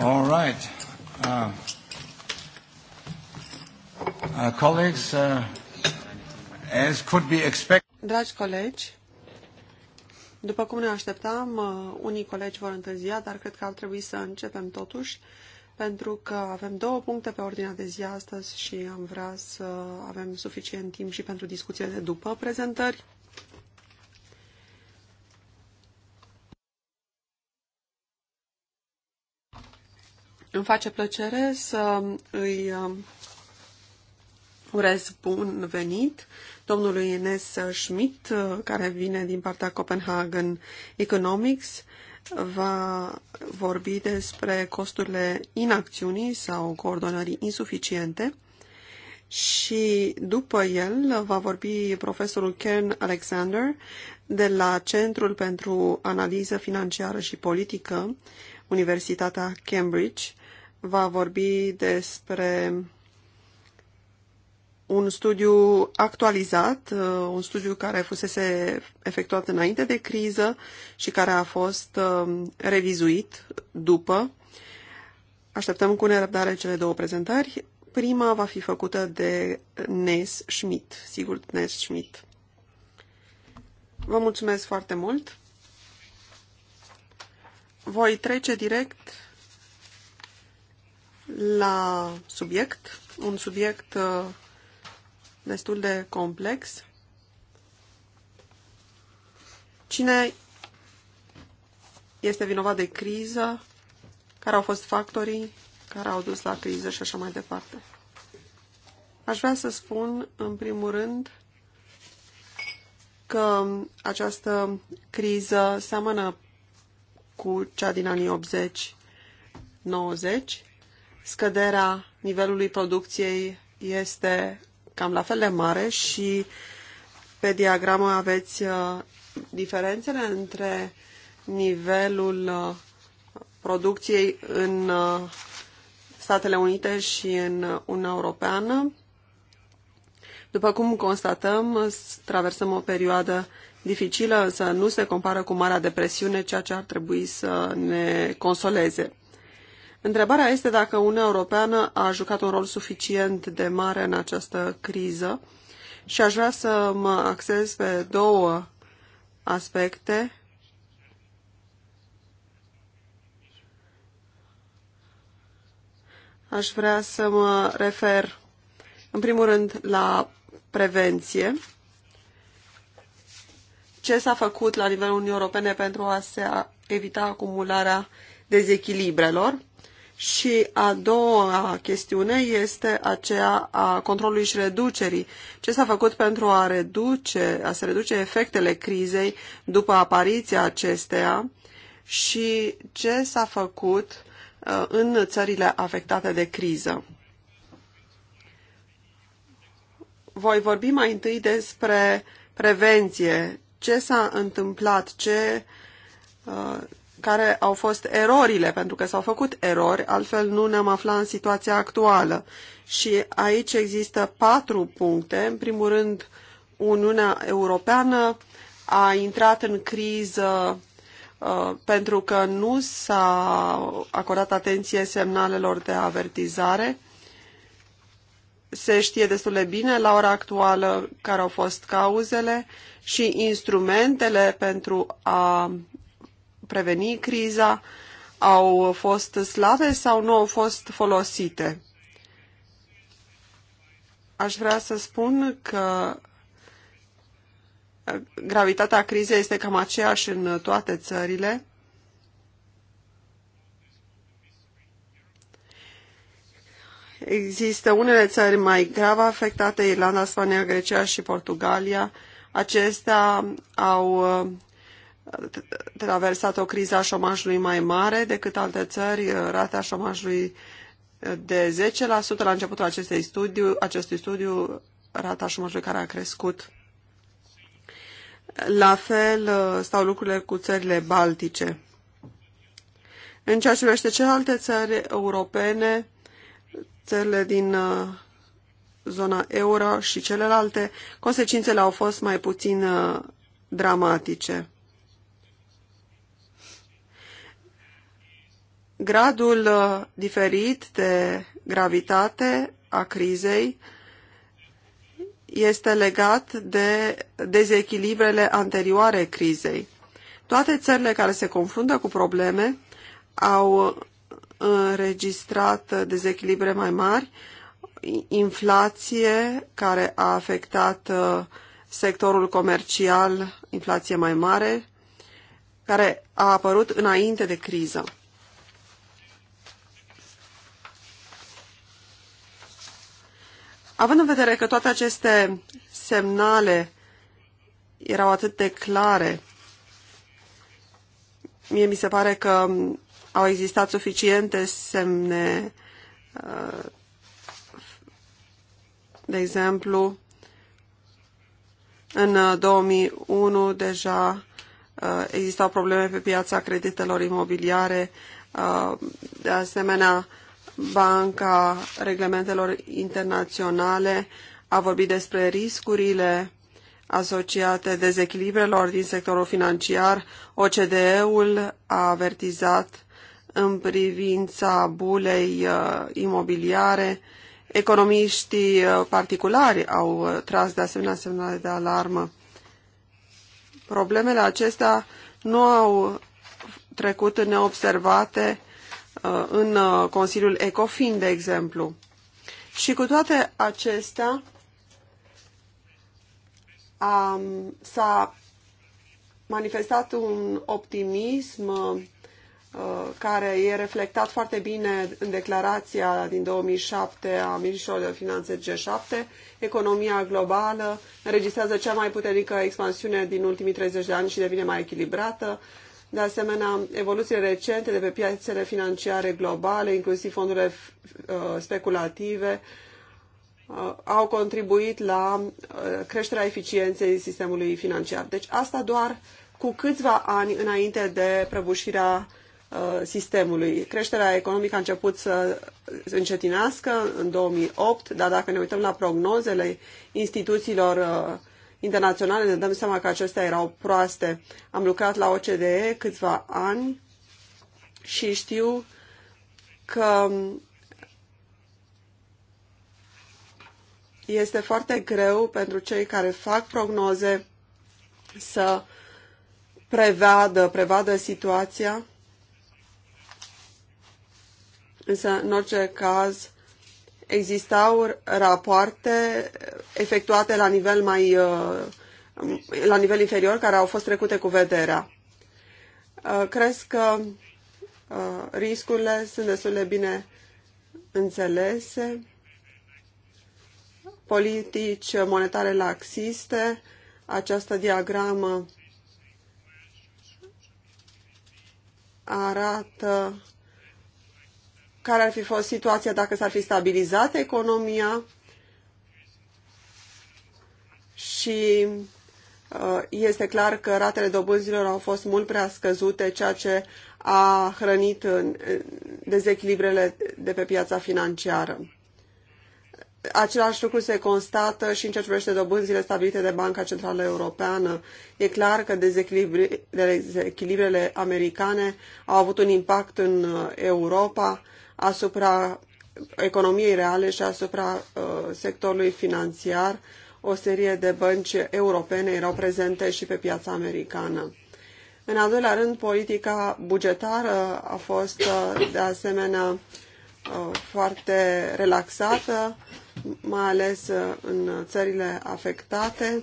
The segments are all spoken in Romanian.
All right. Uh, uh, colleagues, uh, as could be expected. Dragi colegi, după cum ne așteptam, uh, unii colegi vor întârzia, dar cred că ar trebui să începem totuși, pentru că avem două puncte pe ordinea de zi astăzi și am vrea să avem suficient timp și pentru discuțiile de după prezentări. face plăcere să îi um, urez bun venit domnului Ines Schmidt, uh, care vine din partea Copenhagen Economics. Va vorbi despre costurile inacțiunii sau coordonării insuficiente și după el va vorbi profesorul Ken Alexander de la Centrul pentru Analiză Financiară și Politică, Universitatea Cambridge, va vorbi despre un studiu actualizat, uh, un studiu care fusese efectuat înainte de criză și care a fost uh, revizuit după. Așteptăm cu nerăbdare cele două prezentări. Prima va fi făcută de Nes Schmidt, sigur Nes Schmidt. Vă mulțumesc foarte mult! Voi trece direct la subiect, un subiect uh, destul de complex. Cine este vinovat de criză, care au fost factorii care au dus la criză și așa mai departe. Aș vrea să spun, în primul rând, că această criză seamănă cu cea din anii 80-90 scăderea nivelului producției este cam la fel de mare și pe diagramă aveți uh, diferențele între nivelul uh, producției în uh, Statele Unite și în Uniunea Europeană. După cum constatăm, traversăm o perioadă dificilă, însă nu se compară cu Marea Depresiune, ceea ce ar trebui să ne consoleze. Întrebarea este dacă Uniunea Europeană a jucat un rol suficient de mare în această criză și aș vrea să mă axez pe două aspecte. Aș vrea să mă refer în primul rând la prevenție. Ce s-a făcut la nivelul Uniunii Europene pentru a se evita acumularea dezechilibrelor? Și a doua chestiune este aceea a controlului și reducerii. Ce s-a făcut pentru a, reduce, a se reduce efectele crizei după apariția acesteia și ce s-a făcut uh, în țările afectate de criză. Voi vorbi mai întâi despre prevenție, ce s-a întâmplat, ce uh, care au fost erorile, pentru că s-au făcut erori, altfel nu ne-am aflat în situația actuală. Și aici există patru puncte. În primul rând, Uniunea Europeană a intrat în criză uh, pentru că nu s-a acordat atenție semnalelor de avertizare. Se știe destul de bine la ora actuală care au fost cauzele și instrumentele pentru a preveni criza au fost slabe sau nu au fost folosite. Aș vrea să spun că uh, gravitatea crizei este cam aceeași în toate țările. Există unele țări mai grav afectate, Irlanda, Spania, Grecia și Portugalia. Acestea au uh, traversat o criză a șomajului mai mare decât alte țări, uh, rata șomajului uh, de 10% la începutul acestei studiu, acestui studiu, rata șomajului care a crescut. La fel uh, stau lucrurile cu țările baltice. În ceea ce privește celelalte țări europene, țările din zona euro și celelalte, consecințele au fost mai puțin dramatice. Gradul uh, diferit de gravitate a crizei este legat de dezechilibrele anterioare crizei. Toate țările care se confruntă cu probleme au înregistrat dezechilibre mai mari, inflație care a afectat uh, sectorul comercial, inflație mai mare, care a apărut înainte de criză. Având în vedere că toate aceste semnale erau atât de clare, mie mi se pare că au existat suficiente semne, uh, de exemplu, în 2001 uh, deja uh, existau probleme pe piața creditelor imobiliare, de asemenea, Banca Reglementelor Internaționale a vorbit despre riscurile asociate dezechilibrelor din sectorul financiar. OCDE-ul a avertizat în privința bulei uh, imobiliare. Economiștii uh, particulari au uh, tras de asemenea semnale de alarmă. Problemele acestea nu au trecut neobservate Uh, în uh, Consiliul ECOFIN, de exemplu. Și cu toate acestea, s-a manifestat un optimism uh, care e reflectat foarte bine în declarația din 2007 a Ministrului de Finanțe G7. Economia globală înregistrează cea mai puternică expansiune din ultimii 30 de ani și devine mai echilibrată. De asemenea, evoluțiile recente de pe piațele financiare globale, inclusiv fondurile uh, speculative, uh, au contribuit la uh, creșterea eficienței sistemului financiar. Deci asta doar cu câțiva ani înainte de prăbușirea sistemului. Creșterea economică a început să încetinească în 2008, dar dacă ne uităm la prognozele instituțiilor internaționale, ne dăm seama că acestea erau proaste. Am lucrat la OCDE câțiva ani și știu că este foarte greu pentru cei care fac prognoze să prevadă, prevadă situația. Însă, în orice caz, existau rapoarte efectuate la nivel mai uh, la nivel inferior care au fost trecute cu vederea. Uh, Cred că uh, riscurile sunt destul de bine înțelese, politici monetare laxiste, această diagramă arată care ar fi fost situația dacă s-ar fi stabilizat economia și uh, este clar că ratele dobânzilor au fost mult prea scăzute, ceea ce a hrănit uh, dezechilibrele de pe piața financiară. Același lucru se constată și în ceea ce privește dobânzile stabilite de Banca Centrală Europeană. E clar că dezechilibrele americane au avut un impact în uh, Europa asupra economiei reale și asupra uh, sectorului financiar. O serie de bănci europene erau prezente și pe piața americană. În al doilea rând, politica bugetară a fost uh, de asemenea uh, foarte relaxată, mai ales în țările afectate,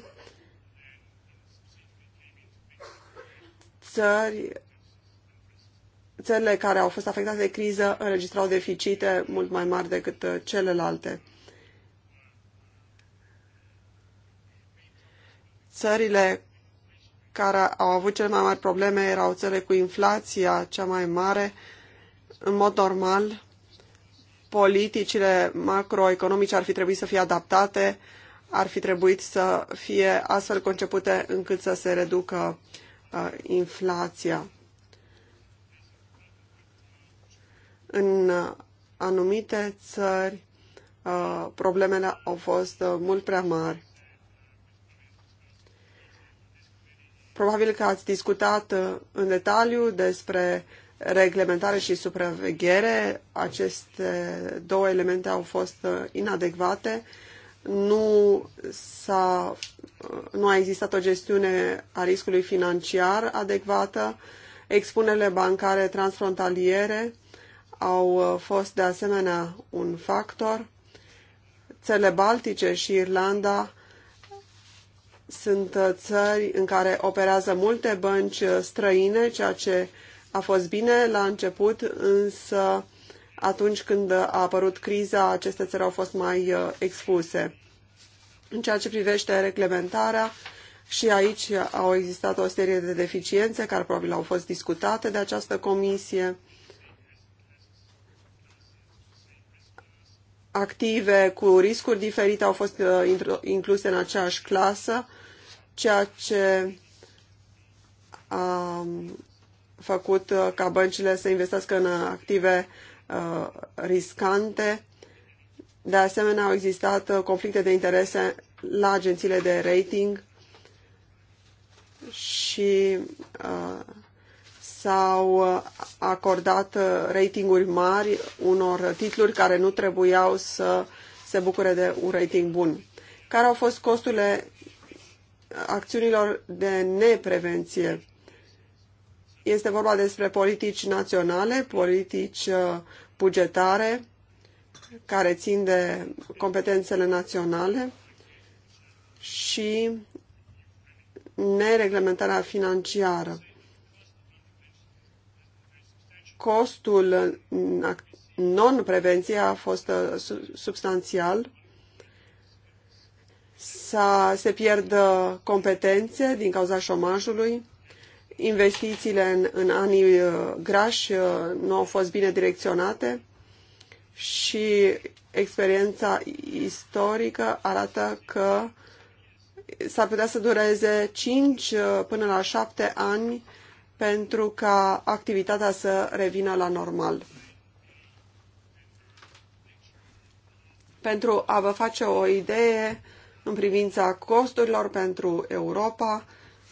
țări țările care au fost afectate de criză înregistrau deficite mult mai mari decât uh, celelalte. Țările care au avut cele mai mari probleme erau țările cu inflația cea mai mare. În mod normal, politicile macroeconomice ar fi trebuit să fie adaptate, ar fi trebuit să fie astfel concepute încât să se reducă uh, inflația. În uh, anumite țări, uh, problemele au fost uh, mult prea mari. Probabil că ați discutat în detaliu despre reglementare și supraveghere. Aceste două elemente au fost inadecvate. Nu, a nu a existat o gestiune a riscului financiar adecvată. Expunele bancare transfrontaliere au uh, fost de asemenea un factor. Țările Baltice și Irlanda sunt uh, țări în care operează multe bănci uh, străine, ceea ce a fost bine la început, însă atunci când a apărut criza, aceste țări au fost mai expuse. În ceea ce privește reglementarea, și aici au existat o serie de deficiențe care probabil au fost discutate de această comisie. active cu riscuri diferite au fost uh, incluse în aceeași clasă, ceea ce a făcut uh, ca băncile să investească în active uh, riscante. De asemenea, au existat conflicte de interese la agențiile de rating și uh, s-au acordat ratinguri mari unor titluri care nu trebuiau să se bucure de un rating bun. Care au fost costurile acțiunilor de neprevenție? Este vorba despre politici naționale, politici uh, bugetare, care țin de competențele naționale și nereglementarea financiară costul non-prevenției a fost uh, substanțial. s-a se pierd uh, competențe din cauza șomajului. Investițiile în, în anii uh, grași nu au fost bine direcționate și experiența istorică arată că s-ar putea să dureze 5 până la 7 ani pentru ca activitatea să revină la normal. Pentru a vă face o idee în privința costurilor pentru Europa,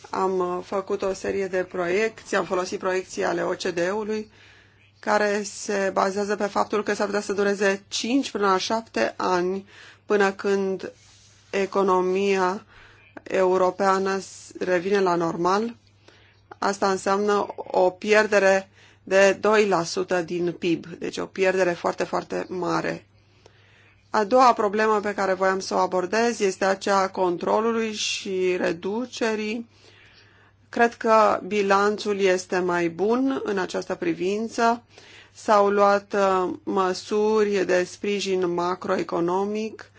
am făcut o serie de proiecții, am folosit proiecții ale OCDE-ului, care se bazează pe faptul că s-ar putea să dureze 5 până la 7 ani până când economia europeană revine la normal asta înseamnă o pierdere de 2% din PIB, deci o pierdere foarte, foarte mare. A doua problemă pe care voiam să o abordez este aceea controlului și reducerii. Cred că bilanțul este mai bun în această privință. S-au luat uh, măsuri de sprijin macroeconomic,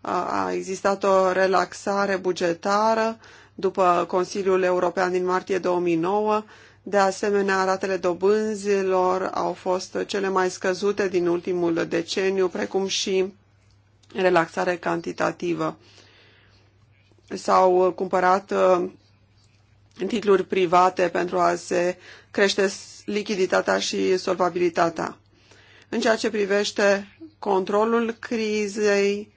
uh, a existat o relaxare bugetară, după Consiliul European din martie 2009. De asemenea, ratele dobânzilor au fost cele mai scăzute din ultimul deceniu, precum și relaxare cantitativă. S-au cumpărat uh, titluri private pentru a se crește lichiditatea și solvabilitatea. În ceea ce privește controlul crizei,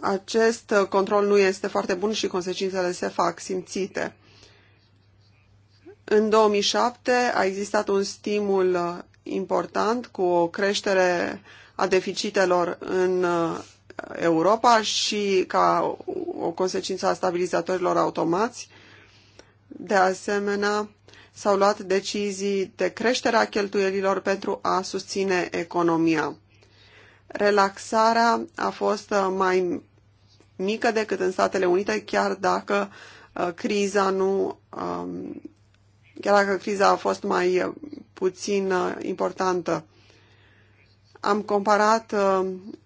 acest uh, control nu este foarte bun și consecințele se fac simțite. În 2007 a existat un stimul uh, important cu o creștere a deficitelor în uh, Europa și ca o consecință a stabilizatorilor automați. De asemenea, s-au luat decizii de creștere a cheltuielilor pentru a susține economia relaxarea a fost uh, mai mică decât în Statele Unite, chiar dacă uh, criza nu um, chiar dacă criza a fost mai uh, puțin importantă. Am comparat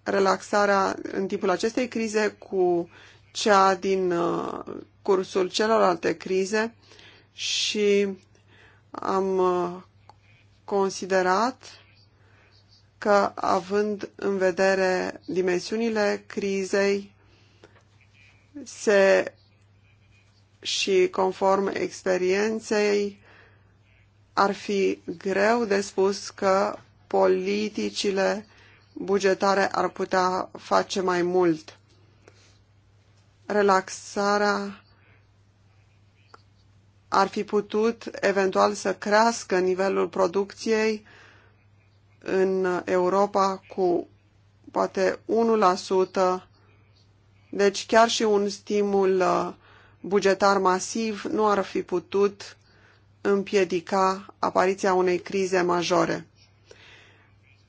relaxarea în timpul acestei crize cu cea din cursul celorlalte crize și am considerat că, având în vedere dimensiunile crizei se, și conform experienței, ar fi greu de spus că politicile bugetare ar putea face mai mult. Relaxarea ar fi putut eventual să crească nivelul producției în Europa cu poate 1%, deci chiar și un stimul uh, bugetar masiv nu ar fi putut împiedica apariția unei crize majore.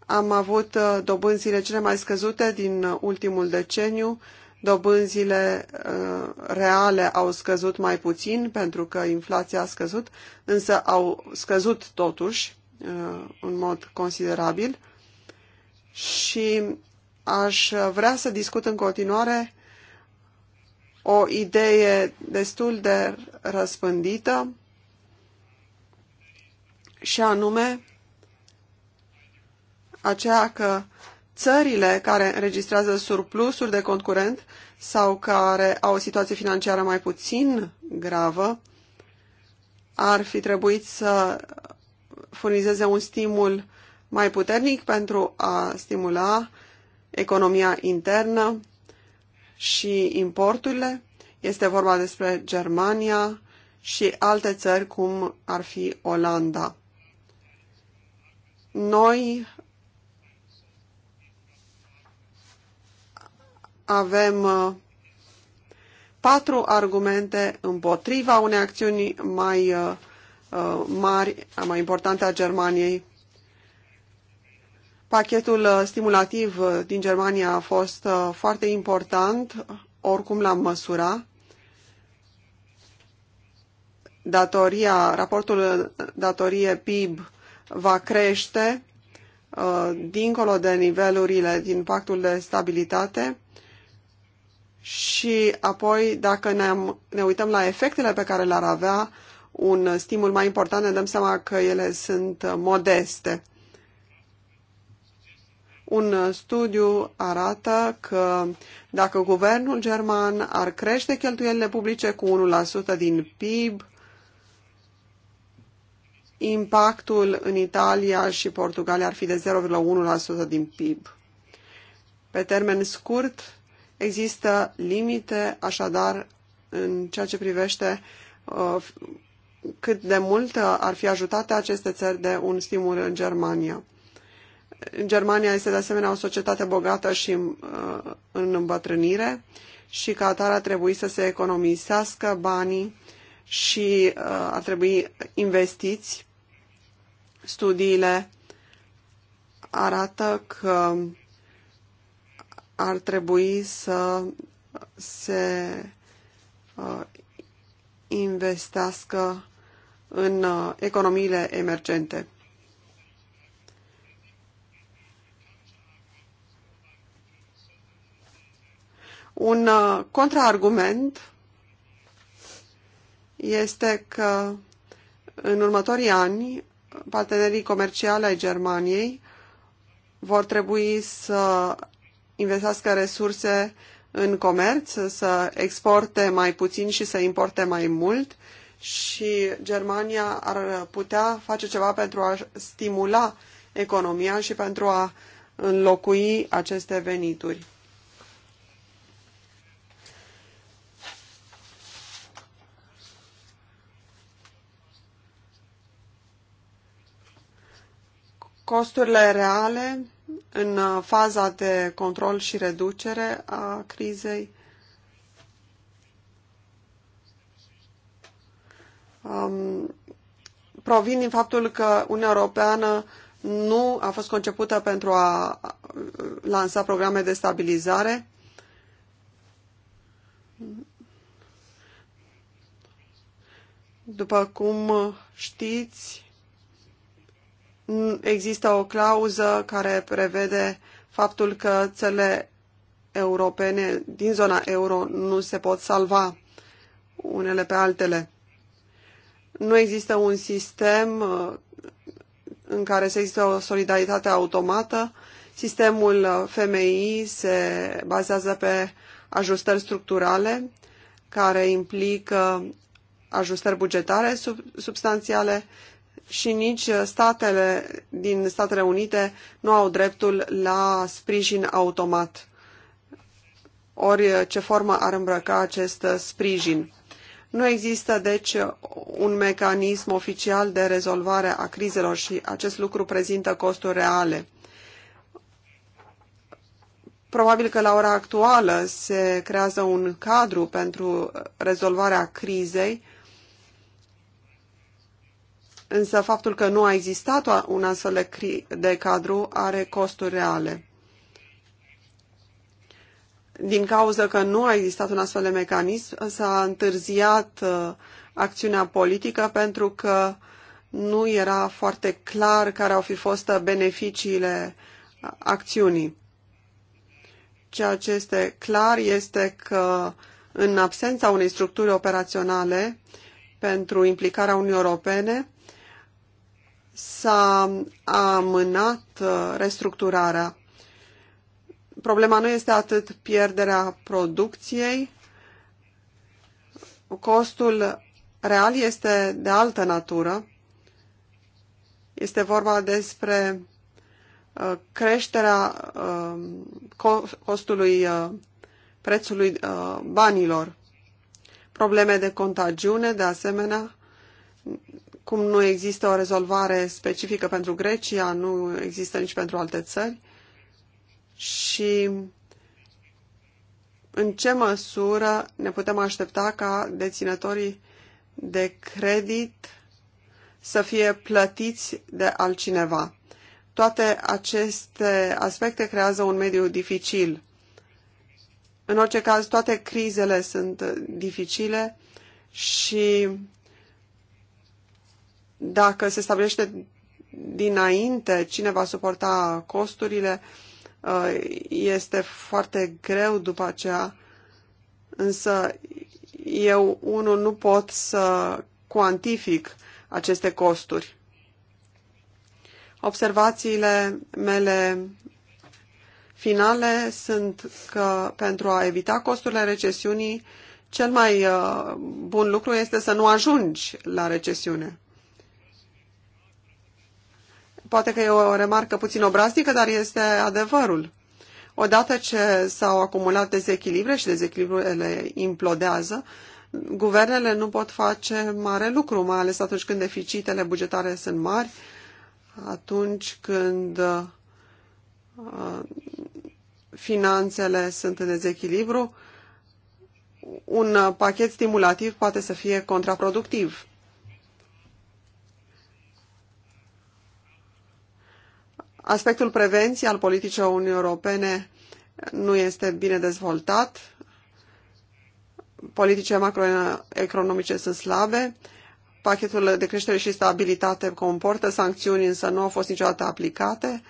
Am avut uh, dobânzile cele mai scăzute din uh, ultimul deceniu, dobânzile reale au scăzut mai puțin pentru că inflația a scăzut, însă au scăzut totuși Uh, în mod considerabil și aș vrea să discut în continuare o idee destul de răspândită și anume aceea că țările care înregistrează surplusuri de concurent sau care au o situație financiară mai puțin gravă ar fi trebuit să furnizeze un stimul mai puternic pentru a stimula economia internă și importurile. Este vorba despre Germania și alte țări cum ar fi Olanda. Noi avem uh, patru argumente împotriva unei acțiuni mai uh, Uh, mari, mai importante a Germaniei. Pachetul uh, stimulativ uh, din Germania a fost foarte important, oricum l-am măsura. Datoria, raportul datorie PIB va crește dincolo de nivelurile din pactul de stabilitate și apoi dacă ne, ne uităm la efectele pe care le-ar avea un stimul mai important, ne dăm seama că ele sunt modeste. Un studiu arată că dacă guvernul german ar crește cheltuielile publice cu 1% din PIB, impactul în Italia și Portugalia ar fi de 0,1% din PIB. Pe termen scurt, există limite, așadar, în ceea ce privește uh, cât de mult uh, ar fi ajutate aceste țări de un stimul în Germania. Germania este de asemenea o societate bogată și uh, în îmbătrânire și ca atare ar trebui să se economisească banii și uh, ar trebui investiți. Studiile arată că ar trebui să se investească în uh, economiile emergente. Un uh, contraargument este că în următorii ani partenerii comerciale ai Germaniei vor trebui să investească resurse în comerț, să exporte mai puțin și să importe mai mult, și Germania ar putea face ceva pentru a stimula economia și pentru a înlocui aceste venituri. Costurile reale în faza de control și reducere a crizei um, provin din faptul că Uniunea Europeană nu a fost concepută pentru a lansa programe de stabilizare. După cum știți, există o clauză care prevede faptul că țările europene din zona euro nu se pot salva unele pe altele. Nu există un sistem uh, în care să există o solidaritate automată. Sistemul uh, FMI se bazează pe ajustări structurale care implică ajustări bugetare substanțiale și nici statele din Statele Unite nu au dreptul la sprijin automat. Ori ce formă ar îmbrăca acest sprijin? Nu există, deci, un mecanism oficial de rezolvare a crizelor și acest lucru prezintă costuri reale. Probabil că la ora actuală se creează un cadru pentru rezolvarea crizei, însă faptul că nu a existat un astfel de cadru are costuri reale din cauza că nu a existat un astfel de mecanism, s-a întârziat uh, acțiunea politică pentru că nu era foarte clar care au fi fost beneficiile uh, acțiunii. Ceea ce este clar este că în absența unei structuri operaționale pentru implicarea Uniunii Europene, s-a amânat uh, restructurarea problema nu este atât pierderea producției, costul real este de altă natură. Este vorba despre uh, creșterea uh, costului uh, prețului banilor. Probleme de contagiune, de asemenea, cum nu există o rezolvare specifică pentru Grecia, nu există nici pentru alte țări și în ce măsură ne putem aștepta ca deținătorii de credit să fie plătiți de altcineva. Toate aceste aspecte creează un mediu dificil. În orice caz, toate crizele sunt dificile și dacă se stabilește dinainte cine va suporta costurile, uh, Uh, este foarte greu după aceea, însă eu, unul, nu pot să cuantific aceste costuri. Observațiile mele finale sunt că pentru a evita costurile recesiunii, cel mai uh, bun lucru este să nu ajungi la recesiune. Poate că e o remarcă puțin obraznică, dar este adevărul. Odată ce s-au acumulat dezechilibre și dezechilibrele implodează, guvernele nu pot face mare lucru, mai ales atunci când deficitele bugetare sunt mari, atunci când uh, finanțele sunt în dezechilibru, un pachet stimulativ poate să fie contraproductiv. Aspectul prevenției al politicii Uniunii Europene nu este bine dezvoltat. Politicile macroeconomice sunt slabe. Pachetul de creștere și stabilitate comportă sancțiuni, însă nu au fost niciodată aplicate.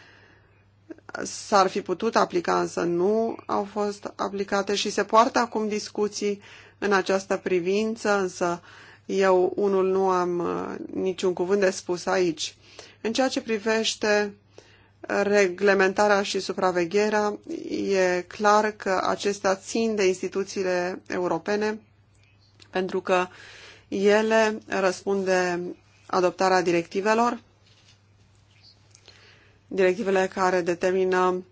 S-ar fi putut aplica, însă nu au fost aplicate și se poartă acum discuții în această privință, însă eu unul nu am uh, niciun cuvânt de spus aici. În ceea ce privește reglementarea și supravegherea, e clar că acestea țin de instituțiile europene, pentru că ele răspund de adoptarea directivelor, directivele care determină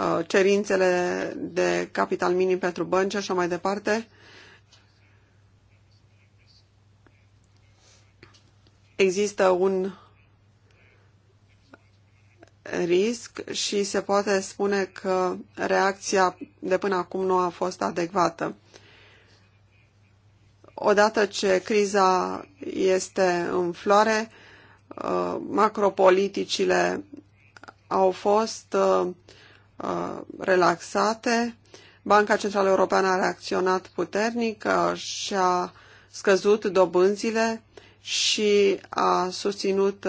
uh, cerințele de capital minim pentru bănci și așa mai departe. Există un risc și se poate spune că reacția de până acum nu a fost adecvată. Odată ce criza este în floare, uh, macropoliticile au fost uh, uh, relaxate, Banca Centrală Europeană a reacționat puternic și a scăzut dobânzile și a susținut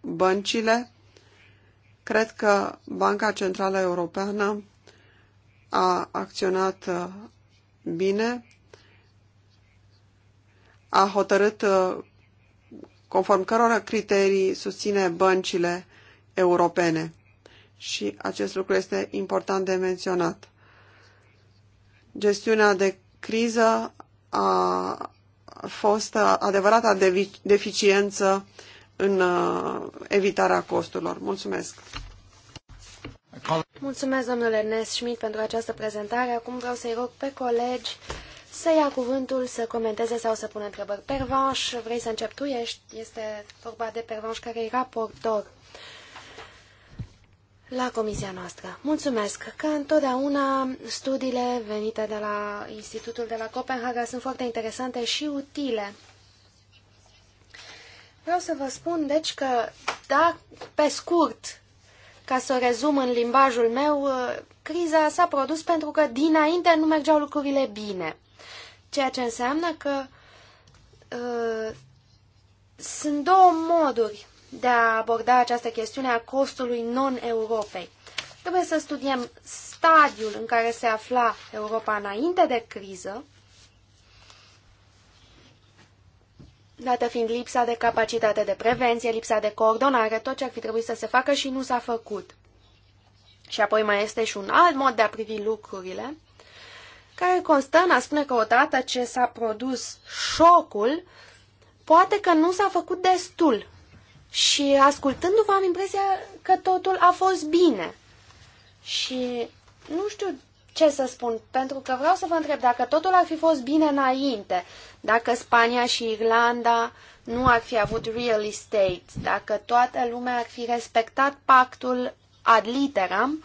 băncile Cred că Banca Centrală Europeană a acționat uh, bine, a hotărât uh, conform cărora criterii susține băncile europene. Și acest lucru este important de menționat. Gestiunea de criză a fost uh, adevărata deficiență în uh, evitarea costurilor. Mulțumesc! Mulțumesc, domnule Ernest Schmidt, pentru această prezentare. Acum vreau să-i rog pe colegi să ia cuvântul, să comenteze sau să pună întrebări. Pervanș, vrei să începi tu? Ești, este vorba de Pervanș care e raportor la comisia noastră. Mulțumesc! Ca întotdeauna, studiile venite de la Institutul de la Copenhaga sunt foarte interesante și utile. Vreau să vă spun, deci, că, da, pe scurt, ca să rezum în limbajul meu, uh, criza s-a produs pentru că dinainte nu mergeau lucrurile bine. Ceea ce înseamnă că uh, sunt două moduri de a aborda această chestiune a costului non-Europei. Trebuie să studiem stadiul în care se afla Europa înainte de criză dată fiind lipsa de capacitate de prevenție, lipsa de coordonare, tot ce ar fi trebuit să se facă și nu s-a făcut. Și apoi mai este și un alt mod de a privi lucrurile, care constă în a spune că odată ce s-a produs șocul, poate că nu s-a făcut destul. Și ascultându-vă am impresia că totul a fost bine. Și nu știu ce să spun, pentru că vreau să vă întreb dacă totul ar fi fost bine înainte, dacă Spania și Irlanda nu ar fi avut real estate, dacă toată lumea ar fi respectat pactul ad literam,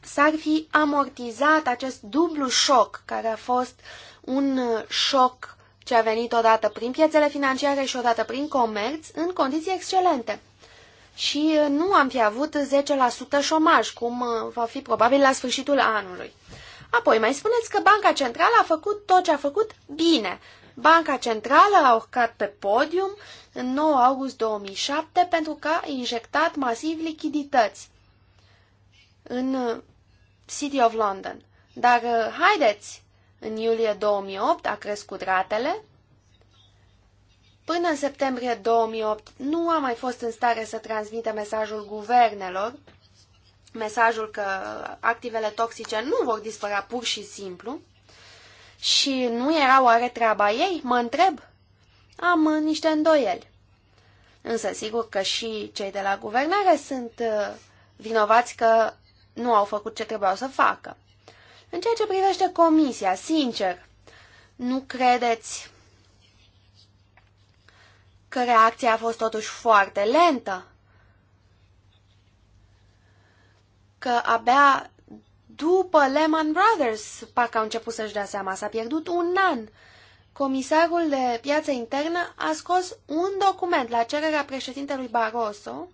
s-ar fi amortizat acest dublu șoc care a fost un șoc ce a venit odată prin piețele financiare și odată prin comerț în condiții excelente și uh, nu am fi avut 10% șomaj, cum uh, va fi probabil la sfârșitul anului. Apoi, mai spuneți că Banca Centrală a făcut tot ce a făcut bine. Banca Centrală a urcat pe podium în 9 august 2007 pentru că a injectat masiv lichidități în uh, City of London. Dar haideți, în iulie 2008 a crescut ratele Până în septembrie 2008 nu a mai fost în stare să transmită mesajul guvernelor, mesajul că activele toxice nu vor dispărea pur și simplu. Și nu era oare treaba ei? Mă întreb. Am niște îndoieli. Însă sigur că și cei de la guvernare sunt uh, vinovați că nu au făcut ce trebuiau să facă. În ceea ce privește comisia, sincer, nu credeți că reacția a fost totuși foarte lentă, că abia după Lehman Brothers parcă au început să-și dea seama, s-a pierdut un an. Comisarul de piață internă a scos un document la cererea președintelui Barroso,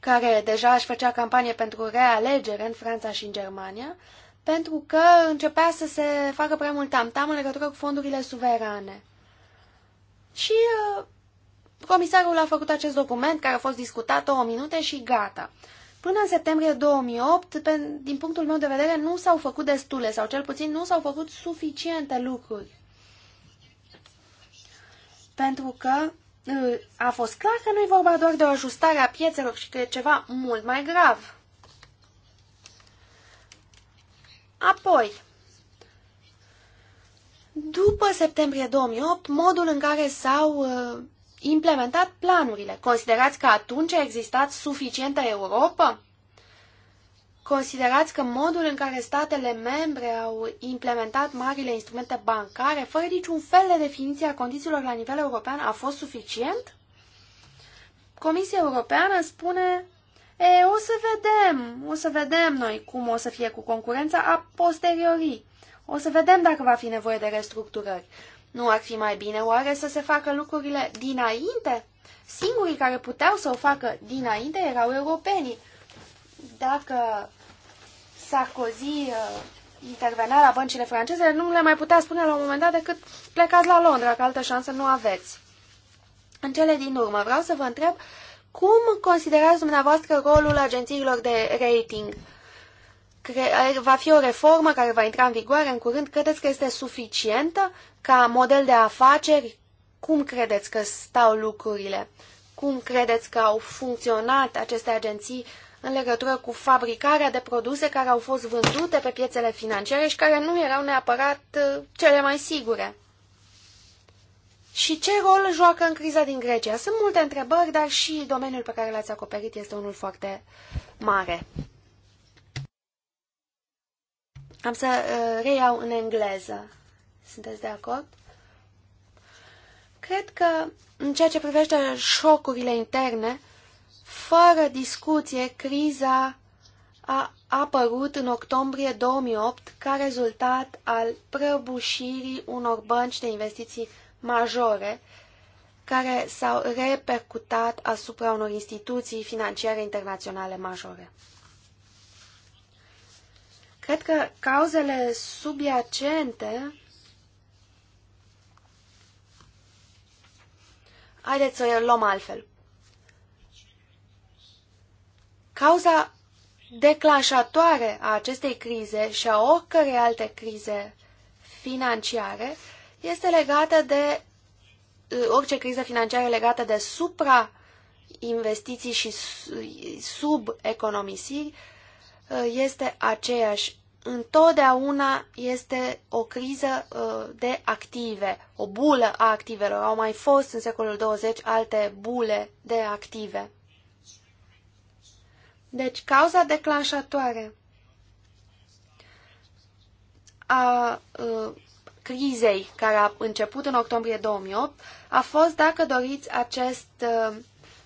care deja își făcea campanie pentru realegere în Franța și în Germania, pentru că începea să se facă prea mult tamtam -tam în legătură cu fondurile suverane. Și uh, comisarul a făcut acest document care a fost discutat o minute și gata. Până în septembrie 2008, pe, din punctul meu de vedere, nu s-au făcut destule sau cel puțin nu s-au făcut suficiente lucruri. Pentru că uh, a fost clar că nu e vorba doar de o ajustare a piețelor și că e ceva mult mai grav. Apoi, după septembrie 2008 modul în care s-au uh, implementat planurile. Considerați că atunci a existat suficientă Europa? Considerați că modul în care statele membre au implementat marile instrumente bancare, fără niciun fel de definiție a condițiilor la nivel european, a fost suficient? Comisia Europeană spune, e, o să vedem, o să vedem noi cum o să fie cu concurența a posteriorii. O să vedem dacă va fi nevoie de restructurări. Nu ar fi mai bine oare să se facă lucrurile dinainte? Singurii care puteau să o facă dinainte erau europenii. Dacă Sarkozy uh, intervenea la băncile franceze, nu le mai putea spune la un moment dat decât plecați la Londra, că altă șansă nu aveți. În cele din urmă, vreau să vă întreb cum considerați dumneavoastră rolul agențiilor de rating? Uh, va fi o reformă care va intra în vigoare în curând. Credeți că este suficientă ca model de afaceri? Cum credeți că stau lucrurile? Cum credeți că au funcționat aceste agenții în legătură cu fabricarea de produse care au fost vândute pe piețele financiare și care nu erau neapărat uh, cele mai sigure? Și ce rol joacă în criza din Grecia? Sunt multe întrebări, dar și domeniul pe care l-ați acoperit este unul foarte mare. Am să uh, reiau în engleză. Sunteți de acord? Cred că în ceea ce privește șocurile interne, fără discuție, criza a apărut în octombrie 2008 ca rezultat al prăbușirii unor bănci de investiții majore care s-au repercutat asupra unor instituții financiare internaționale majore. Cred că cauzele subiacente Haideți să o luăm altfel. Cauza declanșatoare a acestei crize și a oricărei alte crize financiare este legată de uh, orice criză financiară legată de supra investiții și sub economisiri Uh, este aceeași. Întotdeauna este o criză uh, de active, o bulă a activelor. Au mai fost în secolul 20 alte bule de active. Deci, cauza declanșatoare a uh, crizei care a început în octombrie 2008 a fost, dacă doriți, acest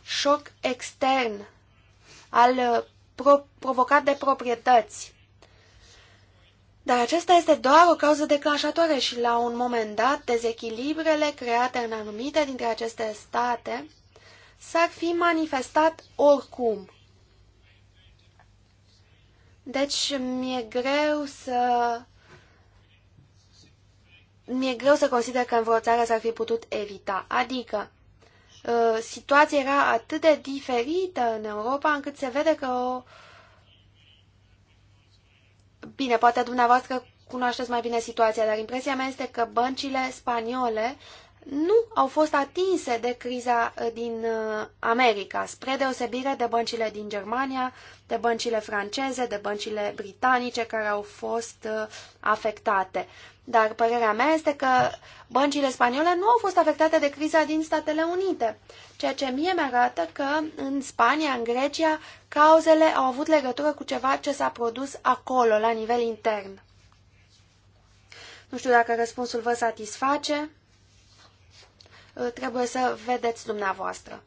șoc extern al pro provocat de proprietăți. Dar acesta este doar o cauză declanșatoare și la un moment dat dezechilibrele create în anumite dintre aceste state s-ar fi manifestat oricum. Deci mi-e greu să mi-e greu să consider că în vreo țară s-ar fi putut evita. Adică, Uh, situația era atât de diferită în Europa încât se vede că o... Bine, poate dumneavoastră cunoașteți mai bine situația, dar impresia mea este că băncile spaniole nu au fost atinse de criza uh, din uh, America, spre deosebire de băncile din Germania, de băncile franceze, de băncile britanice care au fost uh, afectate. Dar părerea mea este că băncile spaniole nu au fost afectate de criza din Statele Unite, ceea ce mie mi-arată că în Spania, în Grecia, cauzele au avut legătură cu ceva ce s-a produs acolo, la nivel intern. Nu știu dacă răspunsul vă satisface. Uh, trebuie să vedeți dumneavoastră.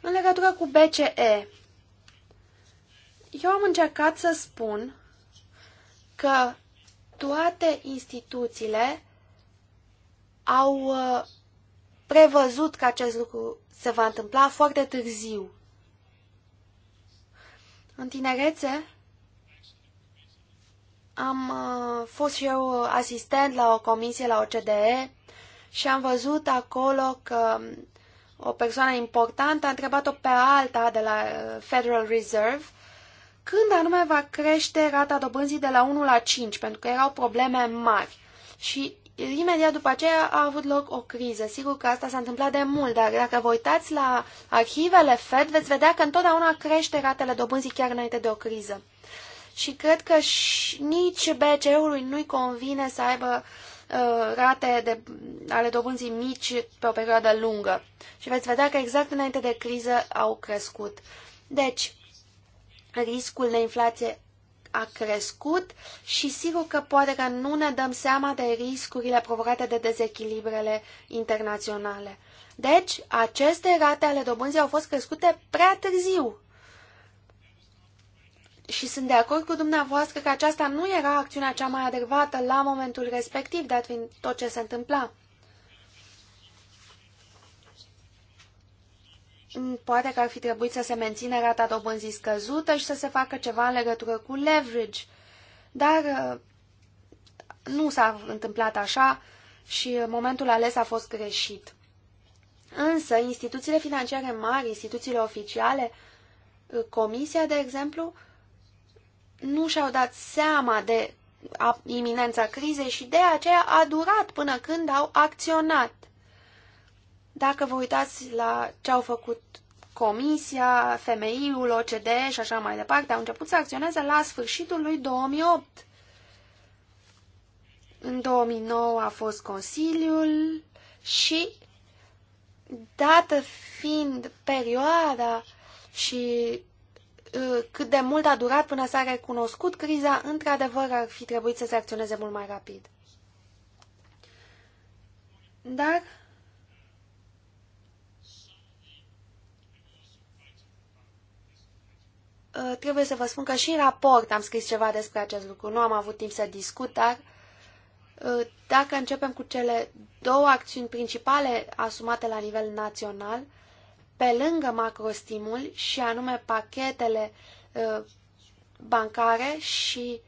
În legătură cu BCE, eu am încercat să spun că toate instituțiile au uh, prevăzut că acest lucru se va întâmpla foarte târziu. În tinerețe am uh, fost și eu asistent la o comisie la OCDE și am văzut acolo că um, o persoană importantă a întrebat-o pe alta de la uh, Federal Reserve când anume va crește rata dobânzii de la 1 la 5, pentru că erau probleme mari. Și uh, imediat după aceea a avut loc o criză. Sigur că asta s-a întâmplat de mult, dar dacă vă uitați la arhivele Fed, veți vedea că întotdeauna crește ratele dobânzii chiar înainte de o criză. Și cred că și nici BCE-ului nu-i convine să aibă uh, Uh, rate de, ale dobânzii mici pe o perioadă lungă. Și veți vedea că exact înainte de criză au crescut. Deci, riscul de inflație a crescut și sigur că poate că nu ne dăm seama de riscurile provocate de dezechilibrele internaționale. Deci, aceste rate ale dobânzii au fost crescute prea târziu și sunt de acord cu dumneavoastră că aceasta nu era acțiunea cea mai adecvată la momentul respectiv, dat fiind tot ce se întâmpla. Poate că ar fi trebuit să se mențină rata dobânzii scăzută și să se facă ceva în legătură cu leverage. Dar uh, nu s-a întâmplat așa și uh, momentul ales a fost greșit. Însă, instituțiile financiare mari, instituțiile oficiale, uh, comisia, de exemplu, nu și-au dat seama de iminența crizei și de aceea a durat până când au acționat. Dacă vă uitați la ce au făcut Comisia, FMI-ul, OCDE și așa mai departe, au început să acționeze la sfârșitul lui 2008. În 2009 a fost Consiliul și, dată fiind perioada și Uh, cât de mult a durat până s-a recunoscut criza, într-adevăr ar fi trebuit să se acționeze mult mai rapid. Dar uh, trebuie să vă spun că și în raport am scris ceva despre acest lucru. Nu am avut timp să discut, dar uh, dacă începem cu cele două acțiuni principale asumate la nivel național, pe lângă macrostimul și anume pachetele ă, bancare și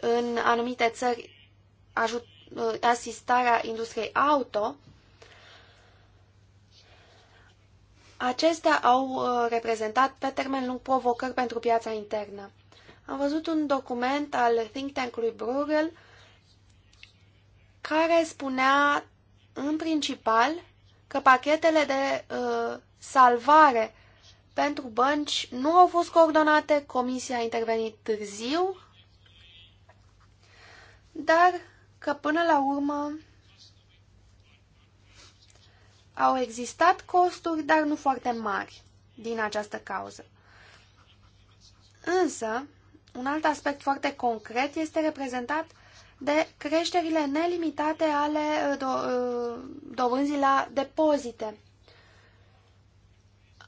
în anumite țări ă, asistarea industriei auto, acestea au ă, reprezentat pe termen lung provocări pentru piața internă. Am văzut un document al think tank-ului Bruegel care spunea în principal că pachetele de uh, salvare pentru bănci nu au fost coordonate, comisia a intervenit târziu, dar că până la urmă au existat costuri, dar nu foarte mari din această cauză. Însă, un alt aspect foarte concret este reprezentat de creșterile nelimitate ale do dobânzii la depozite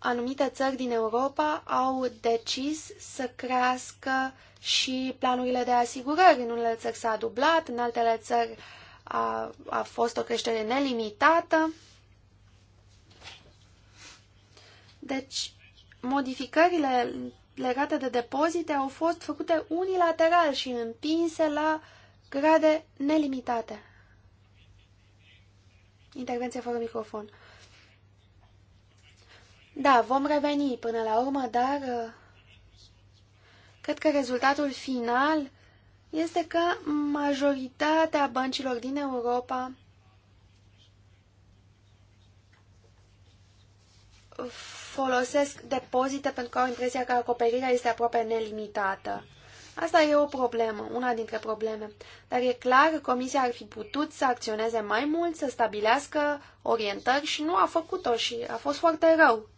anumite țări din Europa au decis să crească și planurile de asigurări. În unele țări s-a dublat, în altele țări a, a fost o creștere nelimitată. Deci, modificările legate de depozite au fost făcute unilateral și împinse la grade nelimitate. Intervenție fără microfon. Uh, da, vom reveni până la urmă, dar uh, cred că rezultatul final este că majoritatea băncilor din Europa folosesc depozite pentru că au impresia că acoperirea este aproape nelimitată. Asta e o problemă, una dintre probleme. Dar e clar că Comisia ar fi putut să acționeze mai mult, să stabilească orientări și nu a făcut-o și a fost foarte rău.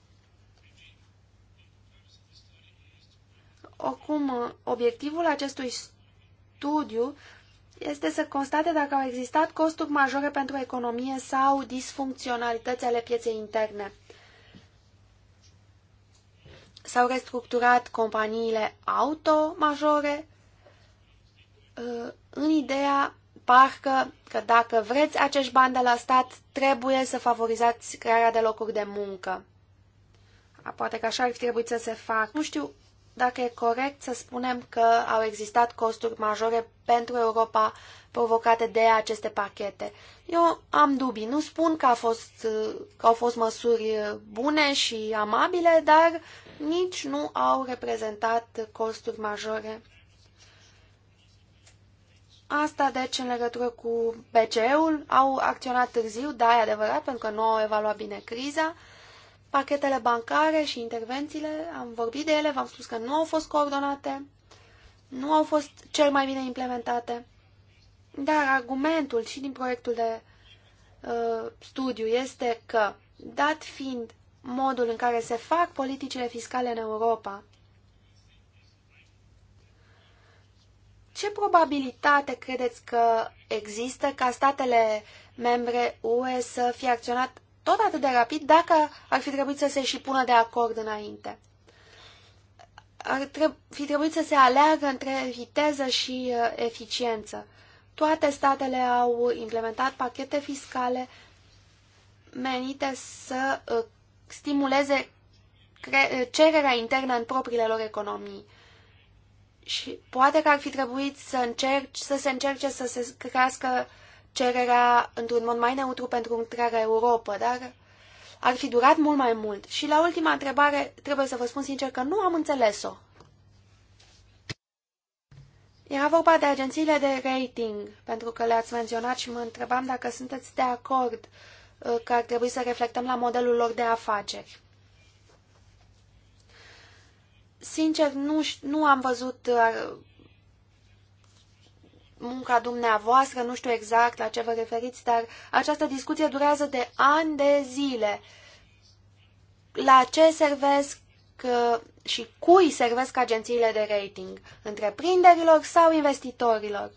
Oricum, obiectivul acestui studiu este să constate dacă au existat costuri majore pentru economie sau disfuncționalități ale pieței interne. S-au restructurat companiile auto majore uh, în ideea parcă că dacă vreți acești bani de la stat, trebuie să favorizați crearea de locuri de muncă. Poate că așa ar fi trebuit să se facă. Nu știu dacă e corect să spunem că au existat costuri majore pentru Europa provocate de aceste pachete. Eu am dubii. Nu spun că, a fost, că au fost măsuri bune și amabile, dar nici nu au reprezentat costuri majore. Asta, deci, în legătură cu BCE-ul, au acționat târziu, da, e adevărat, pentru că nu au evaluat bine criza, Pachetele bancare și intervențiile, am vorbit de ele, v-am spus că nu au fost coordonate, nu au fost cel mai bine implementate, dar argumentul și din proiectul de uh, studiu este că, dat fiind modul în care se fac politicile fiscale în Europa, ce probabilitate credeți că există ca statele membre UE să fie acționat tot atât de rapid dacă ar fi trebuit să se și pună de acord înainte. Ar treb fi trebuit să se aleagă între viteză și uh, eficiență. Toate statele au implementat pachete fiscale menite să uh, stimuleze uh, cererea internă în propriile lor economii. Și poate că ar fi trebuit să, încerci, să se încerce să se crească uh, cererea într-un mod mai neutru pentru întreaga Europa, dar ar fi durat mult mai mult. Și la ultima întrebare, trebuie să vă spun sincer că nu am înțeles-o. Era vorba de agențiile de rating, pentru că le-ați menționat și mă întrebam dacă sunteți de acord uh, că ar trebui să reflectăm la modelul lor de afaceri. Sincer, nu, nu am văzut uh, munca dumneavoastră, nu știu exact la ce vă referiți, dar această discuție durează de ani de zile. La ce servesc uh, și cui servesc agențiile de rating? Întreprinderilor sau investitorilor?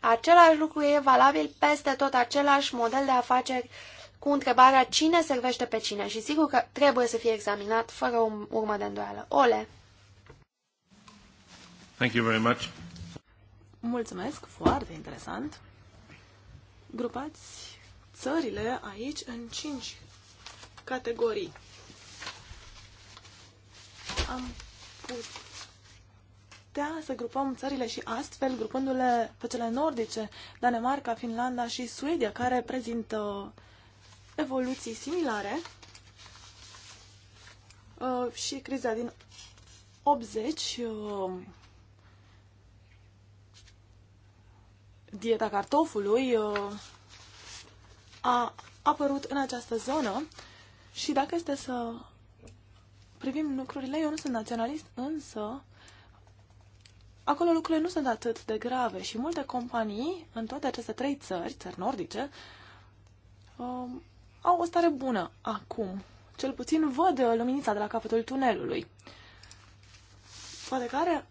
Același lucru e valabil peste tot același model de afaceri cu întrebarea cine servește pe cine și sigur că trebuie să fie examinat fără o urmă de îndoială. Ole! Thank you very much. Mulțumesc, foarte interesant. Grupați țările aici în cinci categorii. Am putea să grupăm țările și astfel, grupându-le pe cele nordice, Danemarca, Finlanda și Suedia, care prezintă evoluții similare uh, și criza din 80 dieta cartofului uh, a apărut în această zonă și dacă este să privim lucrurile, eu nu sunt naționalist, însă acolo lucrurile nu sunt atât de grave și multe companii în toate aceste trei țări, țări nordice, um, au o stare bună acum. Cel puțin văd luminița de la capătul tunelului. Poate că are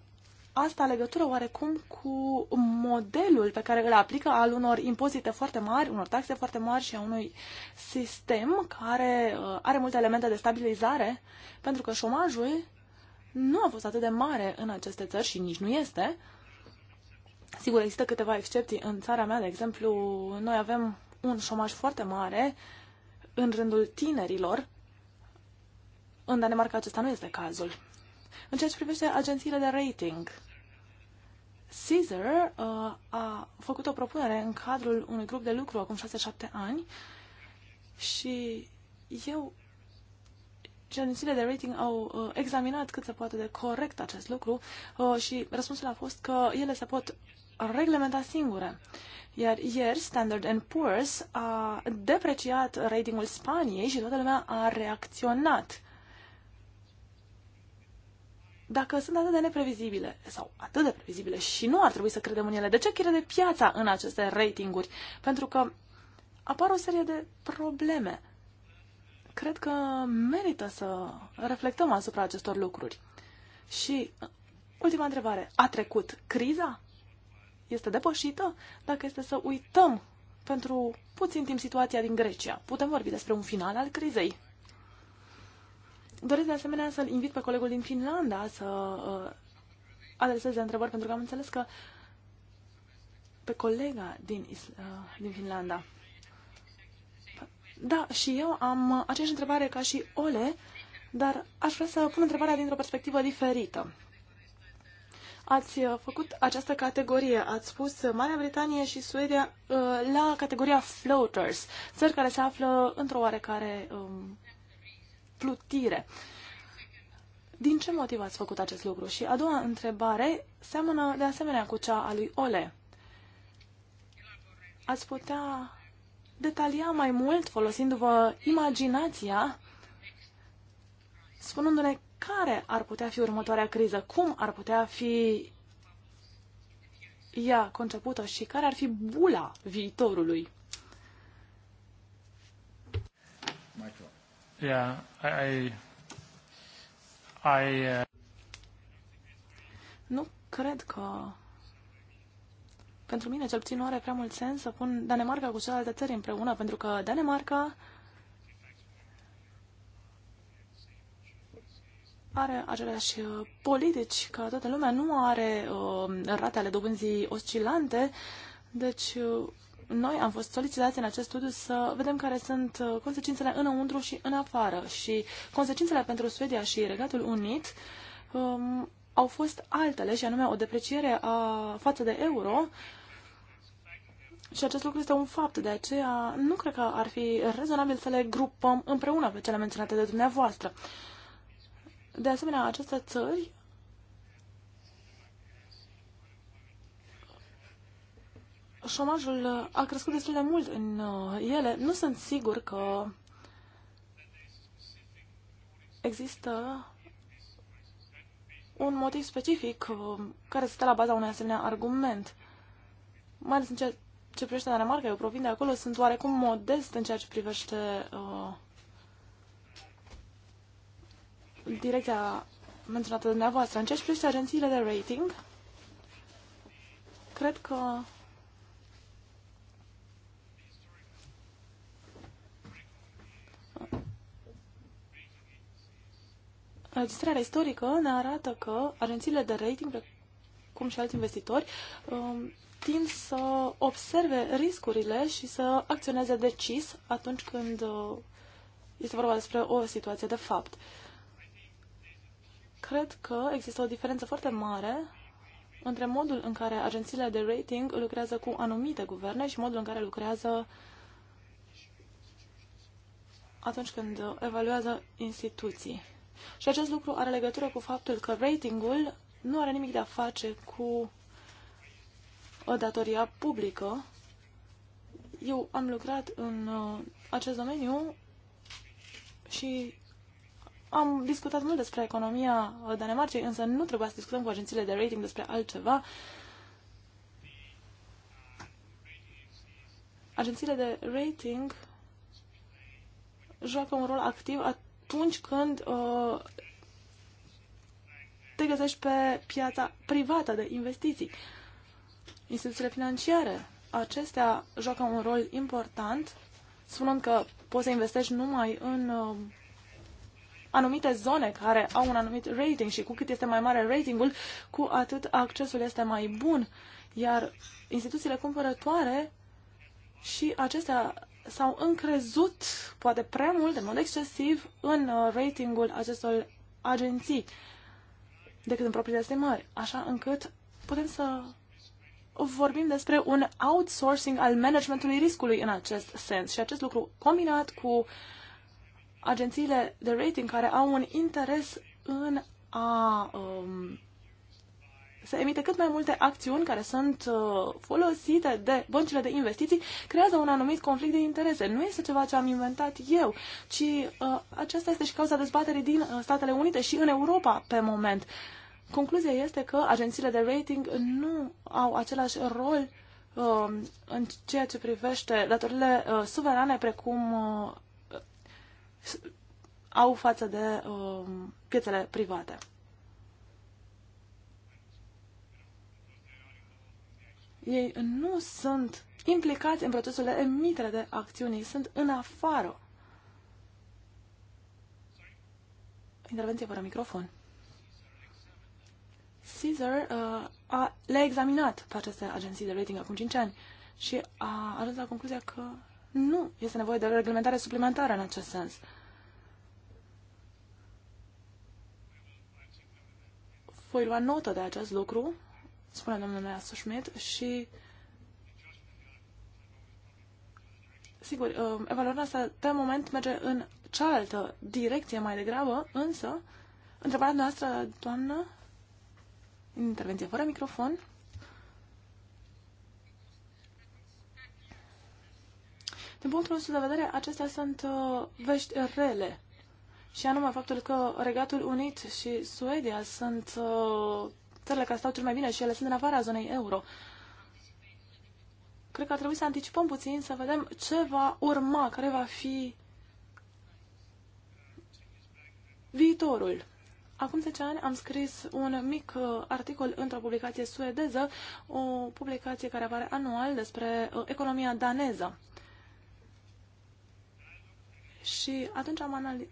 asta legătură oarecum cu modelul pe care îl aplică al unor impozite foarte mari, unor taxe foarte mari și a unui sistem care uh, are multe elemente de stabilizare, pentru că șomajul nu a fost atât de mare în aceste țări și nici nu este. Sigur, există câteva excepții. În țara mea, de exemplu, noi avem un șomaj foarte mare în rândul tinerilor. În Danemarca acesta nu este cazul. În ceea ce privește agențiile de rating, Caesar uh, a făcut o propunere în cadrul unui grup de lucru acum 6-7 ani și eu agențiile de rating au uh, examinat cât se poate de corect acest lucru uh, și răspunsul a fost că ele se pot reglementa singure. Iar ieri Standard Poor's a depreciat ratingul Spaniei și toată lumea a reacționat dacă sunt atât de neprevizibile sau atât de previzibile și nu ar trebui să credem în ele, de ce crede piața în aceste ratinguri? Pentru că apar o serie de probleme. Cred că merită să reflectăm asupra acestor lucruri. Și ultima întrebare. A trecut criza? Este depășită? Dacă este să uităm pentru puțin timp situația din Grecia, putem vorbi despre un final al crizei. Doresc de asemenea să-l invit pe colegul din Finlanda să uh, adreseze întrebări, pentru că am înțeles că pe colega din, uh, din Finlanda. Da, și eu am aceeași întrebare ca și Ole, dar aș vrea să pun întrebarea dintr-o perspectivă diferită. Ați uh, făcut această categorie, ați spus Marea Britanie și Suedia uh, la categoria floaters, țări care se află într-o oarecare um, plutire. Din ce motiv ați făcut acest lucru? Și a doua întrebare seamănă de asemenea cu cea a lui Ole. Ați putea detalia mai mult, folosindu-vă imaginația, spunându-ne care ar putea fi următoarea criză, cum ar putea fi ea concepută și care ar fi bula viitorului. Yeah, I, I, uh... Nu cred că pentru mine cel puțin nu are prea mult sens să pun Danemarca cu celelalte țări împreună, pentru că Danemarca are aceleași uh, politici ca toată lumea, nu are uh, rate ale dobânzii oscilante, deci uh, noi am fost solicitați în acest studiu să vedem care sunt uh, consecințele înăuntru și în afară. Și consecințele pentru Suedia și Regatul Unit um, au fost altele, și anume o depreciere a, față de euro. Și acest lucru este un fapt, de aceea nu cred că ar fi rezonabil să le grupăm împreună pe cele menționate de dumneavoastră. De asemenea, aceste țări șomajul uh, a crescut destul de mult în uh, ele. Nu sunt sigur că există un motiv specific uh, care stă la baza unui asemenea argument. Mai ales în ceea ce privește Danemarca, eu provin de acolo, sunt oarecum modest în ceea ce privește uh, direcția menționată de dumneavoastră. În ceea ce privește agențiile de rating, cred că Registrarea istorică ne arată că agențiile de rating, cum și alți investitori, um, tind să observe riscurile și să acționeze decis atunci când uh, este vorba despre o situație de fapt. Cred că există o diferență foarte mare între modul în care agențiile de rating lucrează cu anumite guverne și modul în care lucrează atunci când evaluează instituții. Și acest lucru are legătură cu faptul că ratingul nu are nimic de a face cu o datoria publică. Eu am lucrat în uh, acest domeniu și am discutat mult despre economia Danemarcei, însă nu trebuia să discutăm cu agențiile de rating despre altceva. Agențiile de rating joacă un rol activ atunci când uh, te găsești pe piața privată de investiții. Instituțiile financiare, acestea joacă un rol important, spunând că poți să investești numai în uh, anumite zone care au un anumit rating și cu cât este mai mare ratingul, cu atât accesul este mai bun. Iar instituțiile cumpărătoare și acestea s-au încrezut poate prea mult, în mod excesiv, în uh, ratingul acestor agenții decât în propriile estimări, așa încât putem să vorbim despre un outsourcing al managementului riscului în acest sens și acest lucru combinat cu agențiile de rating care au un interes în a um, se emite cât mai multe acțiuni care sunt uh, folosite de băncile de investiții, creează un anumit conflict de interese. Nu este ceva ce am inventat eu, ci uh, aceasta este și cauza dezbaterii din uh, Statele Unite și în Europa pe moment. Concluzia este că agențiile de rating nu au același rol uh, în ceea ce privește datorile uh, suverane precum uh, au față de uh, piețele private. ei nu sunt implicați în procesul de emitere de acțiuni, ei sunt în afară. Intervenție fără microfon. Caesar uh, a, le-a examinat pe aceste agenții de rating acum 5 ani și a ajuns la concluzia că nu este nevoie de o reglementare suplimentară în acest sens. Voi lua notă de acest lucru spune domnul Neasu Schmidt, și sigur, um, evaluarea asta pe moment merge în cealaltă direcție mai degrabă, însă întrebarea noastră, doamnă, intervenție fără microfon, Din punctul nostru de vedere, acestea sunt uh, vești rele. Și anume faptul că Regatul Unit și Suedia sunt uh, țările care stau cel mai bine și ele sunt în afara zonei euro. Cred că ar trebui să anticipăm puțin, să vedem ce va urma, care va fi viitorul. Acum 10 ani am scris un mic uh, articol într-o publicație suedeză, o publicație care apare anual despre uh, economia daneză. Și atunci am analizat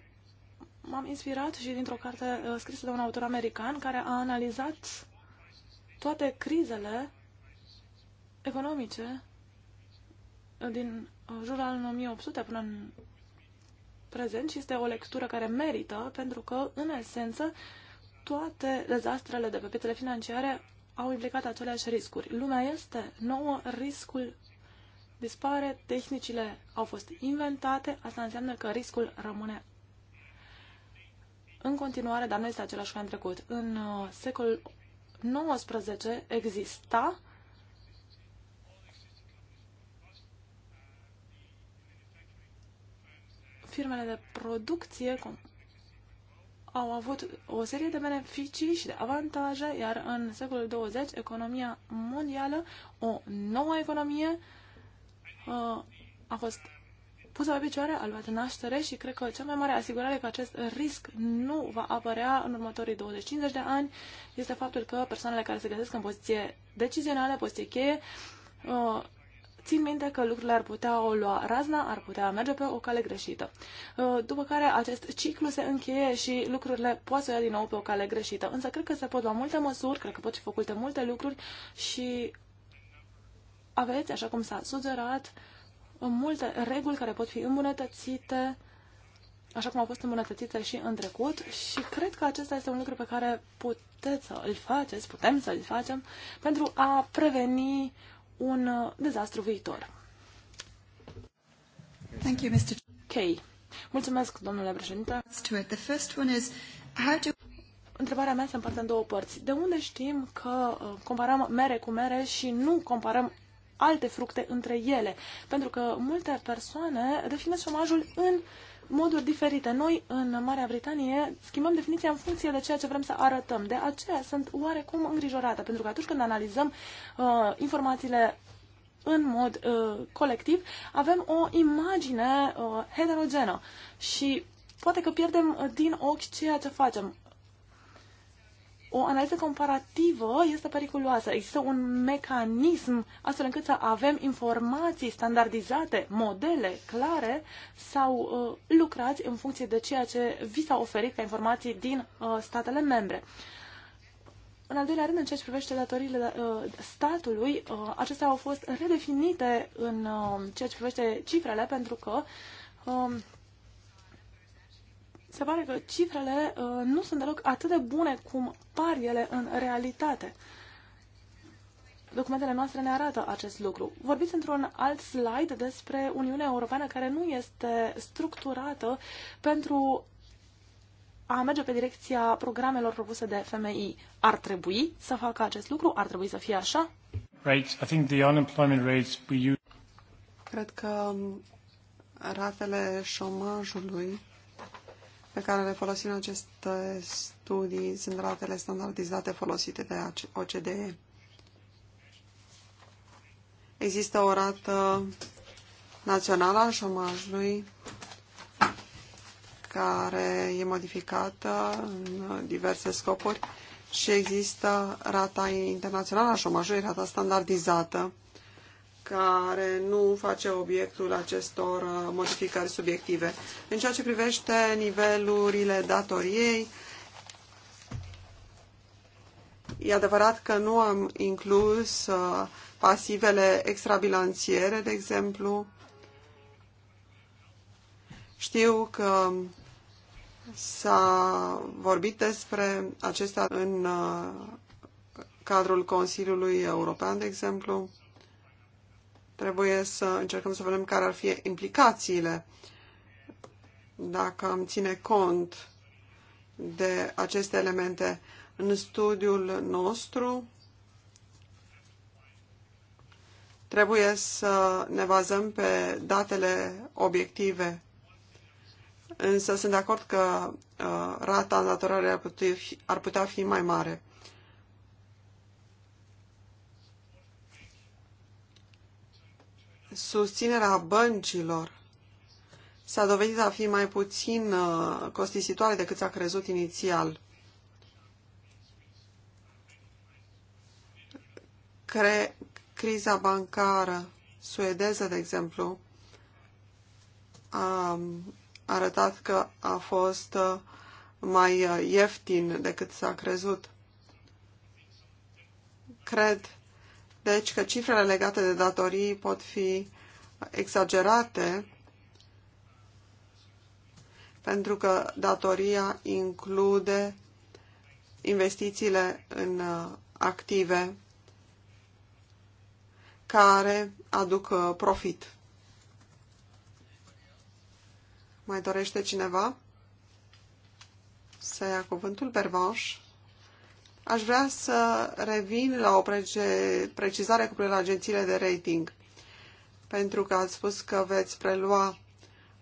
m-am inspirat și dintr-o carte uh, scrisă de un autor american care a analizat toate crizele economice din uh, jurul anului 1800 până în prezent și este o lectură care merită pentru că, în esență, toate dezastrele de pe piețele financiare au implicat aceleași riscuri. Lumea este nouă, riscul dispare, tehnicile au fost inventate, asta înseamnă că riscul rămâne în continuare, dar nu este același ca în trecut. În uh, secolul 19 exista firmele de producție au avut o serie de beneficii și de avantaje, iar în secolul 20 economia mondială, o nouă economie, uh, a fost Puza picioare, a luat naștere și cred că cea mai mare asigurare că acest risc nu va apărea în următorii 20-50 de ani este faptul că persoanele care se găsesc în poziție decizională, poziție cheie, uh, țin minte că lucrurile ar putea o lua razna, ar putea merge pe o cale greșită. Uh, după care acest ciclu se încheie și lucrurile poate să ia din nou pe o cale greșită. Însă cred că se pot lua multe măsuri, cred că pot fi făcute multe lucruri și aveți, așa cum s-a sugerat, multe reguli care pot fi îmbunătățite, așa cum au fost îmbunătățite și în trecut și cred că acesta este un lucru pe care puteți să îl faceți, putem să îl facem, pentru a preveni un uh, dezastru viitor. Thank you, Mr. K. Mulțumesc, domnule președinte. The first one is how do... Întrebarea mea se împarte în două părți. De unde știm că uh, comparăm mere cu mere și nu comparăm alte fructe între ele, pentru că multe persoane definesc șomajul în moduri diferite. Noi, în Marea Britanie, schimbăm definiția în funcție de ceea ce vrem să arătăm. De aceea sunt oarecum îngrijorată, pentru că atunci când analizăm uh, informațiile în mod uh, colectiv, avem o imagine uh, heterogenă și poate că pierdem uh, din ochi ceea ce facem o analiză comparativă este periculoasă. Există un mecanism astfel încât să avem informații standardizate, modele clare sau uh, lucrați în funcție de ceea ce vi s-a oferit ca informații din uh, statele membre. În al doilea rând, în ceea ce privește datoriile uh, statului, uh, acestea au fost redefinite în uh, ceea ce privește cifrele pentru că se pare că cifrele uh, nu sunt deloc atât de bune cum par ele în realitate. Documentele noastre ne arată acest lucru. Vorbiți într-un alt slide despre Uniunea Europeană care nu este structurată pentru a merge pe direcția programelor propuse de FMI. Ar trebui să facă acest lucru? Ar trebui să fie așa? Right. I think the unemployment rates we use... Cred că ratele șomajului pe care le folosim în aceste studii sunt ratele standardizate folosite de OCDE. Există o rată națională a șomajului care e modificată în diverse scopuri și există rata internațională a șomajului, rata standardizată, care nu face obiectul acestor uh, modificări subiective. În ceea ce privește nivelurile datoriei, e adevărat că nu am inclus uh, pasivele extrabilanțiere, de exemplu. Știu că s-a vorbit despre acestea în uh, cadrul Consiliului European, de exemplu. Trebuie să încercăm să vedem care ar fi implicațiile dacă am ține cont de aceste elemente în studiul nostru. Trebuie să ne bazăm pe datele obiective însă sunt de acord că uh, rata îndatorării ar, ar putea fi mai mare. susținerea băncilor s-a dovedit a fi mai puțin uh, costisitoare decât s-a crezut inițial. Cre criza bancară suedeză, de exemplu, a arătat că a fost uh, mai uh, ieftin decât s-a crezut. Cred deci că cifrele legate de datorii pot fi exagerate pentru că datoria include investițiile în uh, active care aduc uh, profit. Mai dorește cineva să ia cuvântul? Pervanș? Aș vrea să revin la o precizare cu privire la agențiile de rating, pentru că ați spus că veți prelua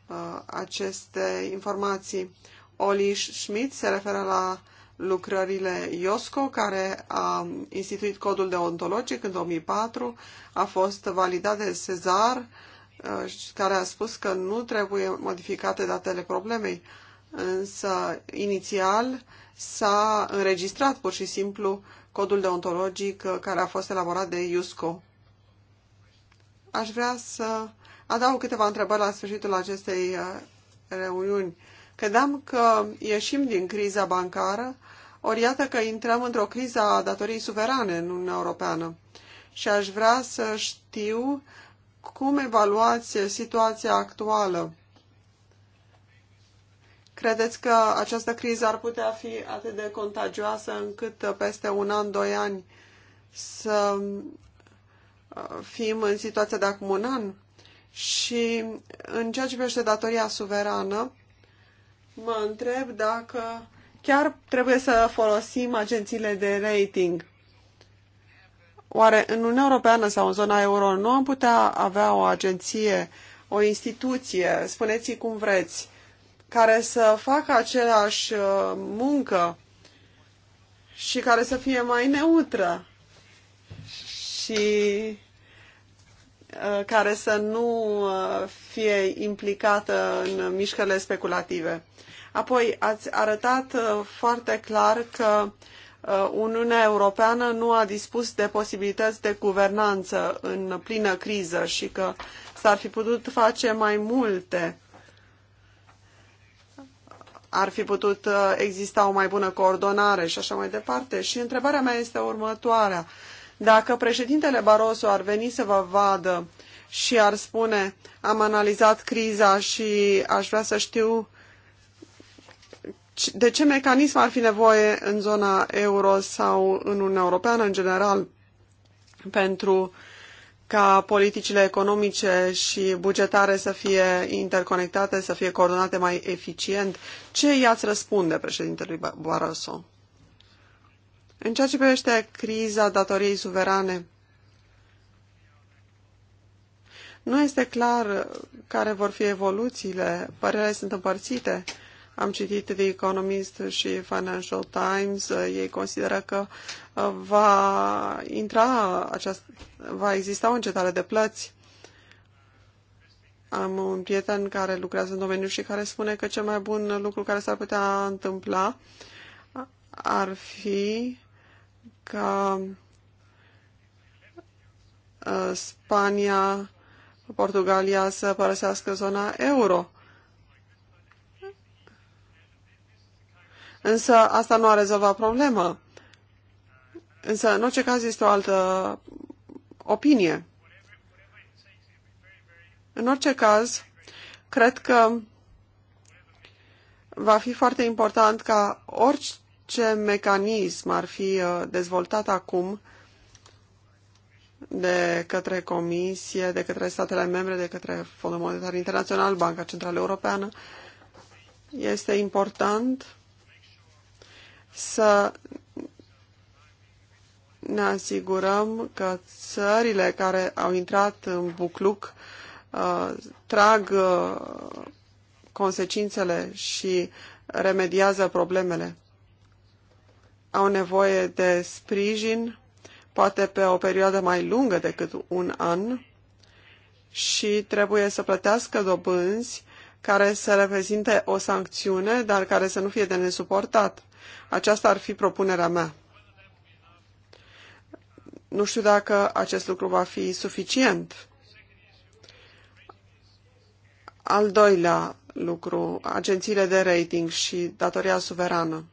uh, aceste informații. Oli Schmidt se referă la lucrările IOSCO, care a instituit codul deontologic în 2004, a fost validat de Cezar, uh, care a spus că nu trebuie modificate datele problemei. Însă, inițial, s-a înregistrat pur și simplu codul deontologic uh, care a fost elaborat de IUSCO. Aș vrea să adaug câteva întrebări la sfârșitul acestei uh, reuniuni. Credeam că ieșim din criza bancară, ori iată că intrăm într-o criză a datoriei suverane în Uniunea Europeană. Și aș vrea să știu cum evaluați situația actuală. Credeți că această criză ar putea fi atât de contagioasă încât peste un an, doi ani să uh, fim în situația de acum un an? Și în ceea ce privește datoria suverană, mă întreb dacă chiar trebuie să folosim agențiile de rating. Oare în Uniunea Europeană sau în zona euro nu am putea avea o agenție, o instituție, spuneți cum vreți, care să facă aceeași uh, muncă și care să fie mai neutră și uh, care să nu uh, fie implicată în mișcările speculative. Apoi, ați arătat foarte clar că Uniunea Europeană nu a dispus de posibilități de guvernanță în plină criză și că s-ar fi putut face mai multe ar fi putut uh, exista o mai bună coordonare și așa mai departe. Și întrebarea mea este următoarea. Dacă președintele Barroso ar veni să vă vadă și ar spune am analizat criza și aș vrea să știu de ce mecanism ar fi nevoie în zona euro sau în Uniunea Europeană în general pentru ca politicile economice și bugetare să fie interconectate, să fie coordonate mai eficient? Ce i-ați răspunde președintelui Barroso? În ceea ce privește criza datoriei suverane, nu este clar care vor fi evoluțiile, părerile sunt împărțite. Am citit The Economist și Financial Times. Ei consideră că uh, va intra aceast... va exista o încetare de plăți. Am un prieten care lucrează în domeniu și care spune că cel mai bun lucru care s-ar putea întâmpla ar fi ca uh, Spania, Portugalia să părăsească zona euro. Însă asta nu a rezolvat problema. Însă, în orice caz, este o altă opinie. În orice caz, cred că va fi foarte important ca orice mecanism ar fi uh, dezvoltat acum de către Comisie, de către statele membre, de către Fondul Monetar Internațional, Banca Centrală Europeană, este important să ne asigurăm că țările care au intrat în bucluc uh, trag uh, consecințele și remediază problemele. Au nevoie de sprijin, poate pe o perioadă mai lungă decât un an, și trebuie să plătească dobânzi care să reprezinte o sancțiune, dar care să nu fie de nesuportat. Aceasta ar fi propunerea mea. Nu știu dacă acest lucru va fi suficient. Al doilea lucru, agențiile de rating și datoria suverană.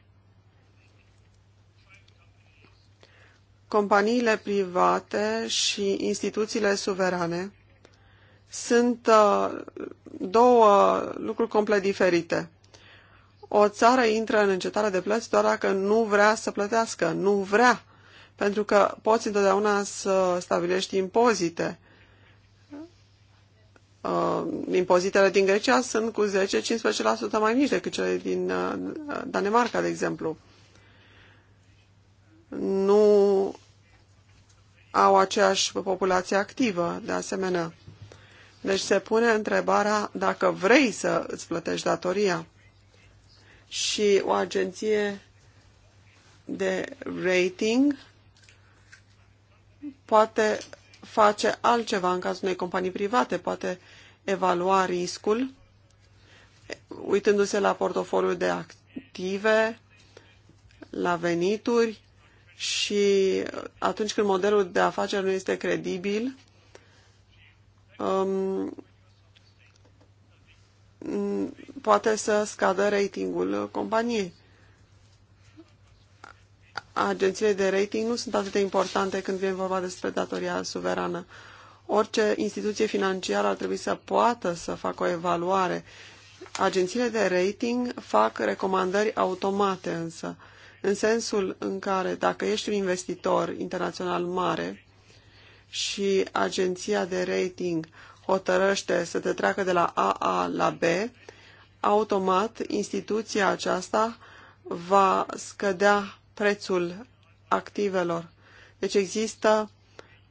Companiile private și instituțiile suverane sunt uh, două lucruri complet diferite. O țară intră în încetare de plăți doar dacă nu vrea să plătească, nu vrea, pentru că poți întotdeauna să stabilești impozite. Uh, impozitele din Grecia sunt cu 10-15% mai mici decât cele din uh, Danemarca, de exemplu. Nu au aceeași populație activă, de asemenea. Deci se pune întrebarea dacă vrei să îți plătești datoria și o agenție de rating poate face altceva în cazul unei companii private, poate evalua riscul uitându-se la portofoliul de active, la venituri și atunci când modelul de afaceri nu este credibil, um, Mm, poate să scadă ratingul companiei. Agențiile de rating nu sunt atât de importante când vine vorba despre datoria suverană. Orice instituție financiară ar trebui să poată să facă o evaluare. Agențiile de rating fac recomandări automate însă, în sensul în care dacă ești un investitor internațional mare și agenția de rating hotărăște să te treacă de la AA la B, automat instituția aceasta va scădea prețul activelor. Deci există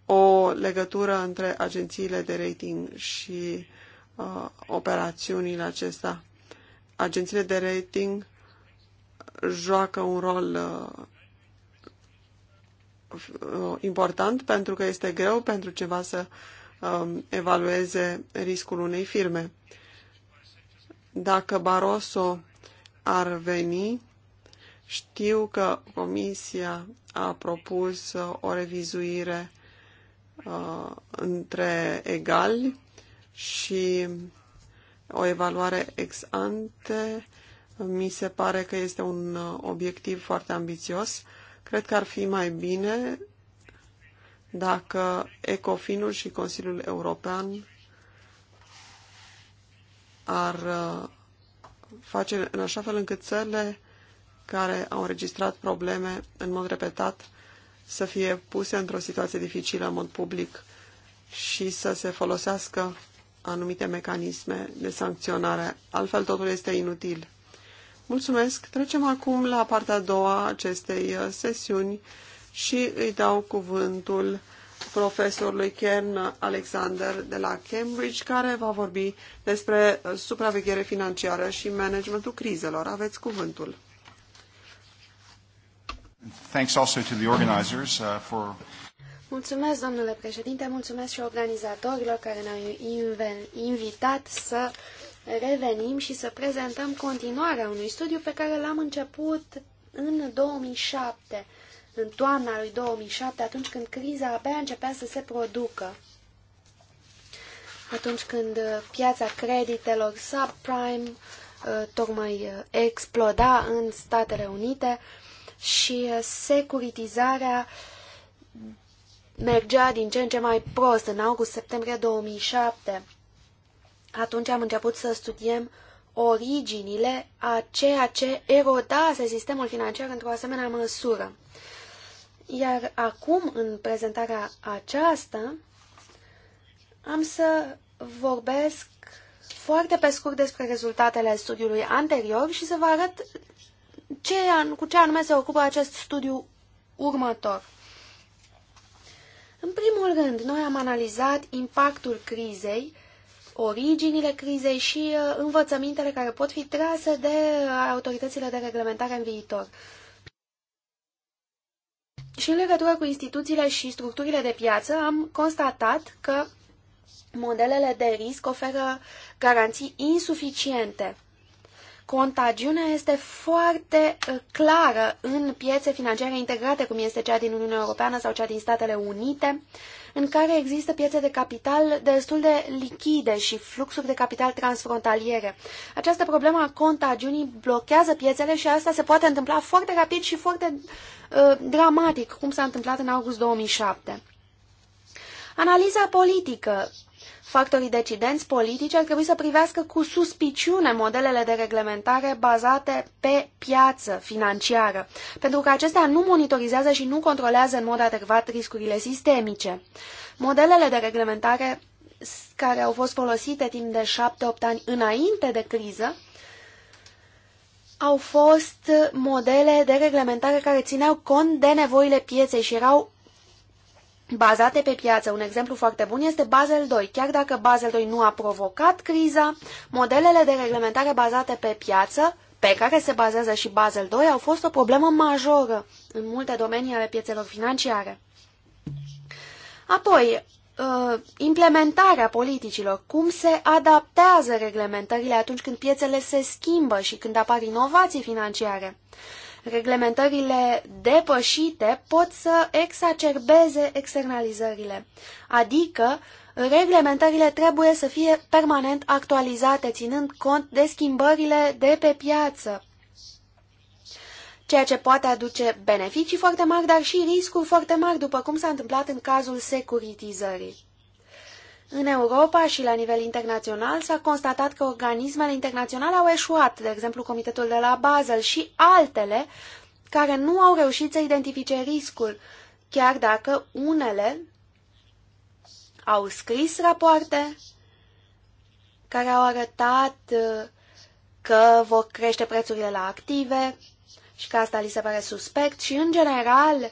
o legătură între agențiile de rating și uh, operațiunile acestea. Agențiile de rating joacă un rol uh, uh important pentru că este greu pentru ceva să uh, Um, evalueze riscul unei firme. Dacă Barroso ar veni, știu că Comisia a propus uh, o revizuire uh, între egali și o evaluare ex ante. Mi se pare că este un uh, obiectiv foarte ambițios. Cred că ar fi mai bine dacă Ecofinul și Consiliul European ar uh, face în așa fel încât țările care au înregistrat probleme în mod repetat să fie puse într-o situație dificilă în mod public și să se folosească anumite mecanisme de sancționare. Altfel totul este inutil. Mulțumesc! Trecem acum la partea a doua acestei uh, sesiuni și îi dau cuvântul profesorului Kern Alexander de la Cambridge, care va vorbi despre supraveghere financiară și managementul crizelor. Aveți cuvântul. Thanks also to the organizers uh, for Mulțumesc, domnule președinte, mulțumesc și organizatorilor care ne-au invitat să revenim și să prezentăm continuarea unui studiu pe care l-am început în 2007 în toamna lui 2007, atunci când criza abia începea să se producă. Atunci când uh, piața creditelor subprime uh, tocmai uh, exploda în Statele Unite și securitizarea mergea din ce în ce mai prost în august-septembrie 2007. Atunci am început să studiem originile a ceea ce erodase sistemul financiar într-o asemenea măsură. Iar acum, în prezentarea aceasta, am să vorbesc foarte pe scurt despre rezultatele studiului anterior și să vă arăt ce, cu ce anume se ocupă acest studiu următor. În primul rând, noi am analizat impactul crizei, originile crizei și uh, învățămintele care pot fi trase de autoritățile de reglementare în viitor. Și în legătură cu instituțiile și structurile de piață am constatat că modelele de risc oferă garanții insuficiente Contagiunea este foarte uh, clară în piețe financiare integrate, cum este cea din Uniunea Europeană sau cea din Statele Unite, în care există piețe de capital destul de lichide și fluxuri de capital transfrontaliere. Această problemă a contagiunii blochează piețele și asta se poate întâmpla foarte rapid și foarte uh, dramatic, cum s-a întâmplat în august 2007. Analiza politică Factorii decidenți politici ar trebui să privească cu suspiciune modelele de reglementare bazate pe piață financiară, pentru că acestea nu monitorizează și nu controlează în mod adecvat riscurile sistemice. Modelele de reglementare care au fost folosite timp de 7-8 ani înainte de criză au fost modele de reglementare care țineau cont de nevoile pieței și erau bazate pe piață. Un exemplu foarte bun este Basel II. Chiar dacă Basel II nu a provocat criza, modelele de reglementare bazate pe piață, pe care se bazează și Basel II, au fost o problemă majoră în multe domenii ale piețelor financiare. Apoi, uh, implementarea politicilor, cum se adaptează reglementările atunci când piețele se schimbă și când apar inovații financiare. Reglementările depășite pot să exacerbeze externalizările, adică reglementările trebuie să fie permanent actualizate, ținând cont de schimbările de pe piață, ceea ce poate aduce beneficii foarte mari, dar și riscuri foarte mari, după cum s-a întâmplat în cazul securitizării. În Europa și la nivel internațional s-a constatat că organismele internaționale au eșuat, de exemplu Comitetul de la Basel și altele, care nu au reușit să identifice riscul, chiar dacă unele au scris rapoarte care au arătat uh, că vor crește prețurile la active și că asta li se pare suspect și, în general,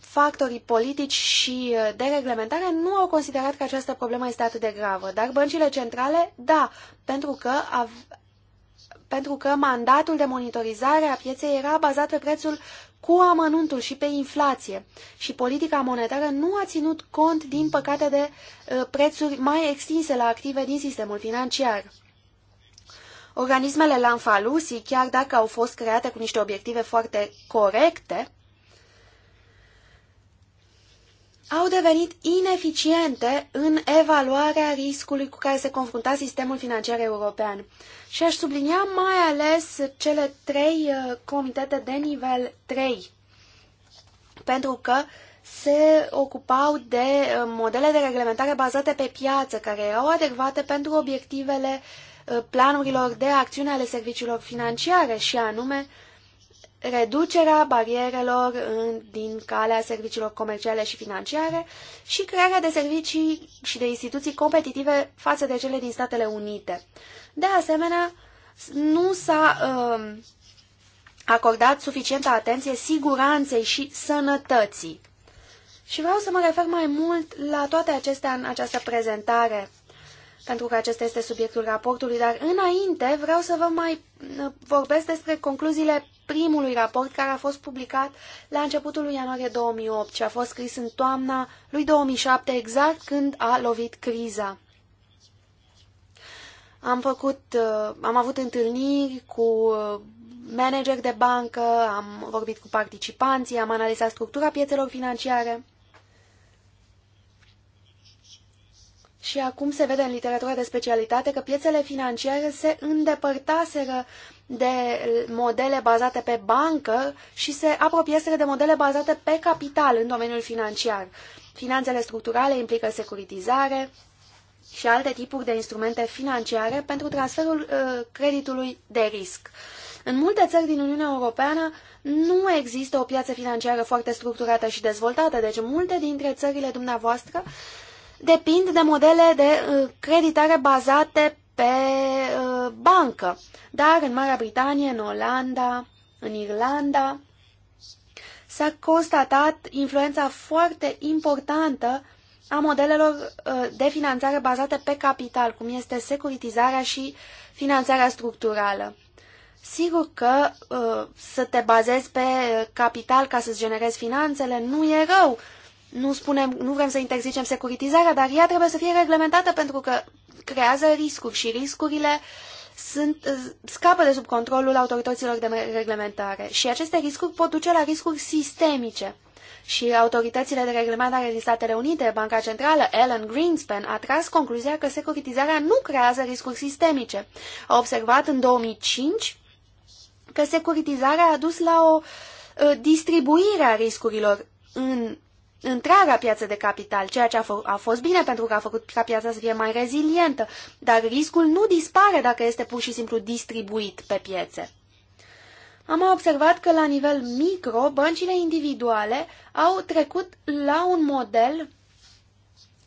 factorii politici și uh, de reglementare nu au considerat că această problemă este atât de gravă, dar băncile centrale, da, pentru că, pentru că mandatul de monitorizare a pieței era bazat pe prețul cu amănuntul și pe inflație și politica monetară nu a ținut cont, din păcate, de uh, prețuri mai extinse la active din sistemul financiar. Organismele Lanfalusi, chiar dacă au fost create cu niște obiective foarte corecte, au devenit ineficiente în evaluarea riscului cu care se confrunta sistemul financiar european. Și aș sublinia mai ales cele trei uh, comitete de nivel 3, pentru că se ocupau de uh, modele de reglementare bazate pe piață, care erau adecvate pentru obiectivele uh, planurilor de acțiune ale serviciilor financiare, și anume reducerea barierelor din calea serviciilor comerciale și financiare și crearea de servicii și de instituții competitive față de cele din Statele Unite. De asemenea, nu s-a uh, acordat suficientă atenție siguranței și sănătății. Și vreau să mă refer mai mult la toate acestea în această prezentare, pentru că acesta este subiectul raportului, dar înainte vreau să vă mai uh, vorbesc despre concluziile primului raport care a fost publicat la începutul lui ianuarie 2008 și a fost scris în toamna lui 2007, exact când a lovit criza. Am, făcut, uh, am avut întâlniri cu uh, manageri de bancă, am vorbit cu participanții, am analizat structura piețelor financiare Și acum se vede în literatura de specialitate că piețele financiare se îndepărtaseră de modele bazate pe bancă și se apropiaseră de modele bazate pe capital în domeniul financiar. Finanțele structurale implică securitizare și alte tipuri de instrumente financiare pentru transferul uh, creditului de risc. În multe țări din Uniunea Europeană nu există o piață financiară foarte structurată și dezvoltată, deci multe dintre țările dumneavoastră uh, depind de modele de uh, creditare bazate pe uh, bancă. Dar în Marea Britanie, în Olanda, în Irlanda, s-a constatat influența foarte importantă a modelelor uh, de finanțare bazate pe capital, cum este securitizarea și finanțarea structurală. Sigur că să te bazezi pe capital ca să-ți generezi finanțele nu e rău, nu, spunem, nu vrem să interzicem securitizarea, dar ea trebuie să fie reglementată pentru că creează riscuri și riscurile sunt, uh, scapă de sub controlul autorităților de reglementare și aceste riscuri pot duce la riscuri sistemice. Și autoritățile de reglementare din Statele Unite, Banca Centrală, Alan Greenspan, a tras concluzia că securitizarea nu creează riscuri sistemice. A observat în 2005 că securitizarea a dus la o uh, distribuire a riscurilor în întreaga piață de capital, ceea ce a, a fost bine pentru că a făcut ca piața să fie mai rezilientă, dar riscul nu dispare dacă este pur și simplu distribuit pe piețe. Am observat că la nivel micro, băncile individuale au trecut la un model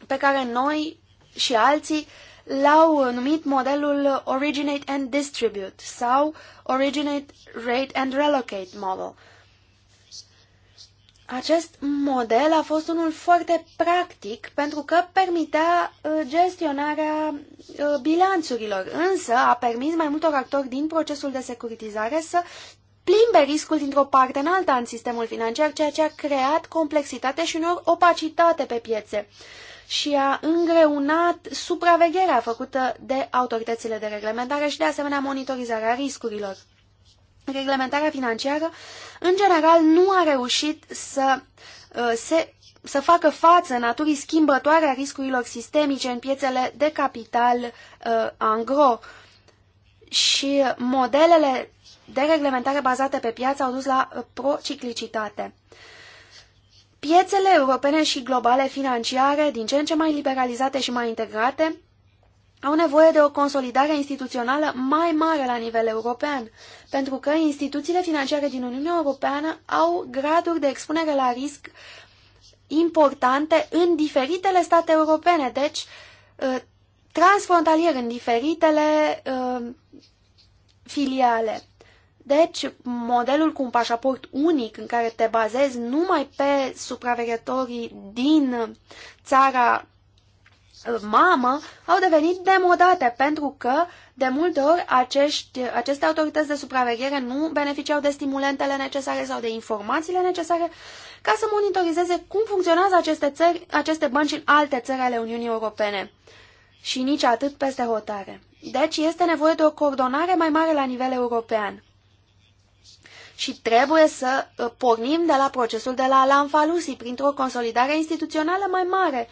pe care noi și alții l-au numit modelul Originate and Distribute sau Originate Rate and Relocate Model. Acest model a fost unul foarte practic pentru că permitea uh, gestionarea uh, bilanțurilor, însă a permis mai multor actori din procesul de securitizare să plimbe riscul dintr-o parte în alta în sistemul financiar, ceea ce a creat complexitate și uneori opacitate pe piețe și a îngreunat supravegherea făcută de autoritățile de reglementare și de asemenea monitorizarea riscurilor reglementarea financiară, în general, nu a reușit să, uh, se, să facă față naturii schimbătoare a riscurilor sistemice în piețele de capital uh, angro. Și modelele de reglementare bazate pe piață au dus la uh, prociclicitate. Piețele europene și globale financiare, din ce în ce mai liberalizate și mai integrate, au nevoie de o consolidare instituțională mai mare la nivel european, pentru că instituțiile financiare din Uniunea Europeană au graduri de expunere la risc importante în diferitele state europene, deci ă, transfrontalier în diferitele ă, filiale. Deci, modelul cu un pașaport unic în care te bazezi numai pe supraveghetorii din țara mamă au devenit demodate pentru că de multe ori acești, aceste autorități de supraveghere nu beneficiau de stimulentele necesare sau de informațiile necesare ca să monitorizeze cum funcționează aceste, țări, aceste bănci în alte țări ale Uniunii Europene și nici atât peste hotare. Deci este nevoie de o coordonare mai mare la nivel european. Și trebuie să uh, pornim de la procesul de la Lanfalusi printr-o consolidare instituțională mai mare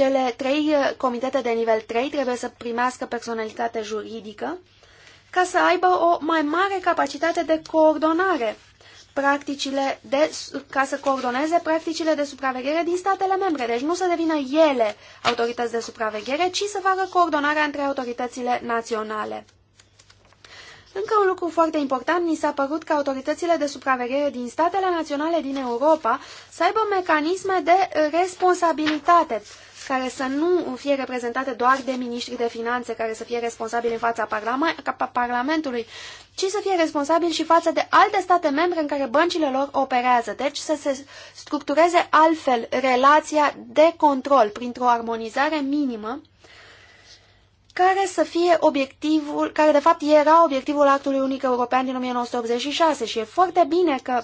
cele trei uh, comitete de nivel 3 trebuie să primească personalitate juridică ca să aibă o mai mare capacitate de coordonare practicile de, ca să coordoneze practicile de supraveghere din statele membre. Deci nu să devină ele autorități de supraveghere, ci să facă coordonarea între autoritățile naționale. Încă un lucru foarte important, mi s-a părut că autoritățile de supraveghere din statele naționale din Europa să aibă mecanisme de uh, responsabilitate care să nu fie reprezentate doar de miniștri de finanțe care să fie responsabili în fața Parlamentului, ci să fie responsabili și față de alte state membre în care băncile lor operează. Deci să se structureze altfel relația de control printr-o armonizare minimă care să fie obiectivul, care de fapt era obiectivul actului unic european din 1986 și e foarte bine că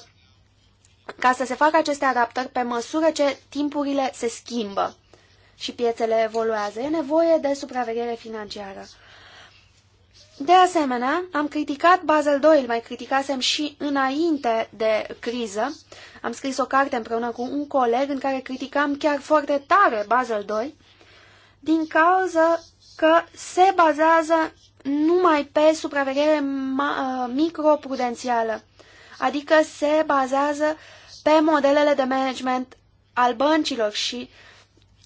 ca să se facă aceste adaptări pe măsură ce timpurile se schimbă și piețele evoluează. E nevoie de supraveghere financiară. De asemenea, am criticat Basel II, îl mai criticasem și înainte de criză. Am scris o carte împreună cu un coleg în care criticam chiar foarte tare Basel II, din cauza că se bazează numai pe supraveghere uh, microprudențială, adică se bazează pe modelele de management al băncilor și uh,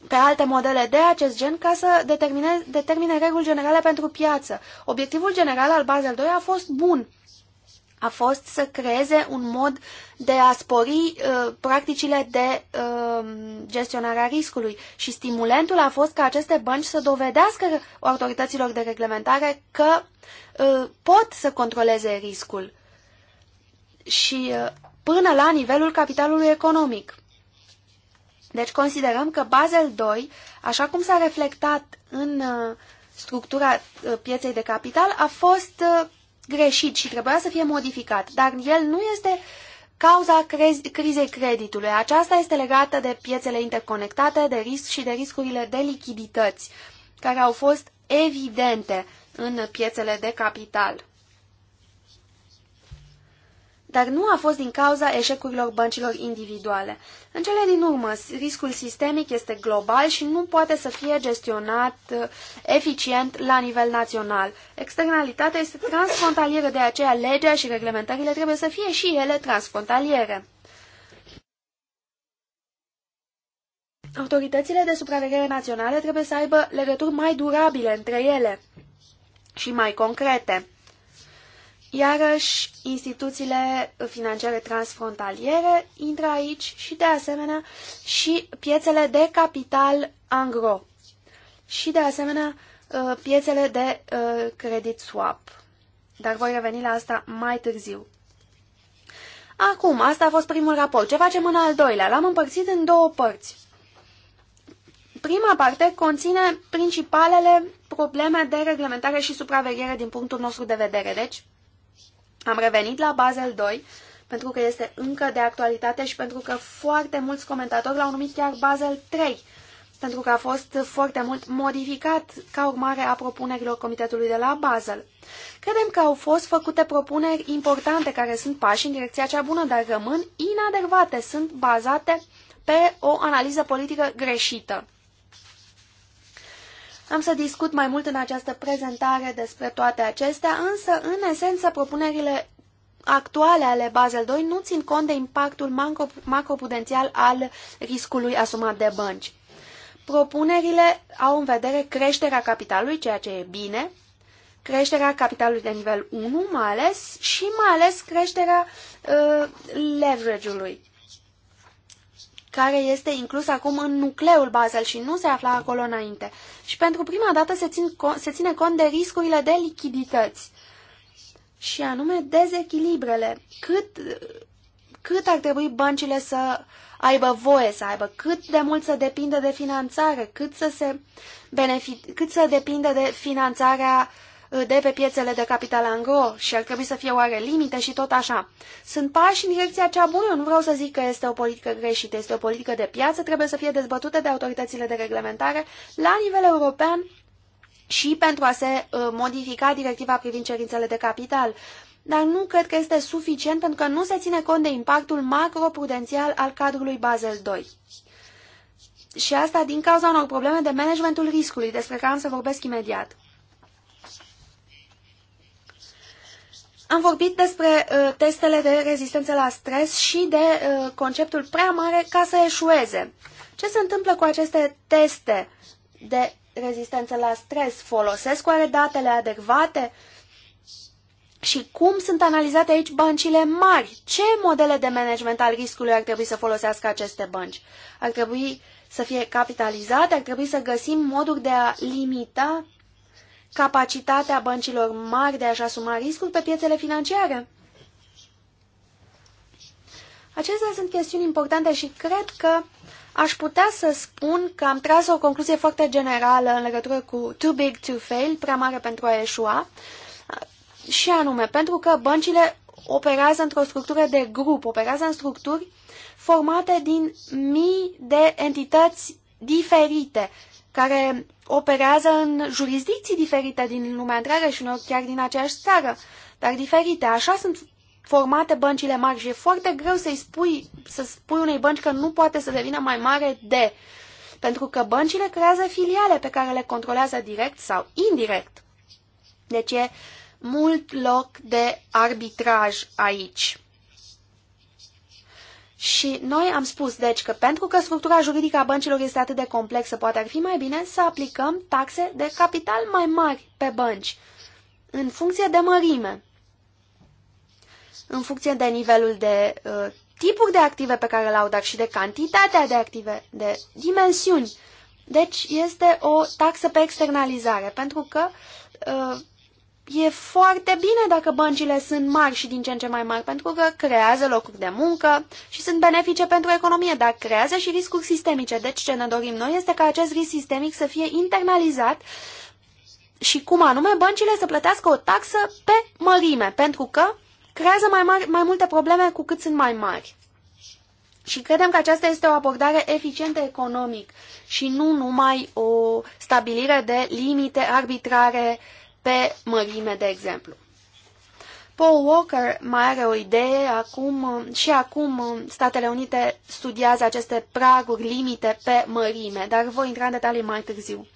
pe alte modele de acest gen ca să determine, determine reguli generale pentru piață. Obiectivul general al Basel II a fost bun. A fost să creeze un mod de a spori uh, practicile de uh, gestionare a riscului și stimulentul a fost ca aceste bănci să dovedească autorităților de reglementare că uh, pot să controleze riscul și uh, până la nivelul capitalului economic. Deci considerăm că Basel II, așa cum s-a reflectat în uh, structura uh, pieței de capital, a fost uh, greșit și trebuia să fie modificat, dar el nu este cauza crizei creditului. Aceasta este legată de piețele interconectate, de risc și de riscurile de lichidități, care au fost evidente în piețele de capital dar nu a fost din cauza eșecurilor băncilor individuale. În cele din urmă, riscul sistemic este global și nu poate să fie gestionat uh, eficient la nivel național. Externalitatea este transfrontalieră, de aceea legea și reglementările trebuie să fie și ele transfrontaliere. Autoritățile de supraveghere naționale trebuie să aibă legături mai durabile între ele și mai concrete. Iarăși, instituțiile financiare transfrontaliere intră aici și, de asemenea, și piețele de capital angro și, de asemenea, uh, piețele de uh, credit swap. Dar voi reveni la asta mai târziu. Acum, asta a fost primul raport. Ce facem în al doilea? L-am împărțit în două părți. Prima parte conține principalele probleme de reglementare și supraveghere din punctul nostru de vedere. Deci, am revenit la Basel 2 pentru că este încă de actualitate și pentru că foarte mulți comentatori l-au numit chiar Basel 3, pentru că a fost foarte mult modificat ca urmare a propunerilor Comitetului de la Basel. Credem că au fost făcute propuneri importante care sunt pași în direcția cea bună, dar rămân inadecvate, sunt bazate pe o analiză politică greșită. Am să discut mai mult în această prezentare despre toate acestea, însă, în esență, propunerile actuale ale Basel II nu țin cont de impactul macroprudențial al riscului asumat de bănci. Propunerile au în vedere creșterea capitalului, ceea ce e bine, creșterea capitalului de nivel 1 mai ales și mai ales creșterea uh, leverage-ului care este inclus acum în nucleul Basel și nu se afla acolo înainte. Și pentru prima dată se, țin, se ține cont de riscurile de lichidități și anume dezechilibrele. Cât, cât ar trebui băncile să aibă voie să aibă, cât de mult să depindă de finanțare, cât să, se benefic- cât să depindă de finanțarea uh, de pe piețele de capital angro și ar trebui să fie oare limite și tot așa. Sunt pași în direcția cea bună, nu vreau să zic că este o politică greșită, este o politică de piață, trebuie să fie dezbătută de autoritățile de reglementare la nivel european și pentru a se uh, modifica directiva privind cerințele de capital. Dar nu cred că este suficient pentru că nu se ține cont de impactul macroprudențial al cadrului Basel II. Și asta din cauza unor probleme de managementul riscului, despre care am să vorbesc imediat. Am vorbit despre uh, testele de rezistență la stres și de uh, conceptul prea mare ca să eșueze. Ce se întâmplă cu aceste teste de rezistență la stres? Folosesc oare datele adecvate? Și cum sunt analizate aici băncile mari? Ce modele de management al riscului ar trebui să folosească aceste bănci? Ar trebui să fie capitalizate? Ar trebui să găsim moduri de a limita capacitatea băncilor mari de a-și asuma riscuri pe piețele financiare? Acestea sunt chestiuni importante și cred că aș putea să spun că am tras o concluzie foarte generală în legătură cu too big to fail, prea mare pentru a eșua, și anume, pentru că băncile operează într-o structură de grup, operează în structuri formate din mii de entități diferite care operează în jurisdicții diferite din lumea întreagă și uneori chiar din aceeași țară, dar diferite. Așa sunt formate băncile mari și e foarte greu să-i spui, să spui unei bănci că nu poate să devină mai mare de, pentru că băncile creează filiale pe care le controlează direct sau indirect. Deci e mult loc de arbitraj aici. Și noi am spus, deci, că pentru că structura juridică a băncilor este atât de complexă, poate ar fi mai bine să aplicăm taxe de capital mai mari pe bănci, în funcție de mărime, în funcție de nivelul de uh, tipuri de active pe care le-au, dar și de cantitatea de active, de dimensiuni. Deci este o taxă pe externalizare, pentru că uh, E foarte bine dacă băncile sunt mari și din ce în ce mai mari, pentru că creează locuri de muncă și sunt benefice pentru economie, dar creează și riscuri sistemice. Deci ce ne dorim noi este ca acest risc sistemic să fie internalizat și cum anume băncile să plătească o taxă pe mărime, pentru că creează mai, mari, mai multe probleme cu cât sunt mai mari. Și credem că aceasta este o abordare eficientă economic și nu numai o stabilire de limite arbitrare uh, pe mărime, de exemplu. Paul Walker mai are o idee, acum, și acum Statele Unite studiază aceste praguri, limite pe mărime, dar voi intra în detalii mai târziu.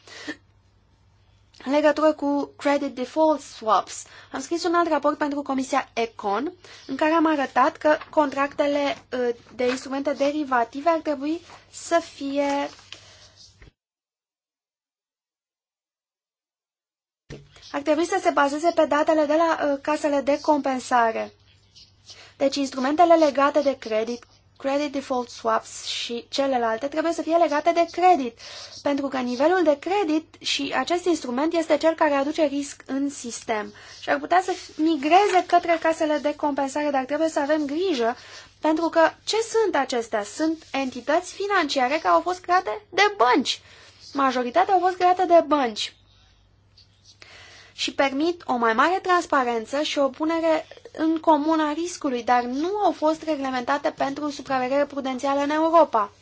În legătură cu credit default swaps, am scris un alt raport pentru Comisia Econ, în care am arătat că contractele uh, de instrumente derivative ar trebui să fie ar trebui să se bazeze pe datele de la uh, casele de compensare. Deci instrumentele legate de credit, credit default swaps și celelalte trebuie să fie legate de credit, pentru că nivelul de credit și acest instrument este cel care aduce risc în sistem și ar putea să migreze către casele de compensare, dar trebuie să avem grijă pentru că ce sunt acestea? Sunt entități financiare care au fost create de bănci. Majoritatea au fost create de bănci și permit o mai mare transparență și o punere în comun a riscului, dar nu au fost reglementate pentru supraveghere prudențială în Europa.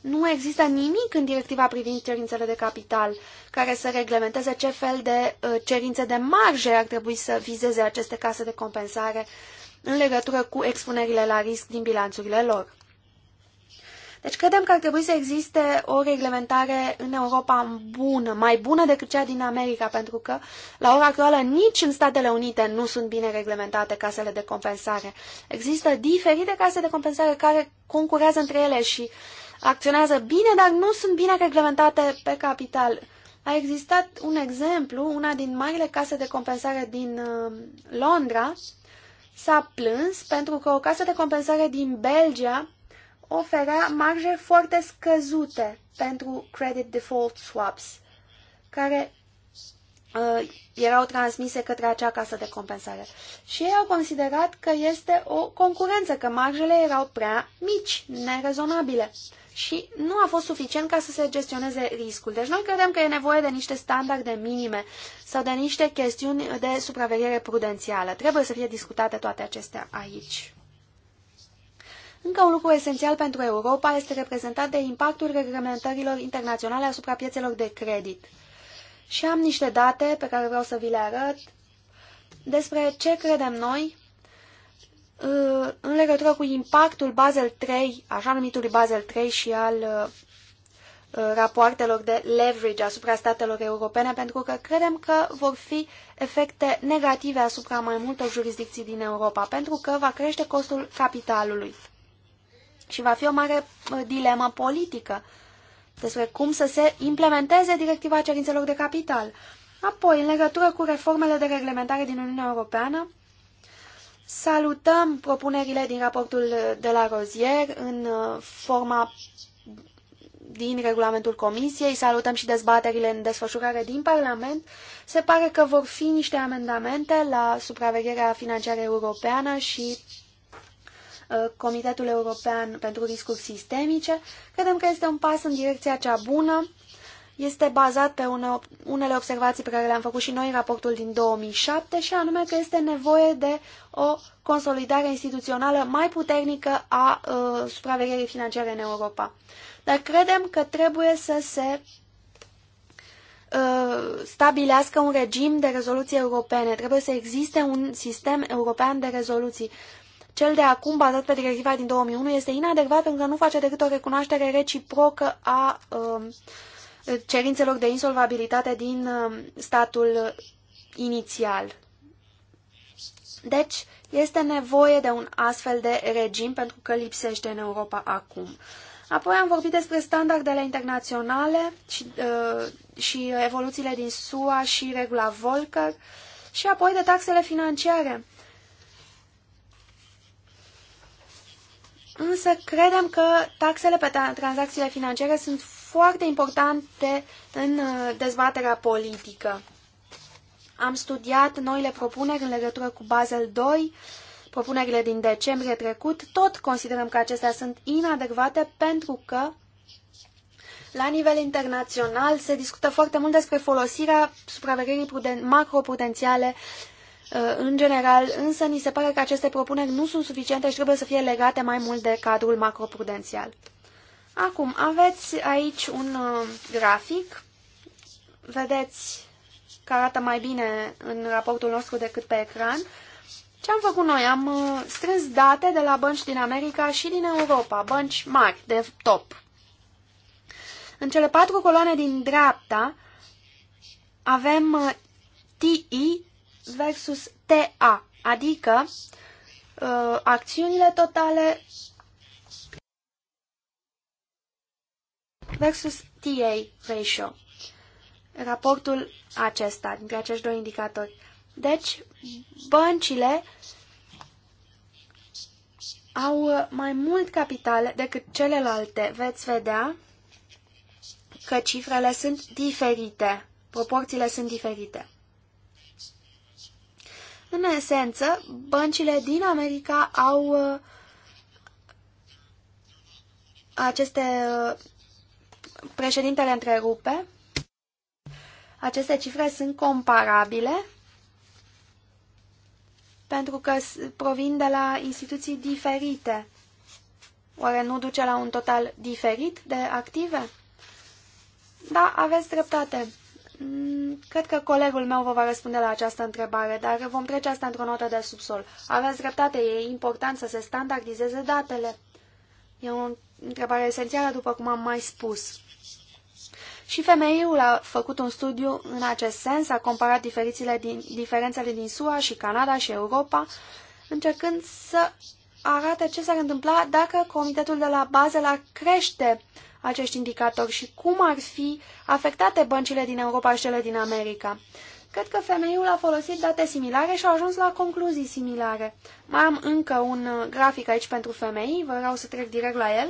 Nu există nimic în directiva privind cerințele de capital care să reglementeze ce fel de uh, cerințe de marge ar trebui să vizeze aceste case de compensare în legătură cu expunerile la risc din bilanțurile lor. Deci credem că ar trebui să existe o reglementare în Europa bună, mai bună decât cea din America, pentru că la ora actuală nici în Statele Unite nu sunt bine reglementate casele de compensare. Există diferite case de compensare care concurează între ele și acționează bine, dar nu sunt bine reglementate pe capital. A existat un exemplu, una din marile case de compensare din uh, Londra s-a plâns pentru că o casă de compensare din Belgia oferea marje foarte scăzute pentru credit default swaps, care uh, erau transmise către acea casă de compensare. Și ei au considerat că este o concurență, că marjele erau prea mici, nerezonabile. Și nu a fost suficient ca să se gestioneze riscul. Deci noi credem că e nevoie de niște standarde minime sau de niște chestiuni de supraveghere prudențială. Trebuie să fie discutate toate acestea aici. Încă un lucru esențial pentru Europa este reprezentat de impactul reglementărilor internaționale asupra piețelor de credit. Și am niște date pe care vreau să vi le arăt despre ce credem noi uh, în legătură cu impactul Basel 3, așa numitului Basel 3 și al uh, uh, rapoartelor de leverage asupra statelor europene, pentru că credem că vor fi efecte negative asupra mai multor jurisdicții din Europa, pentru că va crește costul capitalului. Și va fi o mare uh, dilemă politică despre cum să se implementeze directiva cerințelor de capital. Apoi, în legătură cu reformele de reglementare din Uniunea Europeană, salutăm propunerile din raportul de la Rozier în uh, forma din regulamentul Comisiei, salutăm și dezbaterile în desfășurare din Parlament. Se pare că vor fi niște amendamente la supravegherea financiară europeană și Uh, Comitetul European pentru Riscuri Sistemice. Credem că este un pas în direcția cea bună. Este bazat pe unele observații pe care le-am făcut și noi în raportul din 2007 și anume că este nevoie de o consolidare instituțională mai puternică a uh, supravegherii financiare în Europa. Dar credem că trebuie să se uh, stabilească un regim de rezoluții europene. Trebuie să existe un sistem european de rezoluții. Cel de acum, bazat pe directiva din 2001, este inadecvat pentru că nu face decât o recunoaștere reciprocă a um, cerințelor de insolvabilitate din um, statul inițial. Deci, este nevoie de un astfel de regim pentru că lipsește în Europa acum. Apoi am vorbit despre standardele internaționale și, uh, și evoluțiile din SUA și regula Volcker și apoi de taxele financiare. Însă credem că taxele pe tranzacțiile financiare sunt foarte importante în uh, dezbaterea politică. Am studiat noile propuneri în legătură cu Basel II, propunerile din decembrie trecut, tot considerăm că acestea sunt inadecvate pentru că la nivel internațional se discută foarte mult despre folosirea supravegherii macroprudențiale Uh, în general, însă ni se pare că aceste propuneri nu sunt suficiente și trebuie să fie legate mai mult de cadrul macroprudențial. Acum, aveți aici un uh, grafic. Vedeți că arată mai bine în raportul nostru decât pe ecran. Ce am făcut noi? Am uh, strâns date de la bănci din America și din Europa, bănci mari, de top. În cele patru coloane din dreapta avem TI versus TA, adică uh, acțiunile totale versus TA ratio. Raportul acesta, dintre acești doi indicatori. Deci, băncile au mai mult capital decât celelalte. Veți vedea că cifrele sunt diferite, proporțiile sunt diferite. În esență, băncile din America au uh, aceste uh, președintele întrerupe. Aceste cifre sunt comparabile pentru că provin de la instituții diferite. Oare nu duce la un total diferit de active? Da, aveți dreptate. Mm, cred că colegul meu vă va răspunde la această întrebare, dar vom trece asta într-o notă de subsol. Aveți dreptate, e important să se standardizeze datele. E o întrebare esențială, după cum am mai spus. Și femeiul a făcut un studiu în acest sens, a comparat din, diferențele din SUA și Canada și Europa, încercând să arate ce s-ar întâmpla dacă comitetul de la bază l-ar crește acești indicatori și cum ar fi afectate băncile din Europa și cele din America. Cred că femeiul a folosit date similare și a ajuns la concluzii similare. Mai am încă un grafic aici pentru femei, vă vreau să trec direct la el.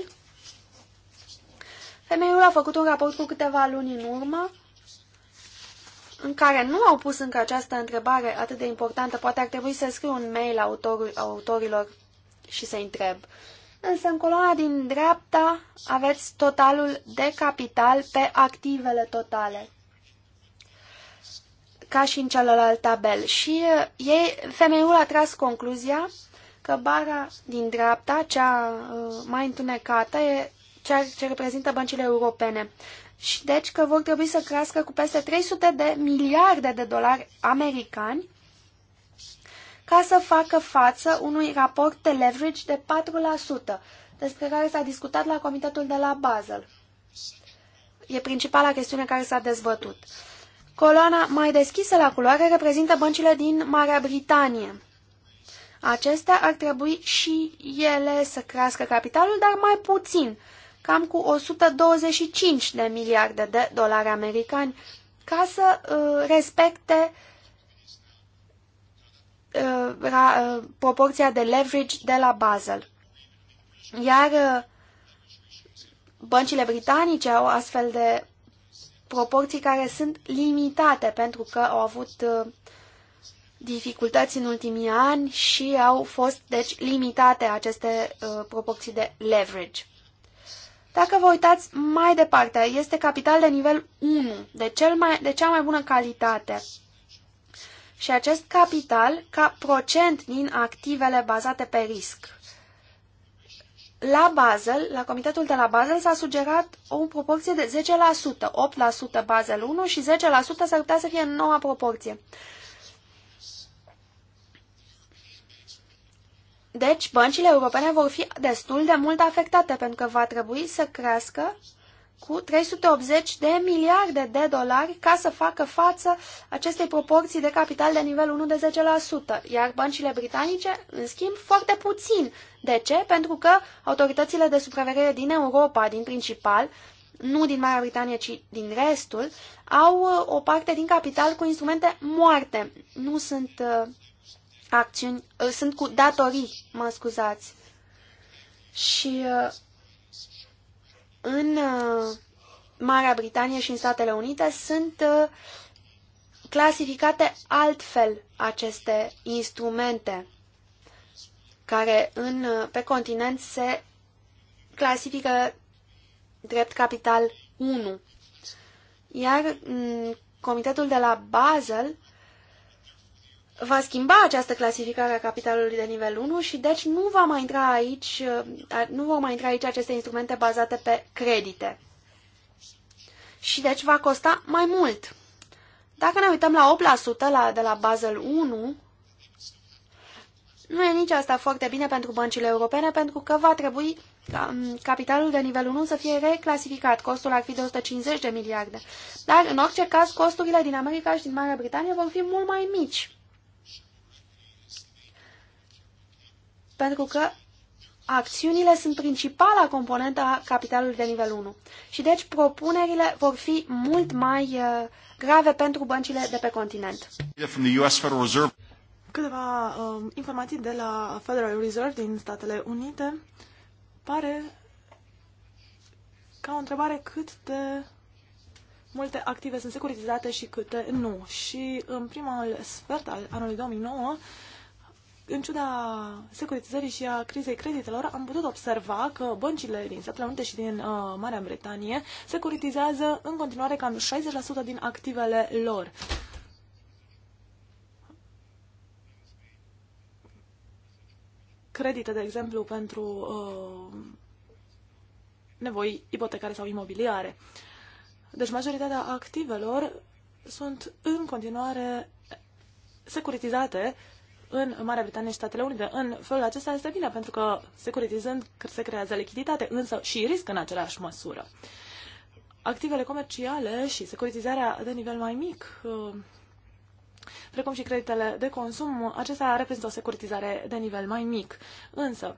Femeiul a făcut un raport cu câteva luni în urmă, în care nu au pus încă această întrebare atât de importantă. Poate ar trebui să scriu un mail autor, autorilor și să întreb. Însă în coloana din dreapta aveți totalul de capital pe activele totale ca și în celălalt tabel. Și ei, femeiul a tras concluzia că bara din dreapta, cea uh, mai întunecată, e ceea ce reprezintă băncile europene. Și deci că vor trebui să crească cu peste 300 de miliarde de dolari americani ca să facă față unui raport de leverage de 4%, despre care s-a discutat la comitetul de la Basel. E principala chestiune care s-a dezbătut. Coloana mai deschisă la culoare reprezintă băncile din Marea Britanie. Acestea ar trebui și ele să crească capitalul, dar mai puțin, cam cu 125 de miliarde de dolari americani, ca să uh, respecte uh, Uh, ra, uh, proporția de leverage de la Basel. Iar uh, băncile britanice au astfel de proporții care sunt limitate pentru că au avut dificultăți în ultimii ani și au fost, deci, limitate aceste proporții de leverage. Dacă vă uitați mai departe, este capital de nivel 1, de, cel mai, de cea mai bună calitate și acest capital ca procent din activele bazate pe risc. La Basel, la comitetul de la Basel s-a sugerat o proporție de 10%, 8% Basel 1 și 10% s-ar putea să fie noua proporție. Deci, băncile europene vor fi destul de mult afectate pentru că va trebui să crească cu 380 de miliarde de dolari ca să facă față acestei proporții de capital de nivel 1 de 10%, iar băncile britanice, în schimb, foarte puțin. De ce? Pentru că autoritățile de supraveghere din Europa, din principal, nu din Marea Britanie, ci din restul, au uh, o parte din capital cu instrumente moarte. Nu sunt uh, acțiuni, uh, sunt cu datorii, mă scuzați. Și uh, în uh, Marea Britanie și în Statele Unite sunt uh, clasificate altfel aceste instrumente care în, uh, pe continent se clasifică drept capital 1. Iar mm, Comitetul de la Basel va schimba această clasificare a capitalului de nivel 1 și deci nu, va mai intra aici, nu vor mai intra aici aceste instrumente bazate pe credite. Și deci va costa mai mult. Dacă ne uităm la 8% la, de la Basel 1, nu e nici asta foarte bine pentru băncile europene, pentru că va trebui capitalul de nivel 1 să fie reclasificat. Costul ar fi de 150 de miliarde. Dar, în orice caz, costurile din America și din Marea Britanie vor fi mult mai mici. pentru că acțiunile sunt principala componentă a capitalului de nivel 1. Și deci propunerile vor fi mult mai uh, grave pentru băncile de pe continent. Câteva um, informații de la Federal Reserve din Statele Unite. Pare ca o întrebare cât de multe active sunt securitizate și câte nu. Și în primul sfert al anului 2009 în ciuda securitizării și a crizei creditelor, am putut observa că băncile din Statele Unite și din uh, Marea Britanie securitizează în continuare cam 60% din activele lor. Credite, de exemplu, pentru uh, nevoi ipotecare sau imobiliare. Deci majoritatea activelor sunt în continuare securitizate uh, în Marea Britanie și Statele Unite. În felul acesta este bine, pentru că securitizând se creează lichiditate, însă și risc în aceleași măsură. Activele comerciale și securitizarea de nivel mai mic, uh, precum și creditele de consum, acestea reprezintă o securitizare de nivel mai mic. Însă,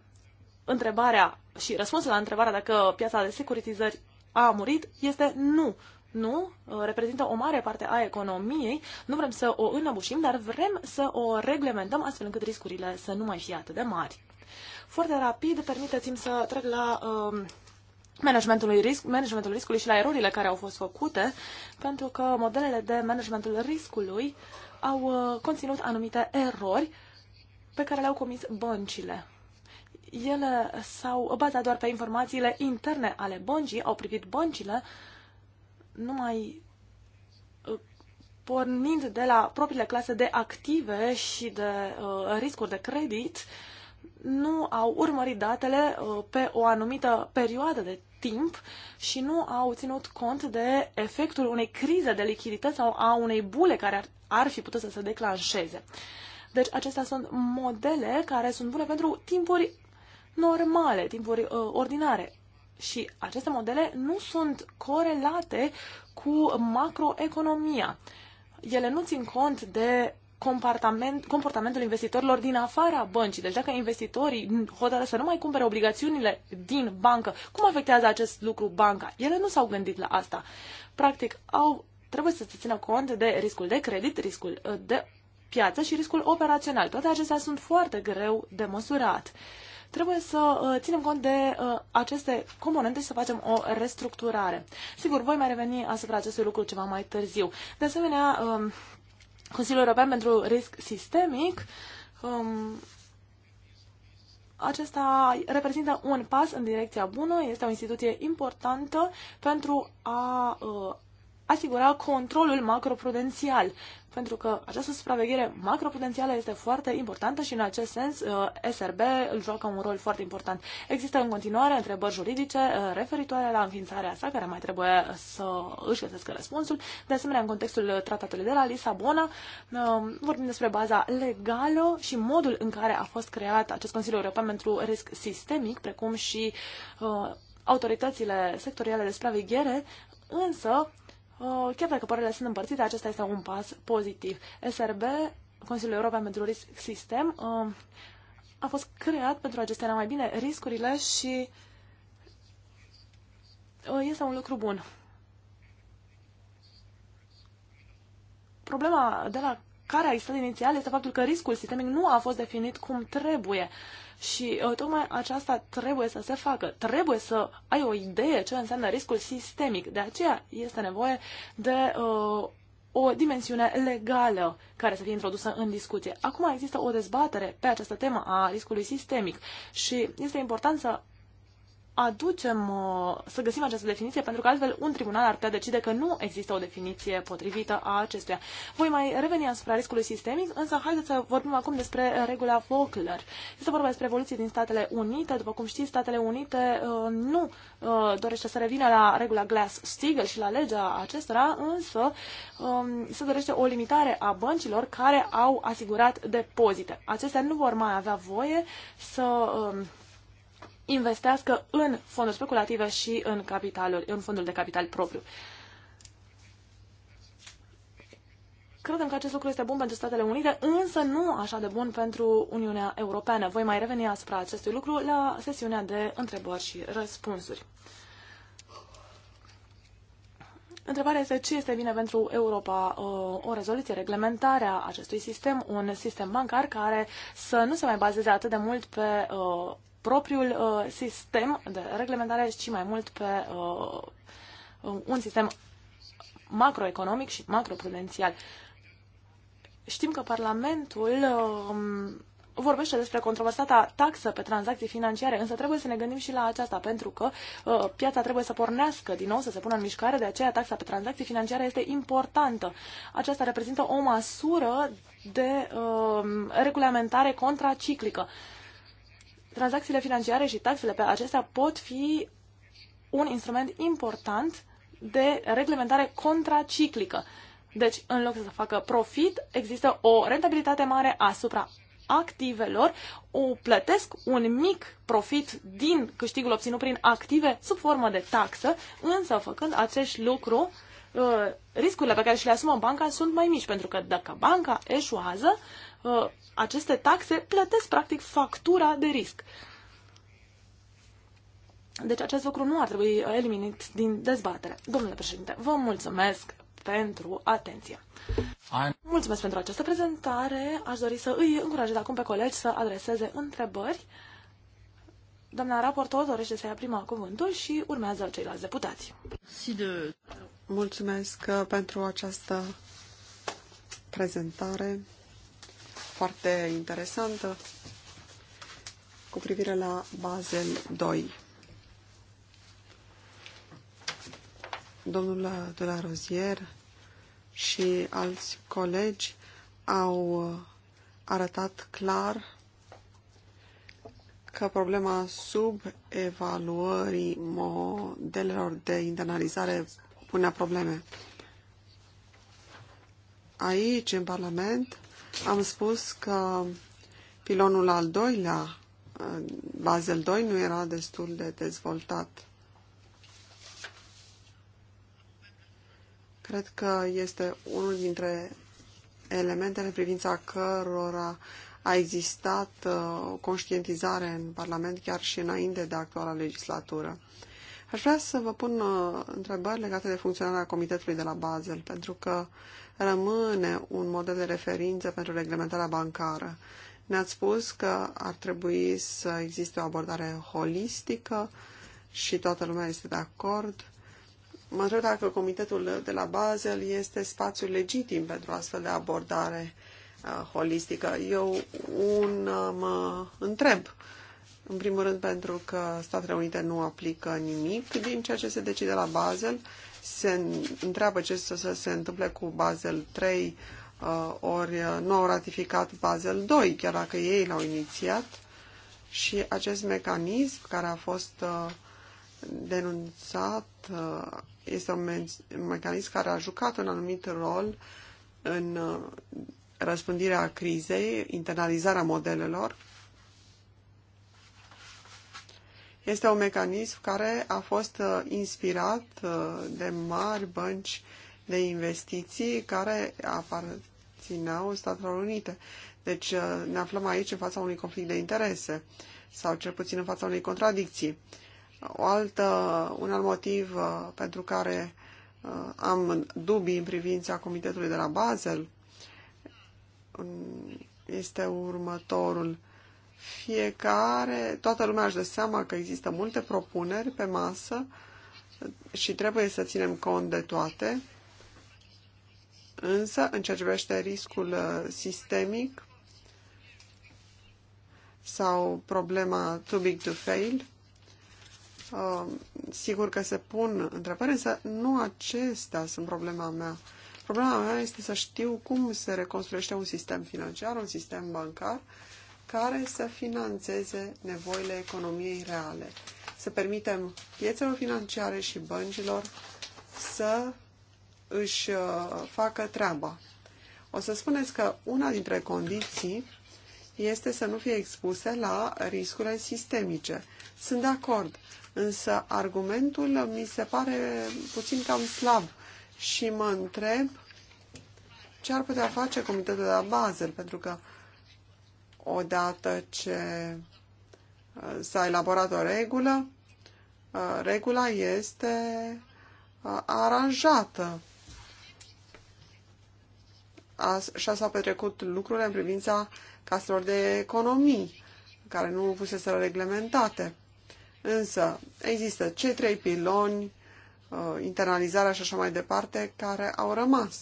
întrebarea și răspunsul la întrebarea dacă piața de securitizări a murit este nu nu, uh, reprezintă o mare parte a economiei, nu vrem să o înăbușim, dar vrem să o reglementăm astfel încât riscurile să nu mai fie atât de mari. Foarte rapid, permiteți-mi să trec la um, managementul, risc, managementul riscului și la erorile care au fost făcute, pentru că modelele de managementul riscului au uh, conținut anumite erori pe care le-au comis băncile ele s-au bazat doar pe informațiile interne ale băncii, au privit băncile numai uh, pornind de la propriile clase de active și de uh, riscuri de credit, nu au urmărit datele uh, pe o anumită perioadă de timp și nu au ținut cont de efectul unei crize de lichidități sau a unei bule care ar, ar fi putut să se declanșeze. Deci acestea sunt modele care sunt bune pentru timpuri normale, timpuri uh, ordinare și aceste modele nu sunt corelate cu macroeconomia. Ele nu țin cont de comportament, comportamentul investitorilor din afara băncii. Deci dacă investitorii hotără să nu mai cumpere obligațiunile din bancă, cum afectează acest lucru banca? Ele nu s-au gândit la asta. Practic, au, trebuie să se țină cont de riscul de credit, riscul uh, de piață și riscul operațional. Toate acestea sunt foarte greu de măsurat. Trebuie să uh, ținem cont de uh, aceste componente și să facem o restructurare. Sigur, voi mai reveni asupra acestui lucru ceva mai târziu. De asemenea, um, Consiliul European pentru Risc Sistemic um, acesta reprezintă un pas în direcția bună, este o instituție importantă pentru a uh, asigura controlul macroprudențial, pentru că această supraveghere macroprudențială este foarte importantă și în acest sens uh, SRB îl joacă un rol foarte important. Există în continuare întrebări juridice uh, referitoare la înființarea sa, care mai trebuie să își găsească răspunsul. De asemenea, în contextul tratatului de la Lisabona, uh, vorbim despre baza legală și modul în care a fost creat acest Consiliu European pentru risc sistemic, precum și autoritățile sectoriale de supraveghere, însă Uh, chiar dacă părerile sunt împărțite, acesta este un pas pozitiv. SRB, Consiliul European pentru Risc System, uh, a fost creat pentru a gestiona mai bine riscurile și uh, este un lucru bun. Problema de la care a existat inițial este faptul că riscul sistemic nu a fost definit cum trebuie. Uh, și uh, tocmai aceasta trebuie să se facă. Trebuie să ai o idee ce înseamnă riscul sistemic. De aceea este nevoie de uh, o dimensiune legală care să fie introdusă în discuție. Acum există o dezbatere pe această temă a riscului sistemic și este important să aducem, uh, să găsim această definiție, pentru că altfel un tribunal ar putea decide că nu există o definiție potrivită a acestuia. Voi mai reveni asupra riscului sistemic, însă haideți să vorbim acum despre uh, regula Vogler. Este vorba despre evoluție din Statele Unite. După cum știți, Statele Unite uh, nu dorește să revină la regula Glass-Steagall și la legea acestora, însă um, se dorește o limitare a băncilor care au asigurat depozite. Acestea nu vor mai avea voie să um, investească în fonduri speculative și în, capitalul, în fondul de capital propriu. Credem că acest lucru este bun pentru Statele Unite, însă nu așa de bun pentru Uniunea Europeană. Voi mai reveni asupra acestui lucru la sesiunea de întrebări și răspunsuri. Întrebarea este ce este bine pentru Europa, o rezoluție, reglementarea acestui sistem, un sistem bancar care să nu se mai bazeze atât de mult pe propriul uh, sistem de reglementare, ci mai mult pe uh, un sistem macroeconomic și macroprudențial. Știm că Parlamentul um, vorbește despre controversata taxă pe tranzacții financiare, însă trebuie să ne gândim și la aceasta, pentru că uh, piața trebuie să pornească din nou, să se pună în mișcare, de aceea taxa pe tranzacții financiare este importantă. Aceasta reprezintă o măsură de uh, um, regulamentare contraciclică. Uh, Tranzacțiile financiare și taxele pe acestea pot fi un instrument important de reglementare contraciclică. Deci, în loc să facă profit, există o rentabilitate mare asupra activelor, o plătesc un mic profit din câștigul obținut prin active sub formă de taxă, însă făcând acest lucru, uh, riscurile pe care și le asumă banca sunt mai mici, pentru că dacă banca eșuează, uh, aceste taxe plătesc practic factura de risc. Deci acest lucru nu ar trebui eliminat din dezbatere. Domnule președinte, vă mulțumesc pentru atenție. Mulțumesc pentru această prezentare. Aș dori să îi încurajez acum pe colegi să adreseze întrebări. Doamna raportor dorește să ia prima cuvântul și urmează ceilalți deputați. Mulțumesc uh, pentru această prezentare foarte interesantă cu privire la Basel 2. Domnul de la Rozier și alți colegi au arătat clar că problema subevaluării modelelor de internalizare punea probleme. Aici, în Parlament, am spus că pilonul al doilea, Basel 2, nu era destul de dezvoltat. Cred că este unul dintre elementele privința cărora a existat uh, o conștientizare în Parlament chiar și înainte de actuala legislatură. Aș vrea să vă pun uh, întrebări legate de funcționarea Comitetului de la Basel, pentru că uh, rămâne un model de referință pentru reglementarea bancară. Ne-ați spus că ar trebui să existe o abordare holistică și toată lumea este de acord. Mă întreb dacă comitetul de la Basel este spațiul legitim pentru astfel de abordare uh, holistică. Eu un uh, mă întreb. În primul rând pentru că Statele Unite nu aplică nimic din ceea ce se decide la Basel se întreabă ce să se întâmple cu Basel 3, uh, ori uh, nu au ratificat Basel 2, chiar dacă ei l-au inițiat. Și acest mecanism care a fost uh, denunțat este un mecanism care a jucat un anumit rol în răspândirea crizei, internalizarea modelelor Este un mecanism care a fost uh, inspirat uh, de mari bănci de investiții care aparțineau Statelor Unite. Deci uh, ne aflăm aici în fața unui conflict de interese sau cel puțin în fața unei contradicții. O altă, un alt motiv pentru care am dubii în privința Comitetului de la Basel um, este următorul fiecare, toată lumea își dă seama că există multe propuneri pe masă și trebuie să ținem cont de toate. Însă, în ce privește riscul uh, sistemic sau problema too big to fail, uh, sigur că se pun întrebări, însă nu acestea sunt problema mea. Problema mea este să știu cum se reconstruiește un sistem financiar, un sistem bancar, care să financeze nevoile economiei reale. Să permitem piețelor financiare și băncilor să își uh, facă treaba. O să spuneți că una dintre condiții este să nu fie expuse la riscurile sistemice. Sunt de acord, însă argumentul mi se pare puțin cam slab și mă întreb ce ar putea face comitetul de la Basel, pentru că odată ce uh, s-a elaborat o regulă, uh, regula este uh, aranjată. Așa s-au petrecut lucrurile în privința caselor de economii, care nu fusese reglementate. Însă există cei trei piloni, internalizarea și așa mai departe, care au rămas.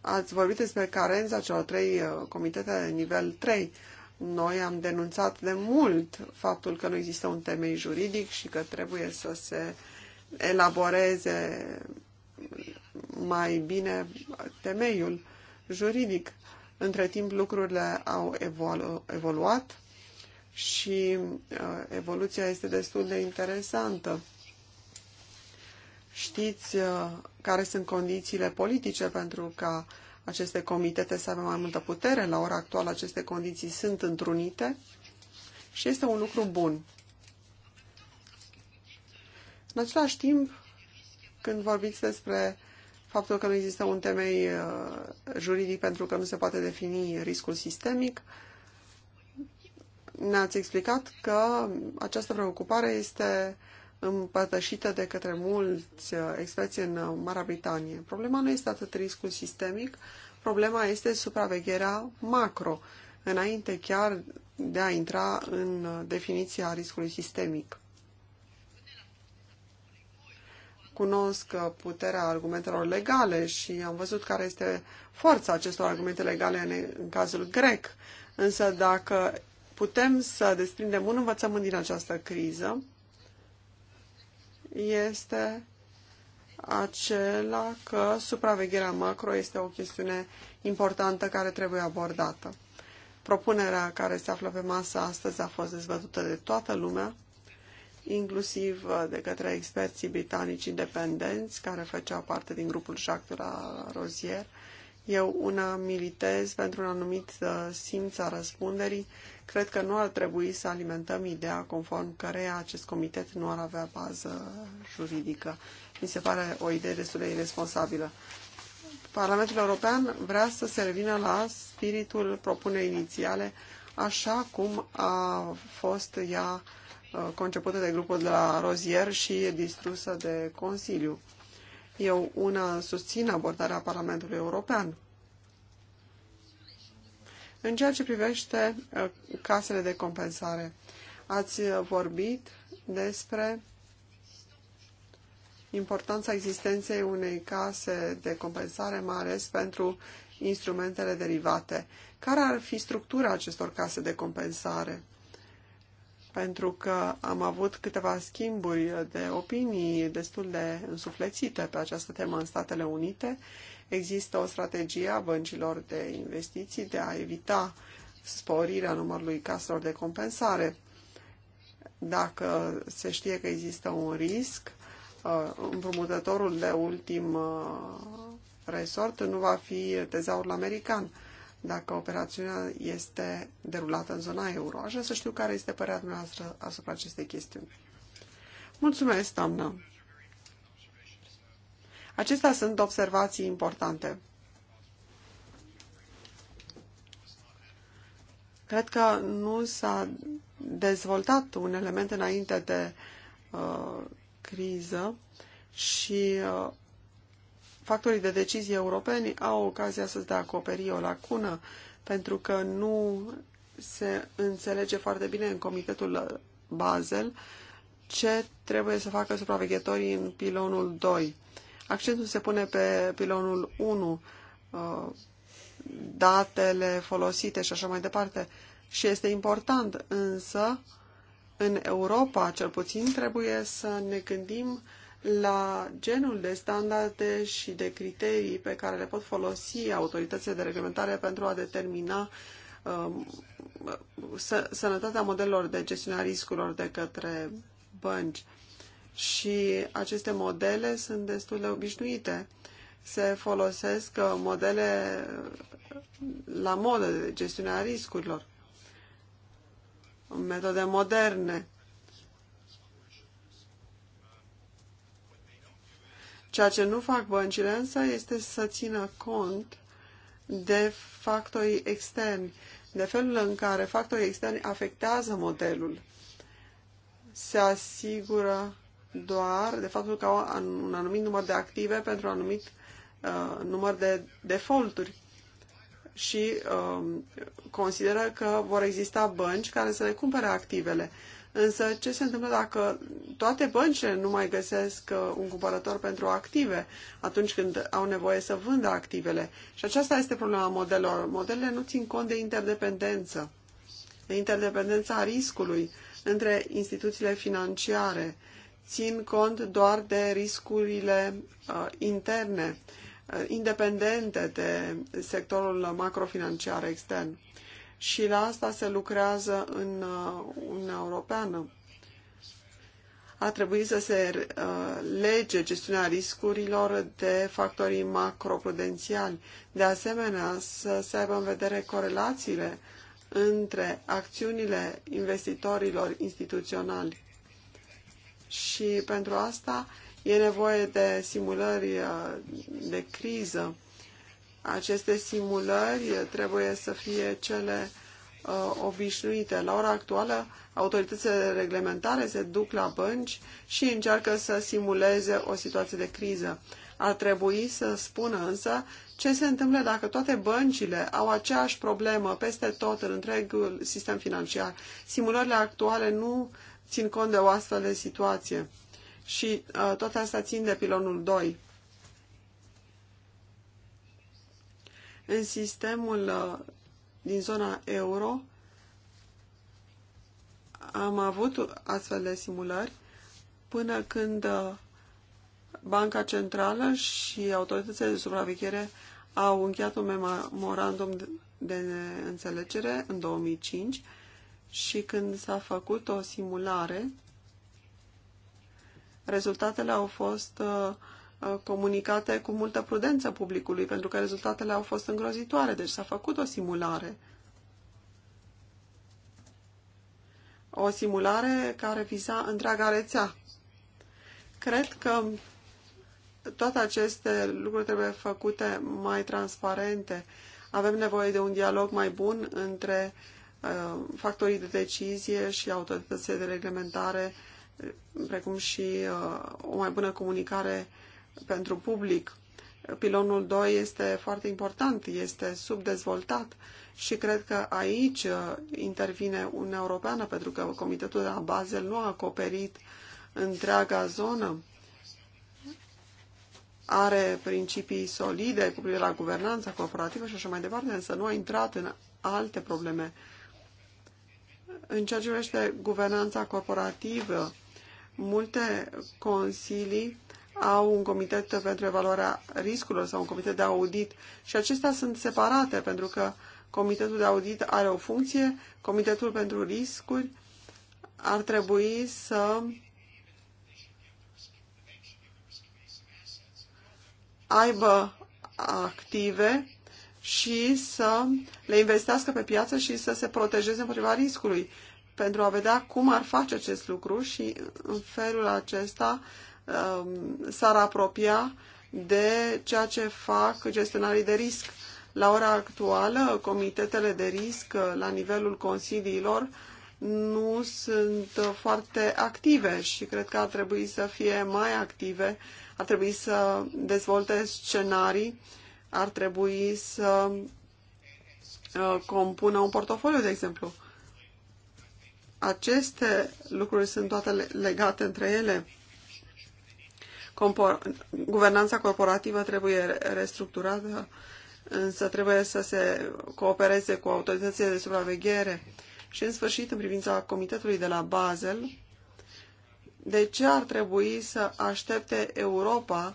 Ați vorbit despre carența celor trei uh, comitete de nivel 3. Noi am denunțat de mult faptul că nu există un temei juridic și că trebuie să se elaboreze mai bine temeiul juridic. Între timp lucrurile au evolu- evoluat și uh, evoluția este destul de interesantă. Știți uh, care sunt condițiile politice pentru ca aceste comitete să aibă mai multă putere. La ora actuală aceste condiții sunt întrunite și este un lucru bun. În același timp, când vorbiți despre faptul că nu există un temei uh, juridic pentru că nu se poate defini riscul sistemic, ne-ați explicat că această preocupare este împărtășită de către mulți uh, experți în uh, Marea Britanie. Problema nu este atât riscul sistemic, problema este supravegherea macro, înainte chiar de a intra în uh, definiția riscului sistemic. Cunosc puterea argumentelor legale și am văzut care este forța acestor argumente legale în, în cazul grec. Însă dacă putem să desprindem un învățământ din această criză, este acela că supravegherea macro este o chestiune importantă care trebuie abordată. Propunerea care se află pe masă astăzi a fost dezbătută de toată lumea, inclusiv de către experții britanici independenți care făceau parte din grupul Jacques de la Rozier. Eu una militez pentru un anumit uh, simț a răspunderii Cred că nu ar trebui să alimentăm ideea conform căreia acest comitet nu ar avea bază juridică. Mi se pare o idee destul de irresponsabilă. Parlamentul European vrea să se revină la spiritul propunerii inițiale, așa cum a fost ea uh, concepută de grupul de la Rozier și distrusă de Consiliu. Eu una susțin abordarea Parlamentului European. În ceea ce privește uh, casele de compensare, ați uh, vorbit despre importanța existenței unei case de compensare, mai ales pentru instrumentele derivate. Care ar fi structura acestor case de compensare? Pentru că am avut câteva schimburi de opinii destul de însuflețite pe această temă în Statele Unite Există o strategie a băncilor de investiții de a evita sporirea numărului caselor de compensare. Dacă se știe că există un risc, uh, împrumutătorul de ultim uh, resort nu va fi tezaurul american dacă operațiunea este derulată în zona euro. Așa să știu care este părerea dumneavoastră asupra acestei chestiuni. Mulțumesc, doamnă! Acestea sunt observații importante. Cred că nu s-a dezvoltat un element înainte de uh, criză și uh, factorii de decizie europeni au ocazia să se acoperi o lacună pentru că nu se înțelege foarte bine în comitetul Basel ce trebuie să facă supraveghetorii în pilonul 2. Accentul se pune pe pilonul 1, uh, datele folosite și așa mai departe. Și este important, însă, în Europa, cel puțin, trebuie să ne gândim la genul de standarde și de criterii pe care le pot folosi autoritățile de reglementare pentru a determina um, sănătatea modelelor de gestionare riscurilor de către bănci și aceste modele sunt destul de obișnuite. Se folosesc uh, modele uh, la modă de a riscurilor, metode moderne. Ceea ce nu fac băncile însă este să țină cont de factorii externi, de felul în care factorii externi afectează modelul. Se asigură doar de faptul că au un anumit număr de active pentru un anumit uh, număr de defaulturi și uh, consideră că vor exista bănci care să le cumpere activele. Însă ce se întâmplă dacă toate băncile nu mai găsesc uh, un cumpărător pentru active atunci când au nevoie să vândă activele? Și aceasta este problema modelor. Modelele nu țin cont de interdependență, de interdependența riscului între instituțiile financiare. Uh, țin cont doar de riscurile uh, interne, uh, independente de sectorul macrofinanciar extern. Și la asta se lucrează în uh, Uniunea Europeană. A trebuit să se uh, lege gestiunea riscurilor de factorii macroprudențiali. De asemenea, să se aibă în vedere corelațiile între acțiunile investitorilor instituționali și pentru asta e nevoie de simulări uh, de criză. Aceste simulări trebuie să fie cele uh, obișnuite. La ora actuală, autoritățile reglementare se duc la bănci și încearcă să simuleze o situație de criză. Ar trebui să spună însă ce se întâmplă dacă toate băncile au aceeași problemă peste tot în întregul sistem financiar. Simulările actuale nu țin cont de o astfel de situație. Și uh, tot asta țin de pilonul 2. În sistemul uh, din zona euro am avut astfel de simulări până când uh, Banca Centrală și autoritățile de supraveghere au încheiat un memorandum de înțelegere în 2005 și când s-a făcut o simulare, rezultatele au fost uh, uh, comunicate cu multă prudență publicului, pentru că rezultatele au fost îngrozitoare, deci s-a făcut o simulare. O simulare care viza întreaga rețea. Cred că toate aceste lucruri trebuie făcute mai transparente. Avem nevoie de un dialog mai bun între uh, Uh, factorii de decizie și autoritățile de reglementare, uh, precum și uh, o mai bună comunicare pentru public. Pilonul 2 este foarte important, este subdezvoltat și cred că aici intervine Uniunea Europeană, pentru că Comitetul de la Basel nu a acoperit întreaga zonă. Are principii solide cu privire la guvernanța corporativă și așa mai departe, însă nu a intrat în alte probleme în ceea ce privește guvernanța corporativă, multe consilii au un comitet pentru evaluarea riscurilor sau un comitet de audit și acestea sunt separate pentru că comitetul de audit are o funcție, comitetul pentru riscuri ar trebui să aibă active și să le investească pe piață și să se protejeze împotriva riscului pentru a vedea cum ar face acest lucru și în felul acesta um, s-ar apropia de ceea ce fac gestionarii de risc. La ora actuală, comitetele de risc uh, la nivelul consiliilor nu sunt uh, foarte active și cred că ar trebui să fie mai active, ar trebui să dezvolte scenarii ar trebui să uh, compună un portofoliu, de exemplu. Aceste lucruri sunt toate legate între ele. Compor guvernanța corporativă trebuie restructurată, însă trebuie să se coopereze cu autoritățile de supraveghere. Și, în sfârșit, în privința comitetului de la Basel, de ce ar trebui să aștepte Europa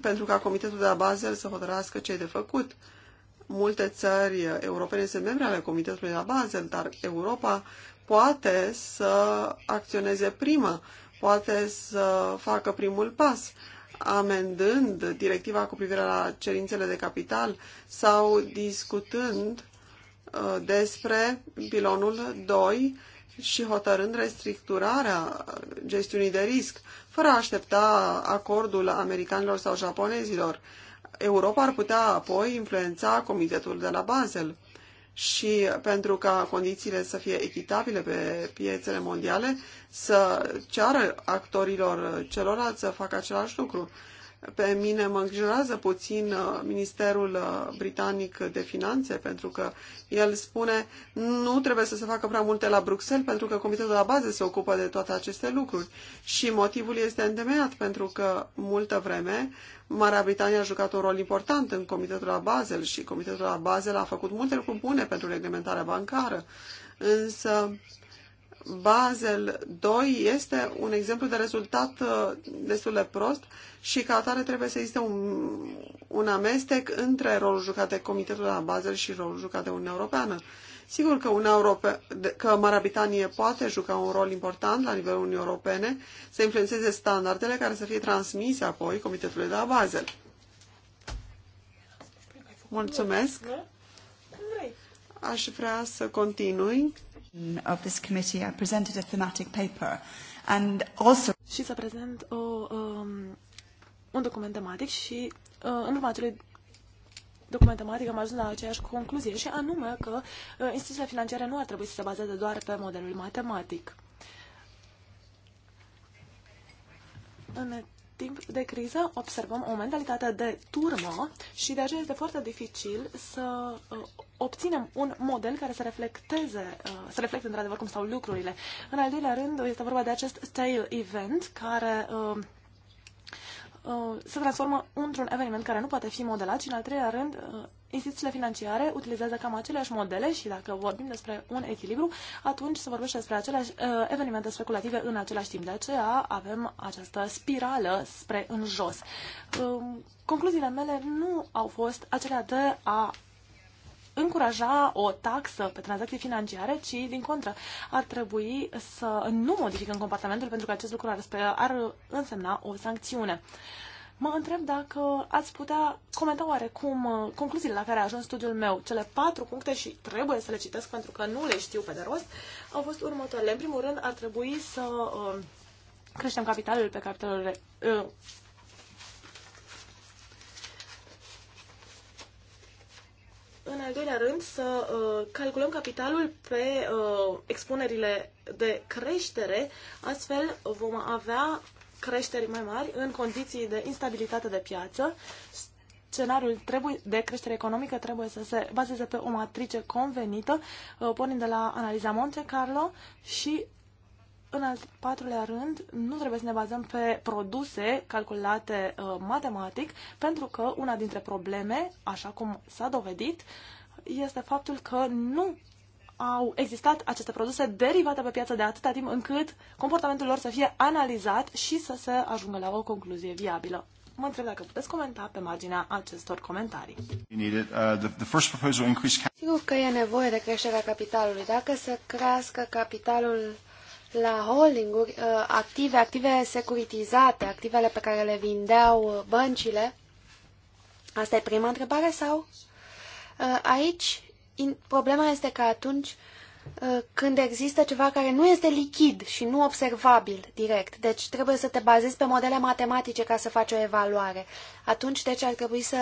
pentru ca Comitetul de la Basel să hotărască ce e de făcut. Multe țări europene sunt membre ale Comitetului de la Basel, dar Europa poate să acționeze primă, poate să facă primul pas, amendând directiva cu privire la cerințele de capital sau discutând uh, despre pilonul 2 și hotărând restricturarea gestiunii de risc, fără a aștepta acordul americanilor sau japonezilor. Europa ar putea apoi influența comitetul de la Basel. Și pentru ca condițiile să fie echitabile pe piețele mondiale, să ceară actorilor celorlalți să facă același lucru. Pe mine mă îngrijorează puțin uh, Ministerul uh, Britanic de Finanțe, pentru că el spune nu trebuie să se facă prea multe la Bruxelles, pentru că comitetul la bază se ocupă de toate aceste lucruri. Și motivul este îndemeiat, pentru că multă vreme Marea Britanie a jucat un rol important în comitetul la Bază și comitetul la Bază a făcut multe lucruri bune pentru reglementarea bancară. Însă Basel 2 este un exemplu de rezultat uh, destul de prost și ca atare trebuie să existe un, un amestec între rolul jucat de Comitetul de la Basel și rolul jucat de Uniunea Europeană. Sigur că, Uniunea Europe, că Marea Britanie poate juca un rol important la nivelul Uniunii Europene să influențeze standardele care să fie transmise apoi Comitetului de la Basel. Mulțumesc! Aș vrea să continui of this committee, I presented a thematic paper and also și să prezent o, um, un document tematic și uh, în urma acelui document tematic am ajuns la aceeași concluzie și anume că uh, instituțiile financiare nu ar trebui să se bazeze doar pe modelul matematic. În timp de criză observăm o mentalitate de turmă și de aceea este foarte dificil să uh, obținem un model care să reflecteze, uh, să reflecte într-adevăr cum stau lucrurile. În al doilea rând, este vorba de acest stale event care uh, se transformă într-un eveniment care nu poate fi modelat și, în al treilea rând, instituțiile financiare utilizează cam aceleași modele și dacă vorbim despre un echilibru, atunci se vorbește despre aceleași uh, evenimente speculative în același timp. De aceea avem această spirală spre în jos. Uh, concluziile mele nu au fost acelea de a încuraja o taxă pe tranzacții financiare, ci, din contră, ar trebui să nu modificăm comportamentul pentru că acest lucru ar, ar însemna o sancțiune. Uh, mă întreb dacă ați putea comenta oarecum uh, concluziile la care a ajuns studiul meu. Cele patru puncte, și trebuie să le citesc pentru că nu le știu pe de rost, au fost următoarele. În primul rând, ar trebui să uh, creștem capitalul pe capitalul uh, În al doilea rând, să uh, calculăm capitalul pe uh, expunerile de creștere, astfel vom avea creșteri mai mari în condiții de instabilitate de piață. Scenariul trebuie, de creștere economică trebuie să se bazeze pe o matrice convenită, uh, pornind de la analiza Monte Carlo și în al patrulea rând, nu trebuie să ne bazăm pe produse calculate uh, matematic, pentru că una dintre probleme, așa cum s-a dovedit, este faptul că nu au existat aceste produse derivate pe piață de atâta timp încât comportamentul lor să fie analizat și să se ajungă la o concluzie viabilă. Mă întreb dacă puteți comenta pe marginea acestor comentarii. Uh, Sigur că e nevoie de creșterea capitalului. Dacă să crească capitalul la holdinguri, uh, active, active securitizate, activele pe care le vindeau uh, băncile, asta e prima întrebare sau? Aici problema este că atunci uh, când există ceva care nu este lichid și nu observabil direct, deci trebuie să te bazezi pe modele matematice ca să faci o evaluare, atunci deci ar trebui să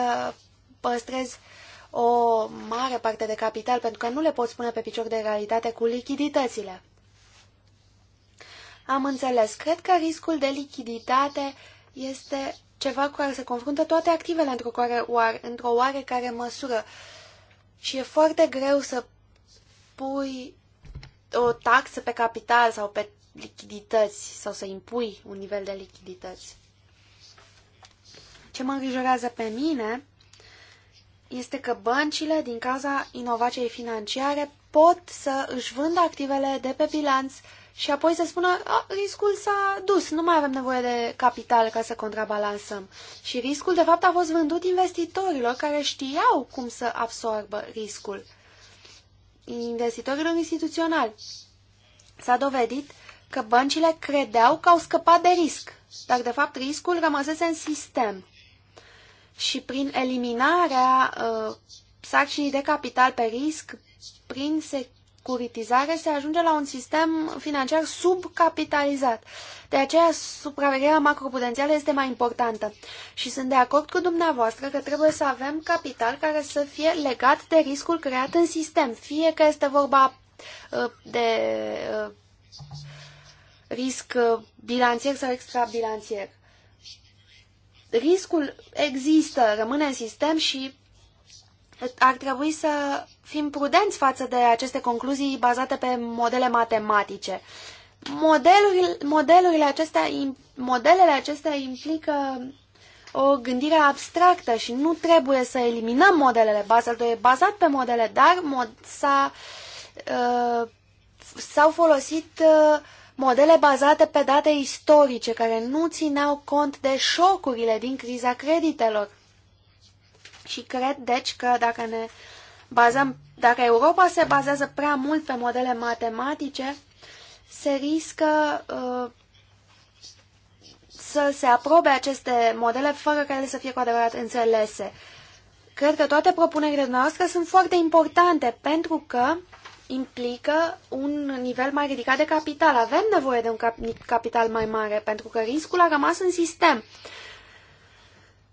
păstrezi o mare parte de capital, pentru că nu le poți pune pe picior de realitate cu lichiditățile. Am înțeles. Cred că riscul de lichiditate este ceva cu care se confruntă toate activele într-o oare, într oarecare măsură. Uh, și e foarte greu să pui o taxă pe capital sau pe lichidități sau să impui un nivel de lichidități. Ce mă îngrijorează pe mine este că băncile, din cauza inovației financiare, pot să își vândă activele de pe bilanț și apoi să spună a, riscul s-a dus, nu mai avem nevoie de capital ca să contrabalansăm. Și riscul, de fapt, a fost vândut investitorilor care știau cum să absorbă riscul. Investitorilor instituționali. S-a dovedit că băncile credeau că au scăpat de risc, dar, de fapt, riscul rămăsese în sistem. Și prin eliminarea uh, sarcinii de capital pe risc, prin se securitizare, se ajunge la un sistem financiar subcapitalizat. De aceea, supravegherea macroprudențială este mai importantă. Și sunt de acord cu dumneavoastră că trebuie să avem capital care să fie legat de riscul creat în sistem, fie că este vorba uh, de uh, risc uh, bilanțier sau extrabilanțier. Riscul există, rămâne în sistem și ar trebui să fim prudenți față de aceste concluzii bazate pe modele matematice. Modelurile, modelurile acestea, modelele acestea implică o gândire abstractă și nu trebuie să eliminăm modelele. Basel 2 e bazat pe modele, dar mod, s au uh, folosit uh, modele bazate pe date istorice care nu țineau cont de șocurile din criza creditelor. Și cred, deci, că dacă ne uh, bazăm, dacă Europa se bazează prea mult pe modele matematice, se riscă uh, să se aprobe aceste modele fără ca ele să fie cu adevărat înțelese. Cred că toate propunerile noastre sunt foarte importante pentru că implică un nivel mai ridicat de capital. Avem nevoie de un cap capital mai mare pentru că riscul a rămas în sistem. Uh,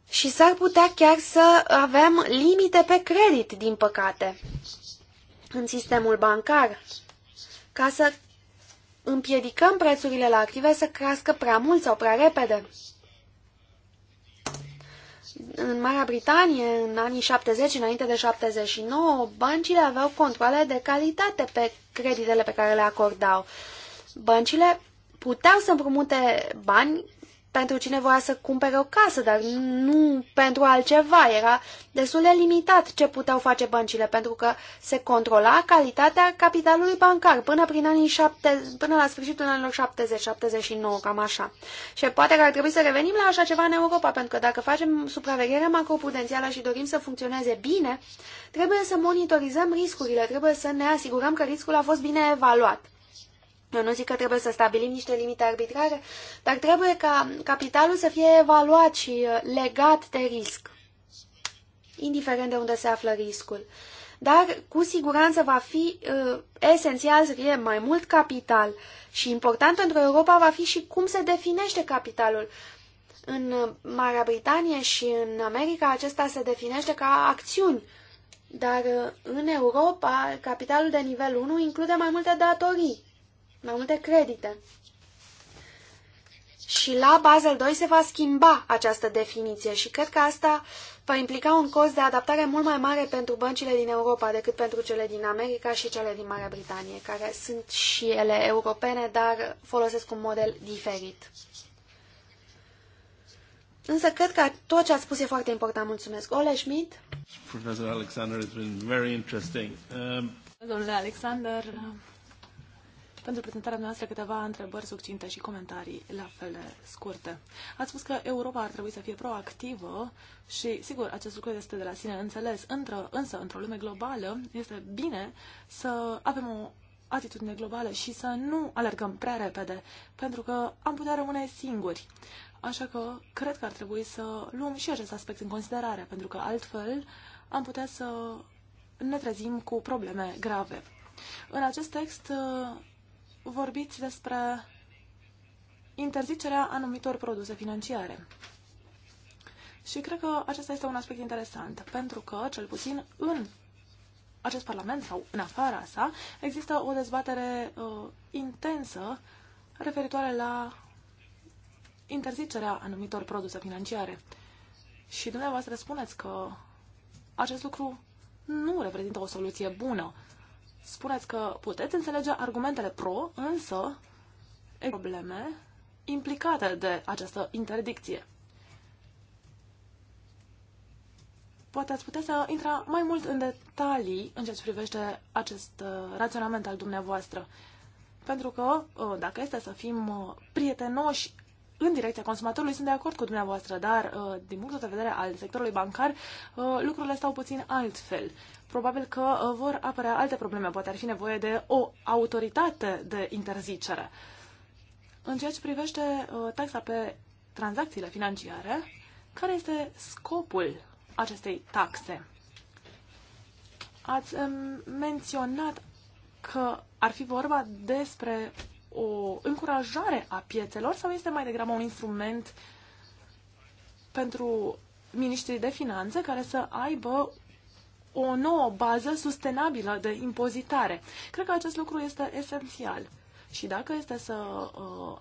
și s-ar putea chiar să avem limite pe credit, din păcate, în sistemul bancar, ca să împiedicăm prețurile la active să crească prea mult sau prea repede. În Marea Britanie, în anii 70, înainte de 79, băncile aveau controle de calitate pe creditele pe care le acordau. Băncile puteau să împrumute bani pentru cine voia să cumpere o casă, dar nu pentru altceva. Era destul de limitat ce puteau face băncile, pentru că se controla calitatea capitalului bancar până, prin anii șapte, până la sfârșitul anilor 70-79, cam așa. Și poate că ar trebui să revenim la așa ceva în Europa, pentru că dacă facem supraveghere macroprudențială și dorim să funcționeze bine, trebuie să monitorizăm riscurile, trebuie să ne asigurăm că riscul a fost bine evaluat. Eu nu zic că trebuie să stabilim niște limite arbitrare, dar trebuie ca capitalul să fie evaluat și uh, legat de risc, indiferent de unde se află riscul. Dar cu siguranță va fi uh, esențial să fie mai mult capital și important pentru Europa va fi și cum se definește capitalul. În uh, Marea Britanie și în America acesta se definește ca acțiuni, dar uh, în Europa capitalul de nivel 1 include mai multe datorii mai multe credite. Și la Basel 2 se va schimba această definiție și cred că asta va implica un cost de adaptare mult mai mare pentru băncile din Europa decât pentru cele din America și cele din Marea Britanie, care sunt și ele europene, dar folosesc un model diferit. Însă cred că tot ce a spus e foarte important. Mulțumesc. Ole Schmidt. Profesor Alexander, it's been very interesting. Um... Domnule Alexander, pentru prezentarea noastră câteva întrebări succinte și comentarii la fel scurte. Ați spus că Europa ar trebui să fie proactivă și, sigur, acest lucru este de la sine înțeles, Întră, însă, într-o lume globală, este bine să avem o atitudine globală și să nu alergăm prea repede, pentru că am putea rămâne singuri. Așa că cred că ar trebui să luăm și acest aspect în considerare, pentru că altfel am putea să ne trezim cu probleme grave. În acest text vorbiți despre interzicerea anumitor produse financiare. Și cred că acesta este un aspect interesant, pentru că, cel puțin în acest Parlament sau în afara sa, există o dezbatere uh, intensă referitoare la interzicerea anumitor produse financiare. Și dumneavoastră spuneți că acest lucru nu reprezintă o soluție bună. Spuneți că puteți înțelege argumentele pro, însă probleme implicate de această interdicție. Poate ați putea să intra mai mult în detalii în ceea ce privește acest uh, raționament al dumneavoastră. Pentru că, uh, dacă este să fim uh, prietenoși în direcția consumatorului sunt de acord cu dumneavoastră, dar uh, din punctul de vedere al sectorului bancar uh, lucrurile stau puțin altfel. Probabil că uh, vor apărea alte probleme, poate ar fi nevoie de o autoritate de interzicere. În ceea ce privește taxa pe tranzacțiile financiare, care este scopul acestei taxe? Ați um, menționat că ar fi vorba despre o încurajare a piețelor sau este mai degrabă un instrument pentru ministrii de finanțe care să aibă o nouă bază sustenabilă de impozitare. Cred că acest lucru este esențial. Și dacă este să uh,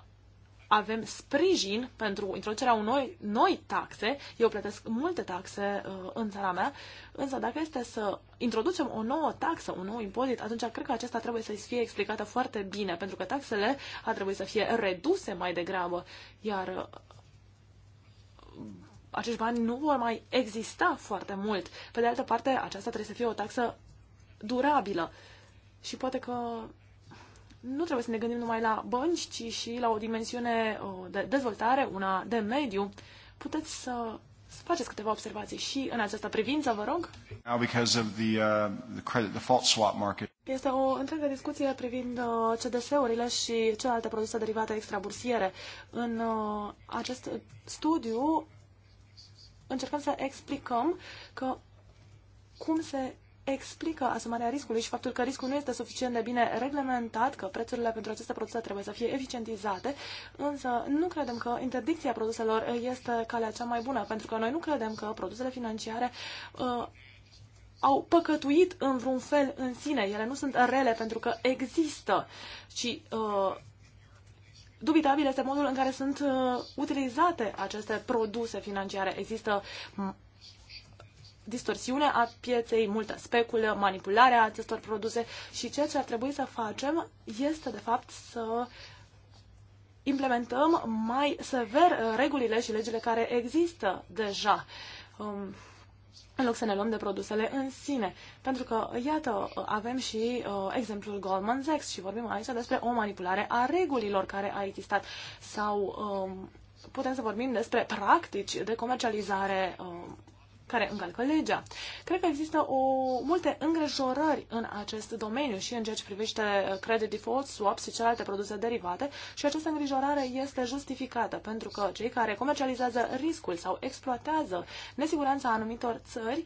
avem sprijin pentru introducerea unor noi taxe. Eu plătesc multe taxe uh, în țara mea, însă dacă este să introducem o nouă taxă, un nou impozit, atunci cred că acesta trebuie să fie explicată foarte bine, pentru că taxele ar trebui să fie reduse mai degrabă, iar uh, acești bani nu vor mai exista foarte mult. Pe de altă parte, aceasta trebuie să fie o taxă durabilă. Și poate că nu trebuie să ne gândim numai la bănci, ci și la o dimensiune uh, de dezvoltare, una de mediu. Puteți să faceți câteva observații și în această privință, vă rog. Uh, este o întreagă discuție privind uh, CDS-urile și celelalte produse derivate extrabursiere. În acest studiu încercăm să explicăm că cum se explică asumarea riscului și faptul că riscul nu este suficient de bine reglementat, că prețurile pentru aceste produse trebuie să fie eficientizate, însă nu credem că interdicția produselor este calea cea mai bună, pentru că noi nu credem că produsele financiare uh, au păcătuit în vreun fel în sine. Ele nu sunt rele pentru că există, ci uh, dubitabil este modul în care sunt uh, utilizate aceste produse financiare. Există distorsiune a pieței, multă speculă, manipularea acestor produse și ceea ce ar trebui să facem este, de fapt, să implementăm mai sever uh, regulile și legile care există deja. Um, în loc să ne luăm de produsele în sine. Pentru că, iată, avem și uh, exemplul Goldman Sachs și vorbim aici despre o manipulare a regulilor care a existat sau um, putem să vorbim despre practici de comercializare um, care încalcă legea. Cred că există o, multe îngrijorări în acest domeniu și în ceea ce privește uh, credit default, swaps și celelalte produse derivate și această îngrijorare este justificată pentru că cei care comercializează riscul sau exploatează nesiguranța anumitor țări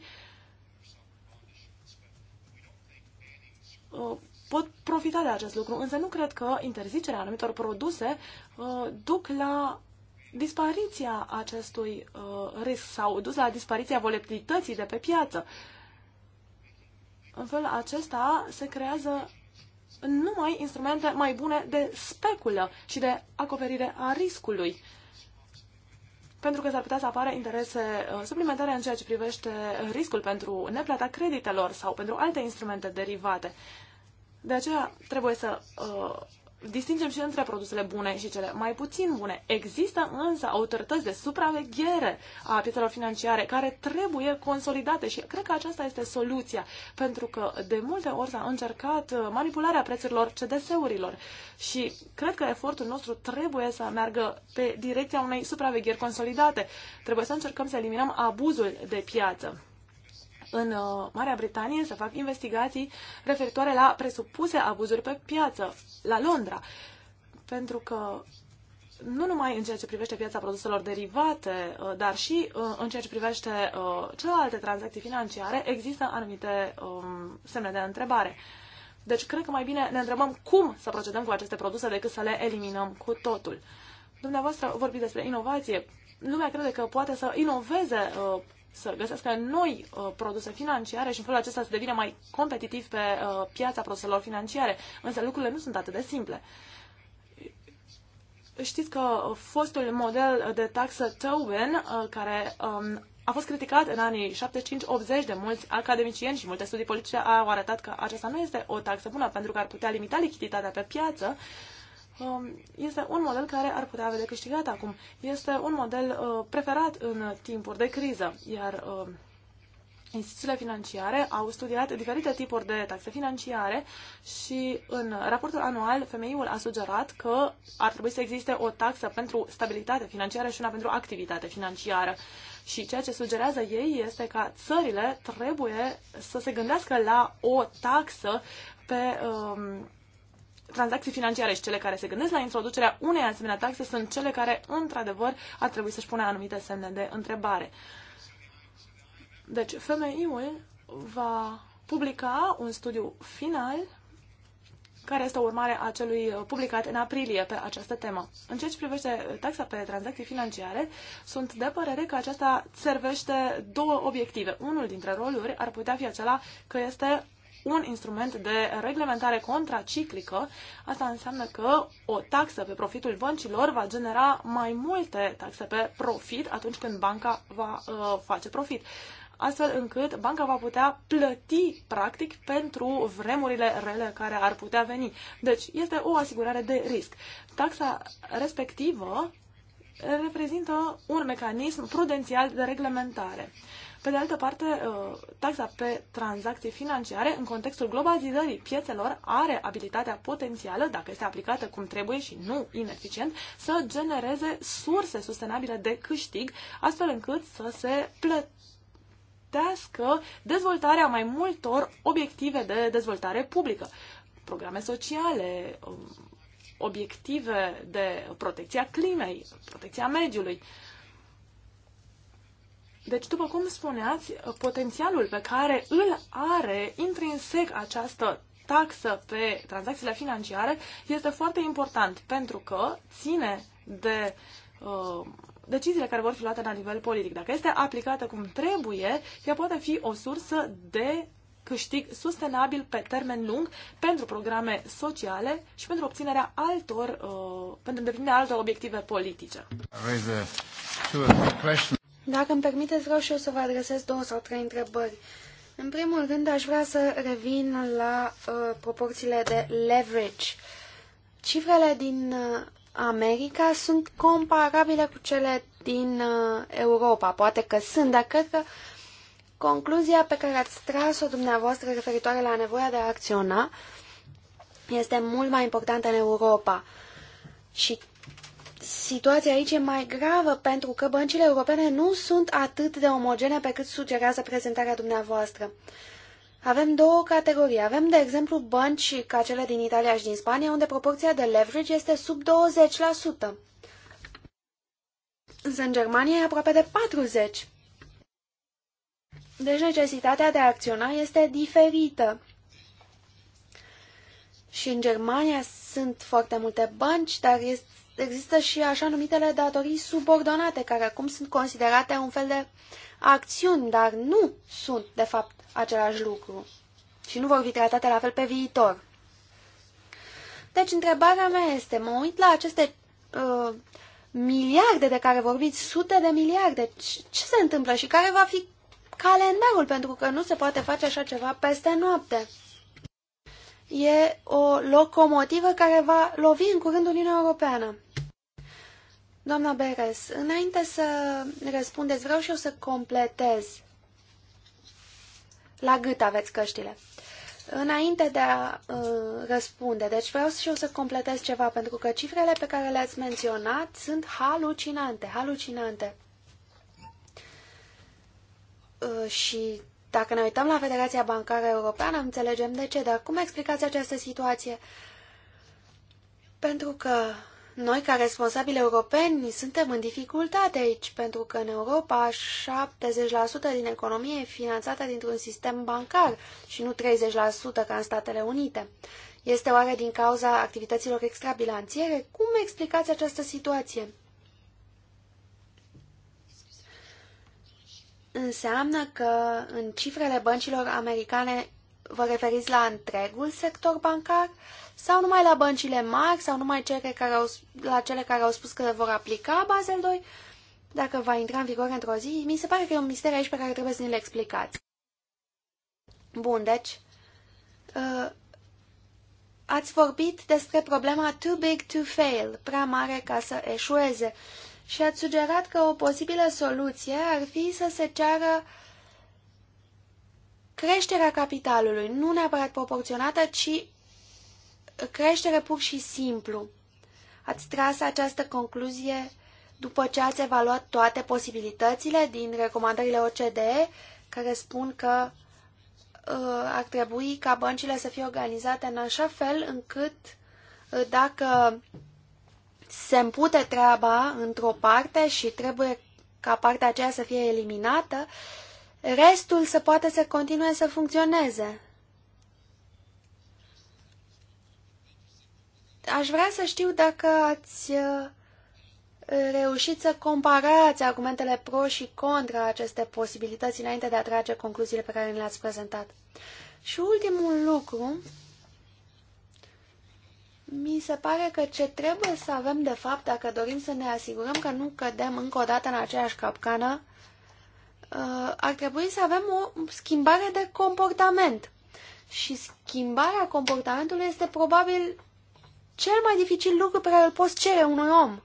uh, pot profita de acest lucru, însă nu cred că interzicerea anumitor produse uh, duc la dispariția acestui uh, risc sau dus la dispariția volatilității de pe piață. În felul acesta se creează numai instrumente mai bune de speculă și de acoperire a riscului. Pentru că s-ar putea să apară interese uh, suplimentare în ceea ce privește riscul pentru neplata creditelor sau pentru alte instrumente derivate. De aceea trebuie să uh, distingem și între produsele bune și cele mai puțin bune. Există însă autorități de supraveghere a piețelor financiare care trebuie consolidate și cred că aceasta este soluția, pentru că de multe ori s-a încercat uh, manipularea prețurilor CDS-urilor și cred că efortul nostru trebuie să meargă pe direcția unei supravegheri consolidate. Trebuie să încercăm să eliminăm abuzul de piață în uh, Marea Britanie să fac investigații referitoare la presupuse abuzuri pe piață, la Londra. Pentru că nu numai în ceea ce privește piața produselor derivate, uh, dar și uh, în ceea ce privește celelalte tranzacții financiare, există anumite um, semne de întrebare. Deci cred că mai bine ne întrebăm cum să procedăm cu aceste produse decât să le eliminăm cu totul. Dumneavoastră vorbiți despre inovație. Lumea crede că poate să inoveze să găsească noi uh, produse financiare și în felul acesta să devină mai competitiv pe uh, piața produselor financiare. Însă lucrurile nu sunt atât de simple. Știți că uh, fostul model de taxă Tobin, uh, care um, a fost criticat în anii 75-80 de mulți academicieni și multe studii politice au arătat că aceasta nu este o taxă bună pentru că ar putea limita lichiditatea pe piață, uh, Um, este un model care ar putea avea de câștigat acum. Este un model uh, preferat în timpuri de criză, iar um, instituțiile financiare au studiat diferite tipuri de taxe financiare și în raportul anual femeiul a sugerat că ar trebui să existe o taxă pentru stabilitate financiară și una pentru activitate financiară. Și ceea ce sugerează ei este că țările trebuie să se gândească la o taxă pe um, tranzacții financiare și cele care se gândesc la introducerea unei asemenea taxe sunt cele care, într-adevăr, ar trebui să-și pune anumite semne de întrebare. Deci, FMI-ul va publica un studiu final care este o urmare a celui publicat în aprilie pe această temă. În ceea ce privește taxa pe tranzacții financiare, sunt de părere că aceasta servește două obiective. Unul dintre roluri ar putea fi acela că este un instrument de reglementare contraciclică, asta înseamnă că o taxă pe profitul băncilor va genera mai multe taxe pe profit atunci când banca va uh, face profit astfel încât banca va putea plăti, practic, pentru vremurile rele care ar putea veni. Deci, este o asigurare de risc. Taxa respectivă reprezintă un mecanism prudențial de reglementare. Pe de altă parte, uh, taxa pe tranzacții financiare în contextul globalizării piețelor are abilitatea potențială, dacă este aplicată cum trebuie și nu ineficient, să genereze surse sustenabile de câștig, astfel încât să se plătească dezvoltarea mai multor obiective de dezvoltare publică, programe sociale, um, obiective de protecția climei, protecția mediului. Deci, după cum spuneați, potențialul pe care îl are intrinsec această taxă pe tranzacțiile financiare este foarte important pentru că ține de uh, deciziile care vor fi luate la nivel politic. Dacă este aplicată cum trebuie, ea poate fi o sursă de câștig sustenabil pe termen lung pentru programe sociale și pentru obținerea altor, uh, pentru îndeplinirea altor obiective politice. Dacă îmi permiteți, vreau și eu să vă adresez două sau trei întrebări. În primul rând, aș vrea să revin la uh, proporțiile de leverage. Cifrele din uh, America sunt comparabile cu cele din uh, Europa. Poate că sunt, dar cred că concluzia pe care ați tras-o dumneavoastră referitoare la nevoia de a acționa este mult mai importantă în Europa. Și situația aici e mai gravă pentru că băncile europene nu sunt atât de omogene pe cât sugerează prezentarea dumneavoastră. Avem două categorii. Avem, de exemplu, bănci ca cele din Italia și din Spania, unde proporția de leverage este sub 20%. Însă în Germania e aproape de 40%. Deci necesitatea de a acționa este diferită. Și în Germania sunt foarte multe bănci, dar este există și așa numitele datorii subordonate, care acum sunt considerate un fel de acțiuni, dar nu sunt, de fapt, același lucru și nu vor fi tratate la fel pe viitor. Deci, întrebarea mea este, mă uit la aceste uh, miliarde de care vorbiți, sute de miliarde, ce se întâmplă și care va fi calendarul, pentru că nu se poate face așa ceva peste noapte e o locomotivă care va lovi în curând Uniunea Europeană. Doamna Beres, înainte să răspundeți, vreau și eu să completez. La gât aveți căștile. Înainte de a uh, răspunde, deci vreau și eu să completez ceva, pentru că cifrele pe care le-ați menționat sunt halucinante, halucinante. Uh, și dacă ne uităm la Federația Bancară Europeană, înțelegem de ce, dar cum explicați această situație? Pentru că noi, ca responsabili europeni, suntem în dificultate aici, pentru că în Europa 70% din economie e finanțată dintr-un sistem bancar și nu 30% ca în Statele Unite. Este oare din cauza activităților extrabilanțiere? Cum explicați această situație? înseamnă că în cifrele băncilor americane vă referiți la întregul sector bancar sau numai la băncile mari sau numai cele care au, la cele care au spus că le vor aplica Basel 2? Dacă va intra în vigoare într-o zi, mi se pare că e un mister aici pe care trebuie să ne-l explicați. Bun, deci, uh, ați vorbit despre problema too big to fail, prea mare ca să eșueze. Uh, și ați sugerat că o posibilă soluție ar fi să se ceară creșterea capitalului, nu neapărat proporționată, ci creștere pur și simplu. Ați tras această concluzie după ce ați evaluat toate posibilitățile din recomandările OCDE, care spun că uh, ar trebui ca băncile să fie organizate în așa fel încât uh, dacă se împute treaba într-o parte și trebuie ca partea aceea să fie eliminată, restul să poată să continue să funcționeze. Aș vrea să știu dacă ați uh, reușit să comparați argumentele pro și contra aceste posibilități înainte de a trage concluziile pe care le-ați prezentat. Și ultimul lucru mi se pare că ce trebuie să avem de fapt, dacă dorim să ne asigurăm că nu cădem încă o dată în aceeași capcană, uh, ar trebui să avem o schimbare de comportament. Și schimbarea comportamentului este probabil cel mai dificil lucru pe care îl poți cere unui om.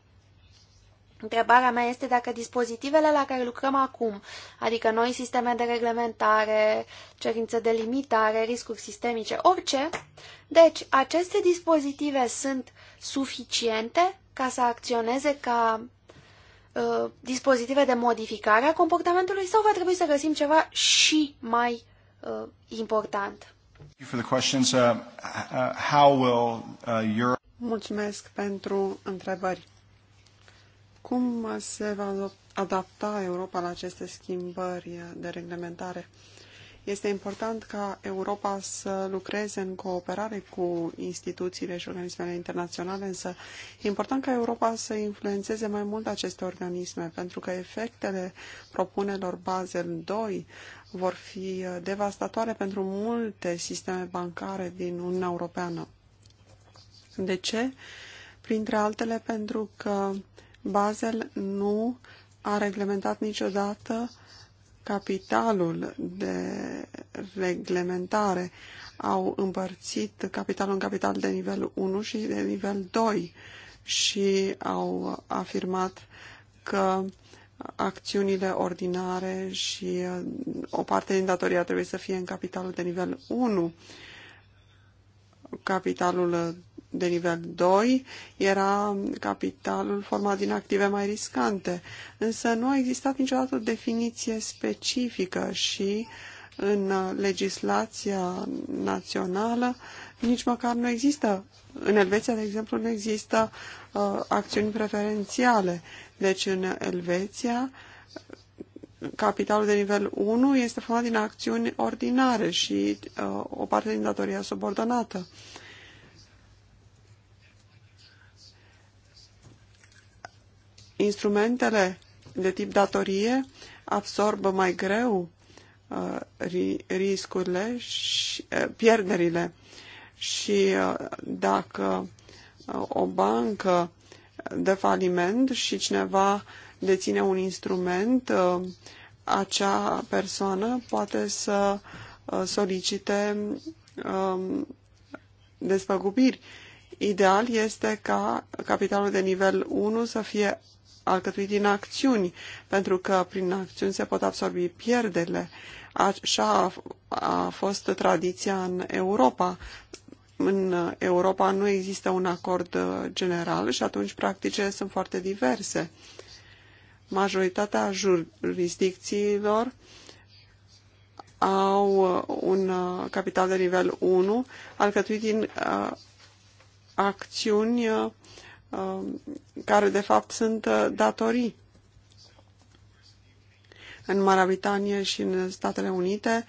Întrebarea mea este dacă dispozitivele la care lucrăm acum, adică noi sisteme de reglementare, cerințe de limitare, riscuri sistemice, orice, deci aceste dispozitive sunt suficiente ca să acționeze ca uh, dispozitive de modificare a comportamentului sau va trebui să găsim ceva și mai ă, uh, uh important? Uh, Mulțumesc pentru întrebări. Cum se va adapta Europa la aceste schimbări de reglementare? Este important ca Europa să lucreze în cooperare cu instituțiile și organismele internaționale, însă e important ca Europa să influențeze mai mult aceste organisme, pentru că efectele propunerilor Basel II vor fi devastatoare pentru multe sisteme bancare din Uniunea Europeană. De ce? Printre altele pentru că Basel nu a reglementat niciodată capitalul de reglementare. Au împărțit capitalul în capital de nivel 1 și de nivel 2 și au afirmat că acțiunile ordinare și uh, o parte din datoria trebuie să fie în capitalul de nivel 1. Capitalul de nivel 2 era capitalul format din active mai riscante, însă nu a existat niciodată o definiție specifică și în legislația națională nici măcar nu există. În Elveția, de exemplu, nu există uh, acțiuni preferențiale. Deci în Elveția capitalul de nivel 1 este format din acțiuni ordinare și uh, o parte din datoria subordonată. Uh, Instrumentele de tip datorie absorbă mai greu uh, riscurile și uh, pierderile și uh, dacă o bancă de faliment și cineva deține un instrument, acea persoană poate să solicite um, despăgubiri. Ideal este ca capitalul de nivel 1 să fie alcătuit din acțiuni, pentru că prin acțiuni se pot absorbi pierderile. Așa a fost tradiția în Europa. În Europa nu există un acord uh, general și atunci practicile sunt foarte diverse. Majoritatea jurisdicțiilor au uh, un uh, capital de nivel 1 alcătuit din acțiuni Um, care de fapt sunt uh, datorii. În Marea Britanie și în Statele Unite,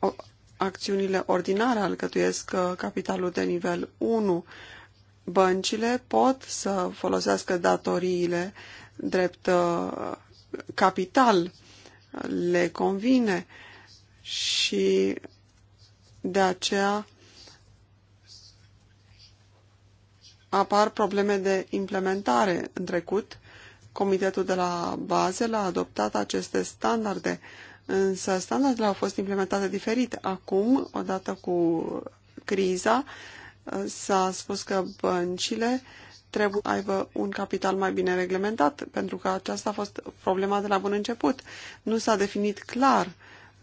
uh, acțiunile ordinare alcătuiesc uh, capitalul de nivel 1. Băncile pot să folosească datoriile drept capital, le convine și de aceea apar probleme de implementare în trecut. Comitetul de la l a adoptat aceste standarde, însă standardele au fost implementate diferit. Acum, odată cu criza, s-a spus că băncile trebuie să aibă un capital mai bine reglementat, pentru că aceasta a fost problema de la bun început. Nu s-a definit clar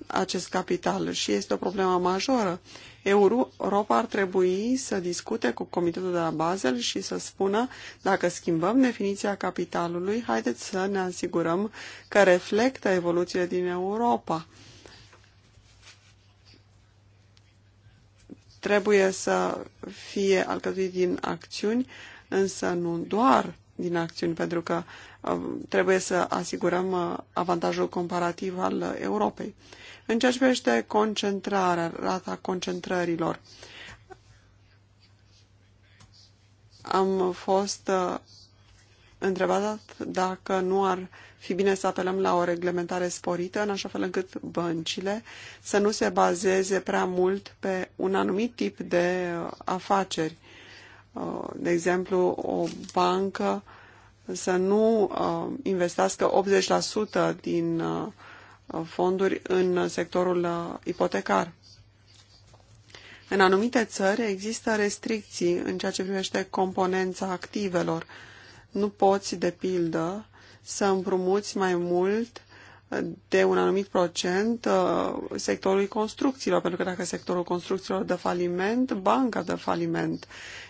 acest capital și este o problemă majoră. Europa ar trebui să discute cu Comitetul de la Basel și să spună dacă schimbăm definiția capitalului, haideți să ne asigurăm că reflectă evoluțiile din Europa. Trebuie să fie alcătuit din acțiuni, însă nu doar din acțiuni, pentru că uh, trebuie să asigurăm uh, avantajul comparativ al Europei. În ceea ce privește concentrarea, rata concentrărilor, am fost uh, întrebat dacă nu ar fi bine să apelăm la o reglementare sporită, în așa fel încât băncile să nu se bazeze prea mult pe un anumit tip de uh, afaceri. Uh, de exemplu, o bancă să nu investească 80% din Uh, fonduri în sectorul uh, ipotecar. În anumite țări există restricții în ceea ce privește componența activelor. Nu poți, de pildă, să împrumuți mai mult de un anumit procent uh, sectorului construcțiilor, pentru că dacă sectorul construcțiilor dă faliment, banca dă faliment.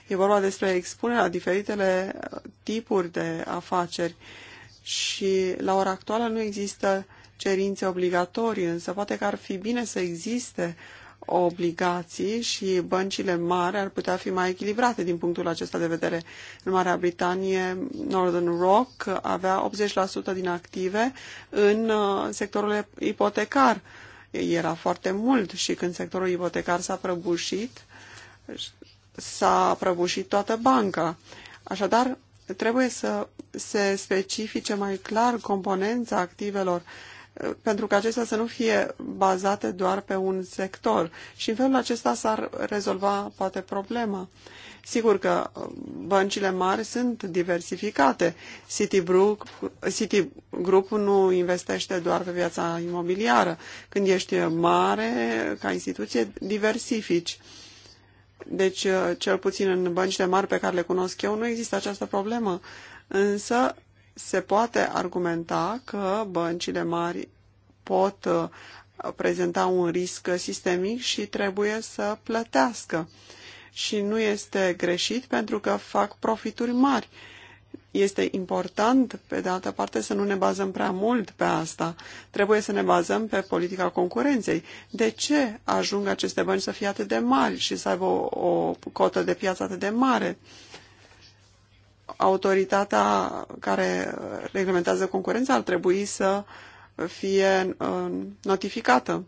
E vorba despre expunerea diferitele tipuri de afaceri și la ora actuală nu există cerințe obligatorii, însă poate că ar fi bine să existe obligații și băncile mari ar putea fi mai echilibrate din punctul acesta de vedere. În Marea Britanie, Northern Rock avea 80% din active în uh, sectorul ipotecar. Era foarte mult și când sectorul ipotecar s-a prăbușit, s-a prăbușit toată banca. Așadar, trebuie să se specifice mai clar componența activelor pentru că acestea să nu fie bazate doar pe un sector. Și în felul acesta s-ar rezolva poate problema. Sigur că um, băncile mari sunt diversificate. Citigroup, Citigroup nu investește doar pe viața imobiliară. Când ești mare, ca instituție, diversifici. Deci, uh, cel puțin în băncile mari pe care le cunosc eu, nu există această problemă. Însă, se poate argumenta că băncile mari pot uh, prezenta un risc sistemic și trebuie să plătească. Și nu este greșit pentru că fac profituri mari. Este important, pe de altă parte, să nu ne bazăm prea mult pe asta. Trebuie să ne bazăm pe politica concurenței. De ce ajung aceste bănci să fie atât de mari și să aibă o, o cotă de piață atât de mare? Uh, autoritatea care reglementează concurența ar trebui să fie uh, notificată.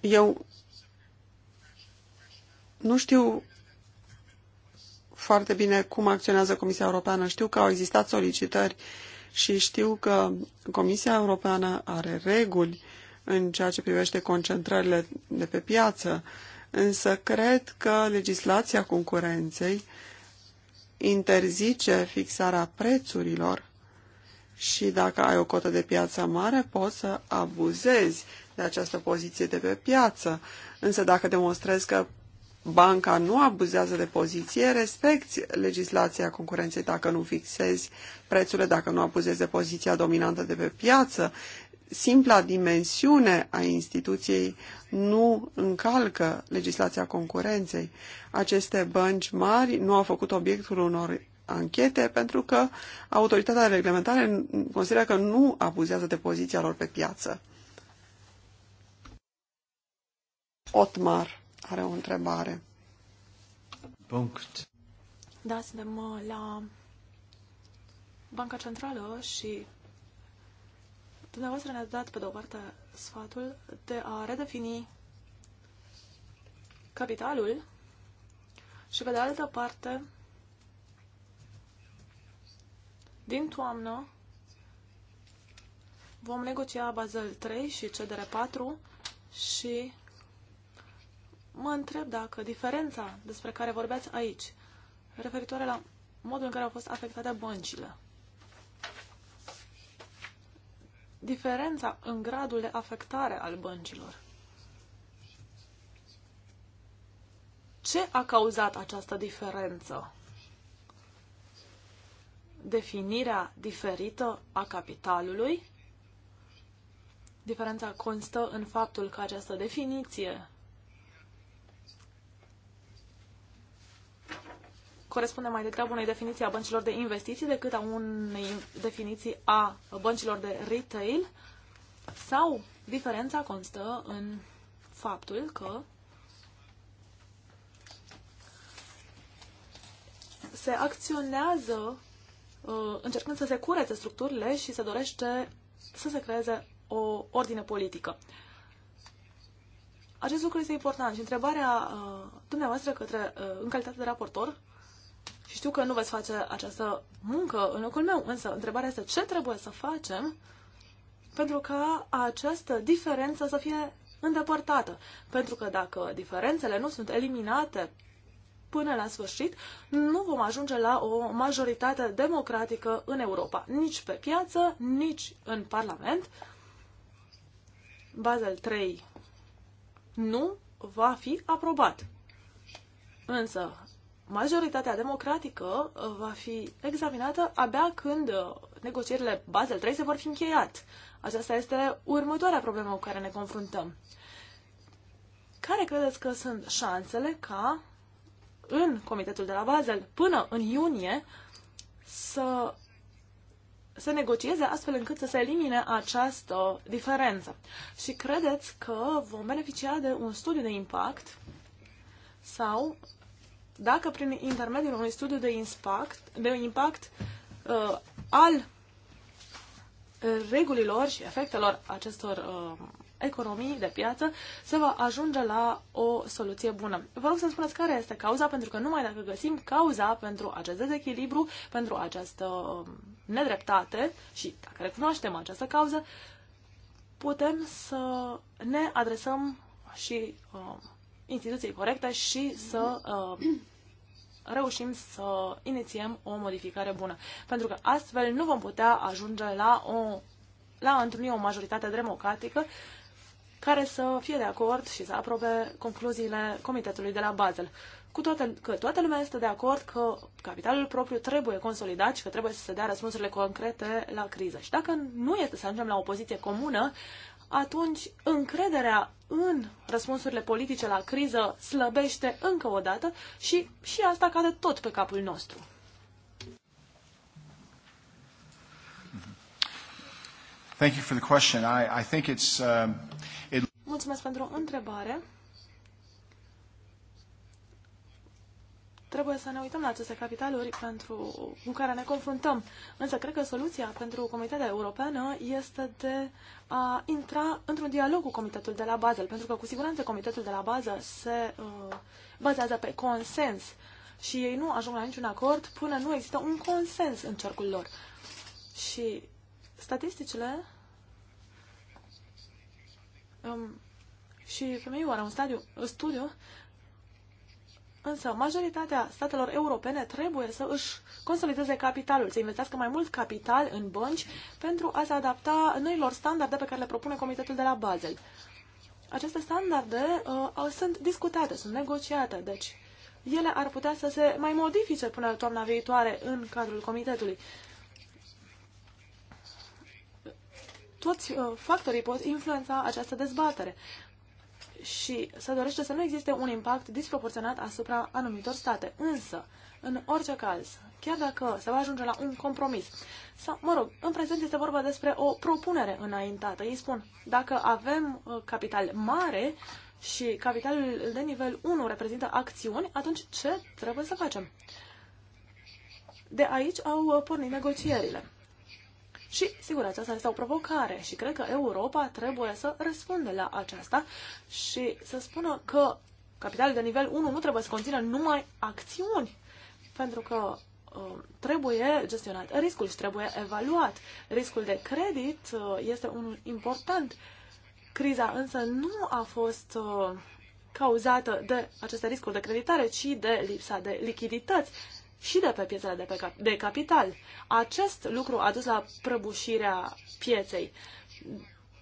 Eu nu știu foarte bine cum acționează Comisia Europeană. Știu că au existat solicitări și știu că Comisia Europeană are reguli în ceea ce privește concentrările de pe piață, însă cred că legislația concurenței interzice fixarea prețurilor și dacă ai o cotă de piață mare, poți să abuzezi de această poziție de pe piață. Însă dacă demonstrezi că banca nu abuzează de poziție, respecti legislația concurenței dacă nu fixezi prețurile, dacă nu abuzezi de poziția dominantă de pe piață, simpla dimensiune a instituției nu încalcă legislația concurenței. Aceste bănci mari nu au făcut obiectul unor anchete pentru că autoritatea de reglementare consideră că nu abuzează de poziția lor pe piață. Otmar are o întrebare. Punct. Da, suntem uh, la Banca Centrală și Dumneavoastră ne-ați dat, pe de o parte, sfatul de a redefini capitalul și, pe de altă parte, din toamnă vom negocia Bazel 3 și CDR 4 și mă întreb dacă diferența despre care vorbeați aici, referitoare la modul în care au fost afectate băncile, diferența în gradul de afectare al băncilor. Ce a cauzat această diferență? Definirea diferită a capitalului? Diferența constă în faptul că această definiție corespunde mai degrabă unei definiții a băncilor de investiții decât a unei definiții a băncilor de retail sau diferența constă în faptul că se acționează uh, încercând să se curețe structurile și se dorește să se creeze o ordine politică. Acest lucru este important și întrebarea uh, dumneavoastră către, uh, în calitate de raportor și știu că nu veți face această muncă în locul meu, însă întrebarea este ce trebuie să facem pentru ca această diferență să fie îndepărtată. Pentru că dacă diferențele nu sunt eliminate până la sfârșit, nu vom ajunge la o majoritate democratică în Europa, nici pe piață, nici în Parlament. Basel 3 nu va fi aprobat. Însă, majoritatea democratică uh, va fi examinată abia când uh, negocierile Basel 3 se vor fi încheiat. Aceasta este următoarea problemă cu care ne confruntăm. Care credeți că sunt șansele ca în Comitetul de la Basel până în iunie să se negocieze astfel încât să se elimine această diferență. Și credeți că vom beneficia de un studiu de impact sau dacă prin intermediul unui studiu de impact, de impact uh, al regulilor și efectelor acestor uh, economii de piață, se va ajunge la o soluție bună. Vă rog să-mi spuneți care este cauza, pentru că numai dacă găsim cauza pentru acest dezechilibru, pentru această uh, nedreptate și dacă recunoaștem această cauză, putem să ne adresăm și uh, instituției corecte și să uh, reușim să inițiem o modificare bună. Pentru că astfel nu vom putea ajunge la, o, la a întâlni o majoritate democratică care să fie de acord și să aprobe concluziile Comitetului de la Basel. Cu toate, că toată lumea este de acord că capitalul propriu trebuie consolidat și că trebuie să se dea răspunsurile concrete la criză. Și dacă nu este să ajungem la o poziție comună, uh, atunci încrederea în răspunsurile politice la criză slăbește încă o dată și, și asta cade tot pe capul nostru. Thank you for the question. I, I think it's, uh, it... Mulțumesc pentru întrebare. trebuie să ne uităm la aceste capitaluri pentru, cu care ne confruntăm. Însă cred că soluția pentru Comunitatea Europeană este de a intra într-un dialog cu Comitetul de la Basel, pentru că cu siguranță Comitetul de la Bază se uh, bazează pe consens și ei nu ajung la niciun acord până nu există un consens în cercul lor. Și statisticile um, și femei oare un stadiu, studiu Însă, majoritatea statelor europene trebuie să își consolideze capitalul, să investească mai mult capital în bănci pentru a se adapta noilor standarde pe care le propune Comitetul de la Basel. Aceste standarde uh, uh sunt discutate, sunt negociate, deci ele ar putea să se mai modifice până toamna viitoare în cadrul Comitetului. Toți uh, factorii pot influența această dezbatere și se dorește să nu existe un impact disproporționat asupra anumitor state. Însă, în orice caz, chiar dacă se va ajunge la un compromis, sau, mă rog, în prezent este vorba despre o propunere înaintată. Ei spun, dacă avem uh, capital mare și capitalul de nivel 1 reprezintă acțiuni, atunci ce trebuie să facem? De aici au uh, pornit negocierile. Și, sigur, aceasta este o provocare și cred că Europa trebuie să răspundă la aceasta și să spună că capitalul de nivel 1 nu trebuie să conțină numai acțiuni, pentru că um, trebuie gestionat riscul și trebuie evaluat. Riscul de credit uh, este unul important. Criza însă nu a fost uh, cauzată de aceste riscuri de creditare, ci de lipsa de lichidități și de pe piețele de, pe cap- de capital. Acest lucru a dus la prăbușirea pieței.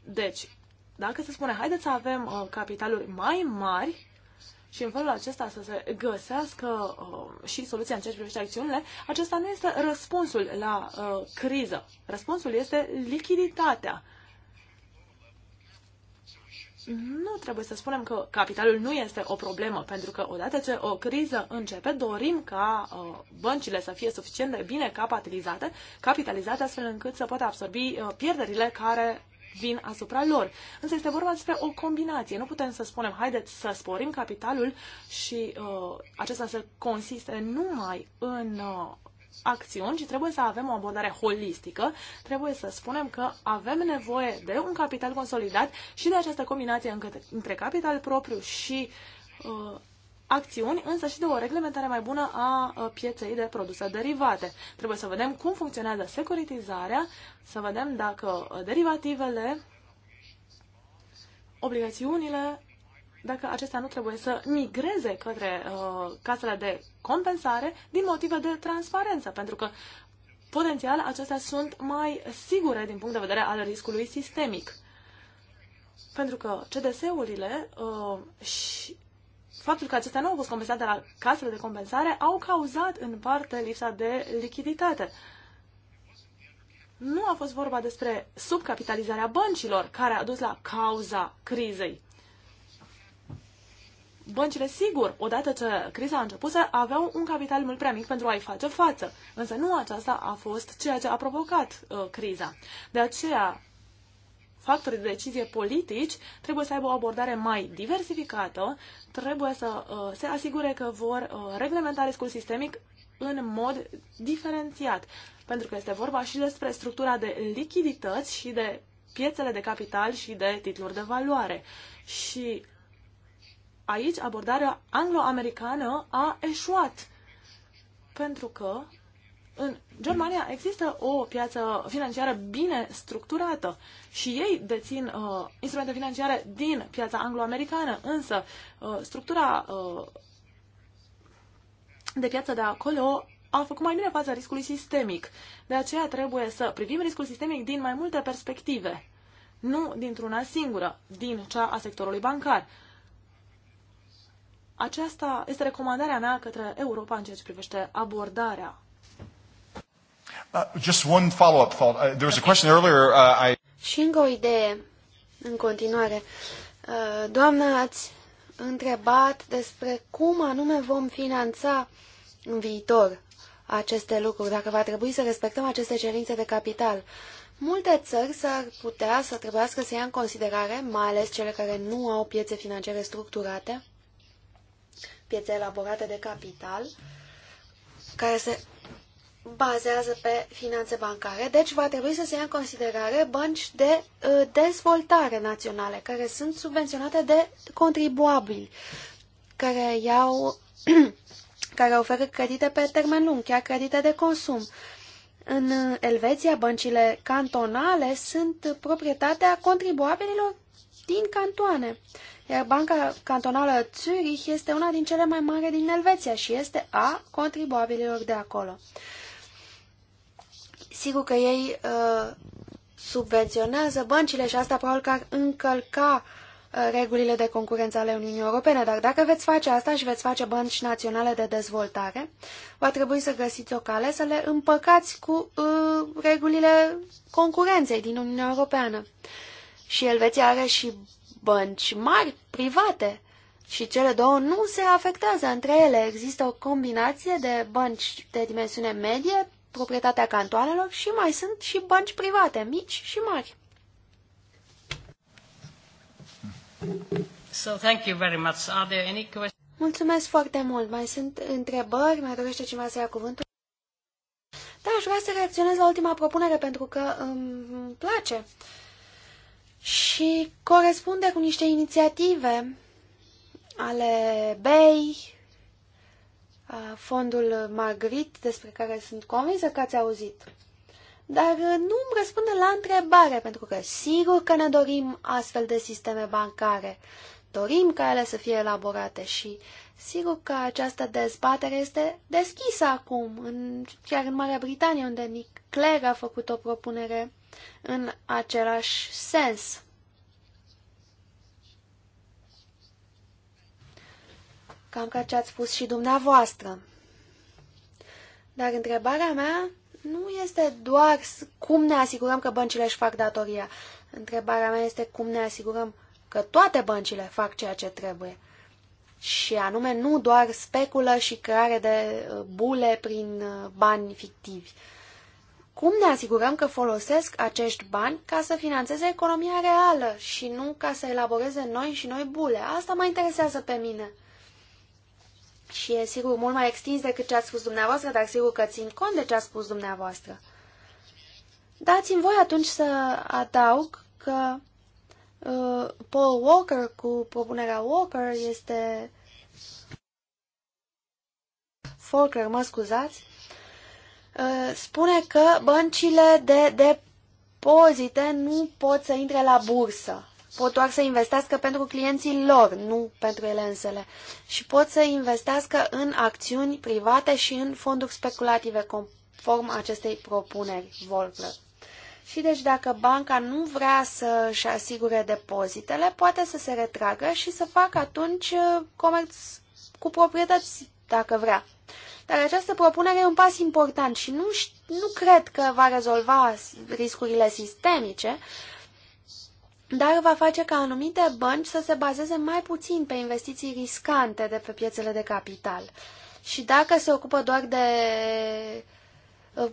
Deci, dacă se spune, haideți să avem uh, capitaluri mai mari și în felul acesta să se găsească uh, și soluția în ceea ce privește acțiunile, acesta nu este răspunsul la uh, criză. Răspunsul este lichiditatea nu trebuie să spunem că capitalul nu este o problemă, pentru că odată ce o criză începe, dorim ca uh, băncile să fie suficient de bine capitalizate, capitalizate astfel încât să poată absorbi uh, pierderile care vin asupra lor. Însă este vorba despre o combinație. Nu putem să spunem, haideți să sporim capitalul și uh, acesta să consiste numai în uh, acțiuni, ci trebuie să avem o abordare holistică. Trebuie să spunem că avem nevoie de un capital consolidat și de această combinație între capital propriu și uh, acțiuni, însă și de o reglementare mai bună a uh, pieței de produse derivate. Trebuie să vedem cum funcționează securitizarea, să vedem dacă uh, derivativele, obligațiunile dacă acestea nu trebuie să migreze către uh, casele de compensare din motive de transparență, pentru că potențial acestea sunt mai sigure din punct de vedere al riscului sistemic. Pentru că CDS-urile uh, și faptul că acestea nu au fost compensate la casele de compensare au cauzat în parte lipsa de lichiditate. Nu a fost vorba despre subcapitalizarea băncilor care a dus la cauza crizei băncile, sigur, odată ce criza a început, aveau un capital mult prea mic pentru a-i face față. Însă nu aceasta a fost ceea ce a provocat uh, criza. De aceea, factorii de decizie politici trebuie să aibă o abordare mai diversificată, trebuie să uh, se asigure că vor uh, reglementa riscul sistemic în mod diferențiat, pentru că este vorba și despre structura de lichidități și de piețele de capital și de titluri de valoare. Și aici abordarea anglo-americană a eșuat. Pentru că în Germania există o piață financiară bine structurată și ei dețin uh, instrumente financiare din piața anglo-americană, însă uh, structura uh, de piață de acolo a făcut mai bine fața riscului sistemic. De aceea trebuie să privim riscul sistemic din mai multe perspective, nu dintr-una singură, din cea a sectorului bancar. Aceasta este recomandarea mea către Europa în ceea ce privește abordarea. Uh, just one follow-up thought. Uh, there was a question earlier. Uh, I... Și încă o idee în continuare. Uh, doamnă, ați întrebat despre cum anume vom finanța în viitor aceste lucruri, dacă va trebui să respectăm aceste cerințe de capital. Multe țări s-ar putea să trebuiască să ia în considerare, mai ales cele care nu au piețe financiare structurate, piețe elaborate de capital, care se bazează pe finanțe bancare. Deci va trebui să se ia în considerare bănci de uh, dezvoltare naționale, care sunt subvenționate de contribuabili, care iau care oferă credite pe termen lung, chiar credite de consum. În uh, Elveția, băncile cantonale sunt proprietatea contribuabililor din cantoane. Iar Banca Cantonală Zurich este una din cele mai mari din Elveția și este a contribuabililor de acolo. Sigur că ei uh, subvenționează băncile și asta probabil că ar încălca uh, regulile de concurență ale Uniunii Europene, dar dacă veți face asta și veți face bănci naționale de dezvoltare, va trebui să găsiți o cale să le împăcați cu uh, regulile concurenței din Uniunea Europeană. Uh, și Elveția are și bănci mari, private. Și cele două nu se afectează între ele. Există o combinație de bănci de dimensiune medie, proprietatea cantoanelor și mai sunt și bănci private, mici și mari. So, thank you very much. Are there any questions? Mulțumesc foarte mult. Mai sunt întrebări? Mai dorește cineva să ia cuvântul? Da, aș vrea să reacționez la ultima propunere pentru că îmi place. Uh, și corespunde cu niște inițiative ale BEI, fondul Margrit, despre care sunt convinsă că ați auzit. Dar uh, nu îmi răspunde la întrebare, pentru că sigur că ne dorim astfel de sisteme bancare. Dorim ca ele să fie elaborate și sigur că această dezbatere este deschisă acum, în, chiar în Marea Britanie, unde Nick Clegg a făcut o propunere în același sens. Cam ca ce ați spus și dumneavoastră. Dar întrebarea mea nu este doar cum ne asigurăm că băncile își fac datoria. Întrebarea mea este cum ne asigurăm că toate băncile fac ceea ce trebuie. Și anume nu doar speculă și creare de uh, bule prin uh, bani fictivi. Cum ne asigurăm că folosesc acești bani ca să financeze economia reală și nu ca să elaboreze noi și noi bule? Asta mă interesează pe mine. Și e sigur mult mai extins decât ce ați spus dumneavoastră, dar sigur că țin cont de ce ați spus dumneavoastră. Dați-mi voi atunci să adaug că uh, Paul Walker cu propunerea Walker este... Folker, mă scuzați, Uh, spune că băncile de depozite nu pot să intre la bursă. Pot doar să investească pentru clienții lor, nu pentru ele însele. Și pot să investească în acțiuni private și în fonduri speculative, conform acestei propuneri, Volcker. Și deci dacă banca nu vrea să-și asigure depozitele, poate să se retragă și să facă atunci uh, comerț cu proprietăți, dacă vrea. Dar această propunere e un pas important și nu, nu cred că va rezolva riscurile sistemice, dar va face ca anumite bănci să se bazeze mai puțin pe investiții riscante de pe piețele de capital. Și dacă se ocupă doar de ă,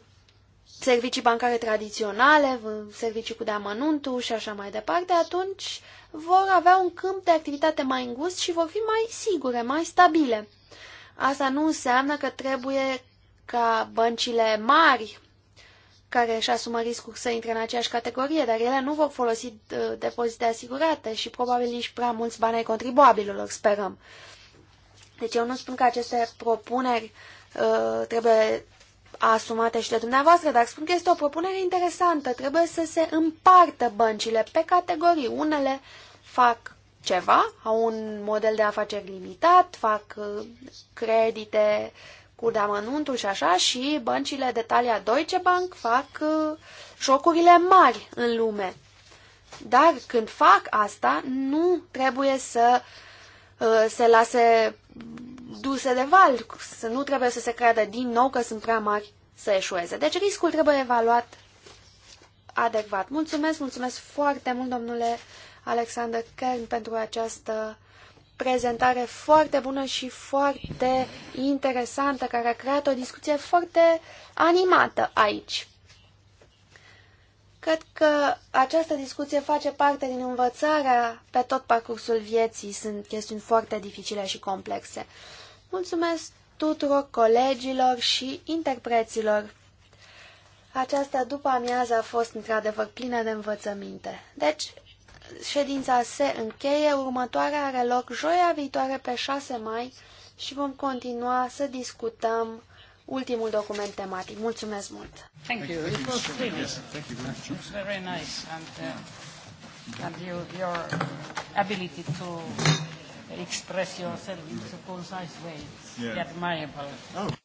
servicii bancare tradiționale, servicii cu deamănuntul și așa mai departe, atunci vor avea un câmp de activitate mai îngust și vor fi mai sigure, mai stabile. Asta nu înseamnă că trebuie ca băncile mari care își asumă riscul să intre în aceeași categorie, dar ele nu vor folosi uh, depozite asigurate și probabil nici prea mulți bani ai contribuabililor, sperăm. Deci eu nu spun că aceste propuneri uh, trebuie asumate și de dumneavoastră, dar spun că este o propunere interesantă. Trebuie să se împartă băncile pe categorii. Unele fac ceva, au un model de afaceri limitat, fac uh, credite cu damănuntul și așa și băncile de talia Deutsche Bank fac uh, jocurile mari în lume. Dar când fac asta, nu trebuie să uh, se lase duse de val, să nu trebuie să se creadă din nou că sunt prea mari să eșueze. Deci riscul trebuie evaluat adecvat. Mulțumesc, mulțumesc foarte mult, domnule Alexander Kern pentru această prezentare foarte bună și foarte interesantă, care a creat o discuție foarte animată aici. Cred că această discuție face parte din învățarea pe tot parcursul vieții. Sunt chestiuni foarte dificile și complexe. Mulțumesc tuturor colegilor și interpreților. Această după amiază a fost într-adevăr plină de învățăminte. Deci, ședința se încheie, următoarea are loc joia viitoare pe 6 mai și vom continua să discutăm ultimul document tematic. Mulțumesc mult! Thank you. It was really thank you very, much. very nice and, uh, and you, your ability to express yourself in a concise way. It's yeah. admirable. Oh.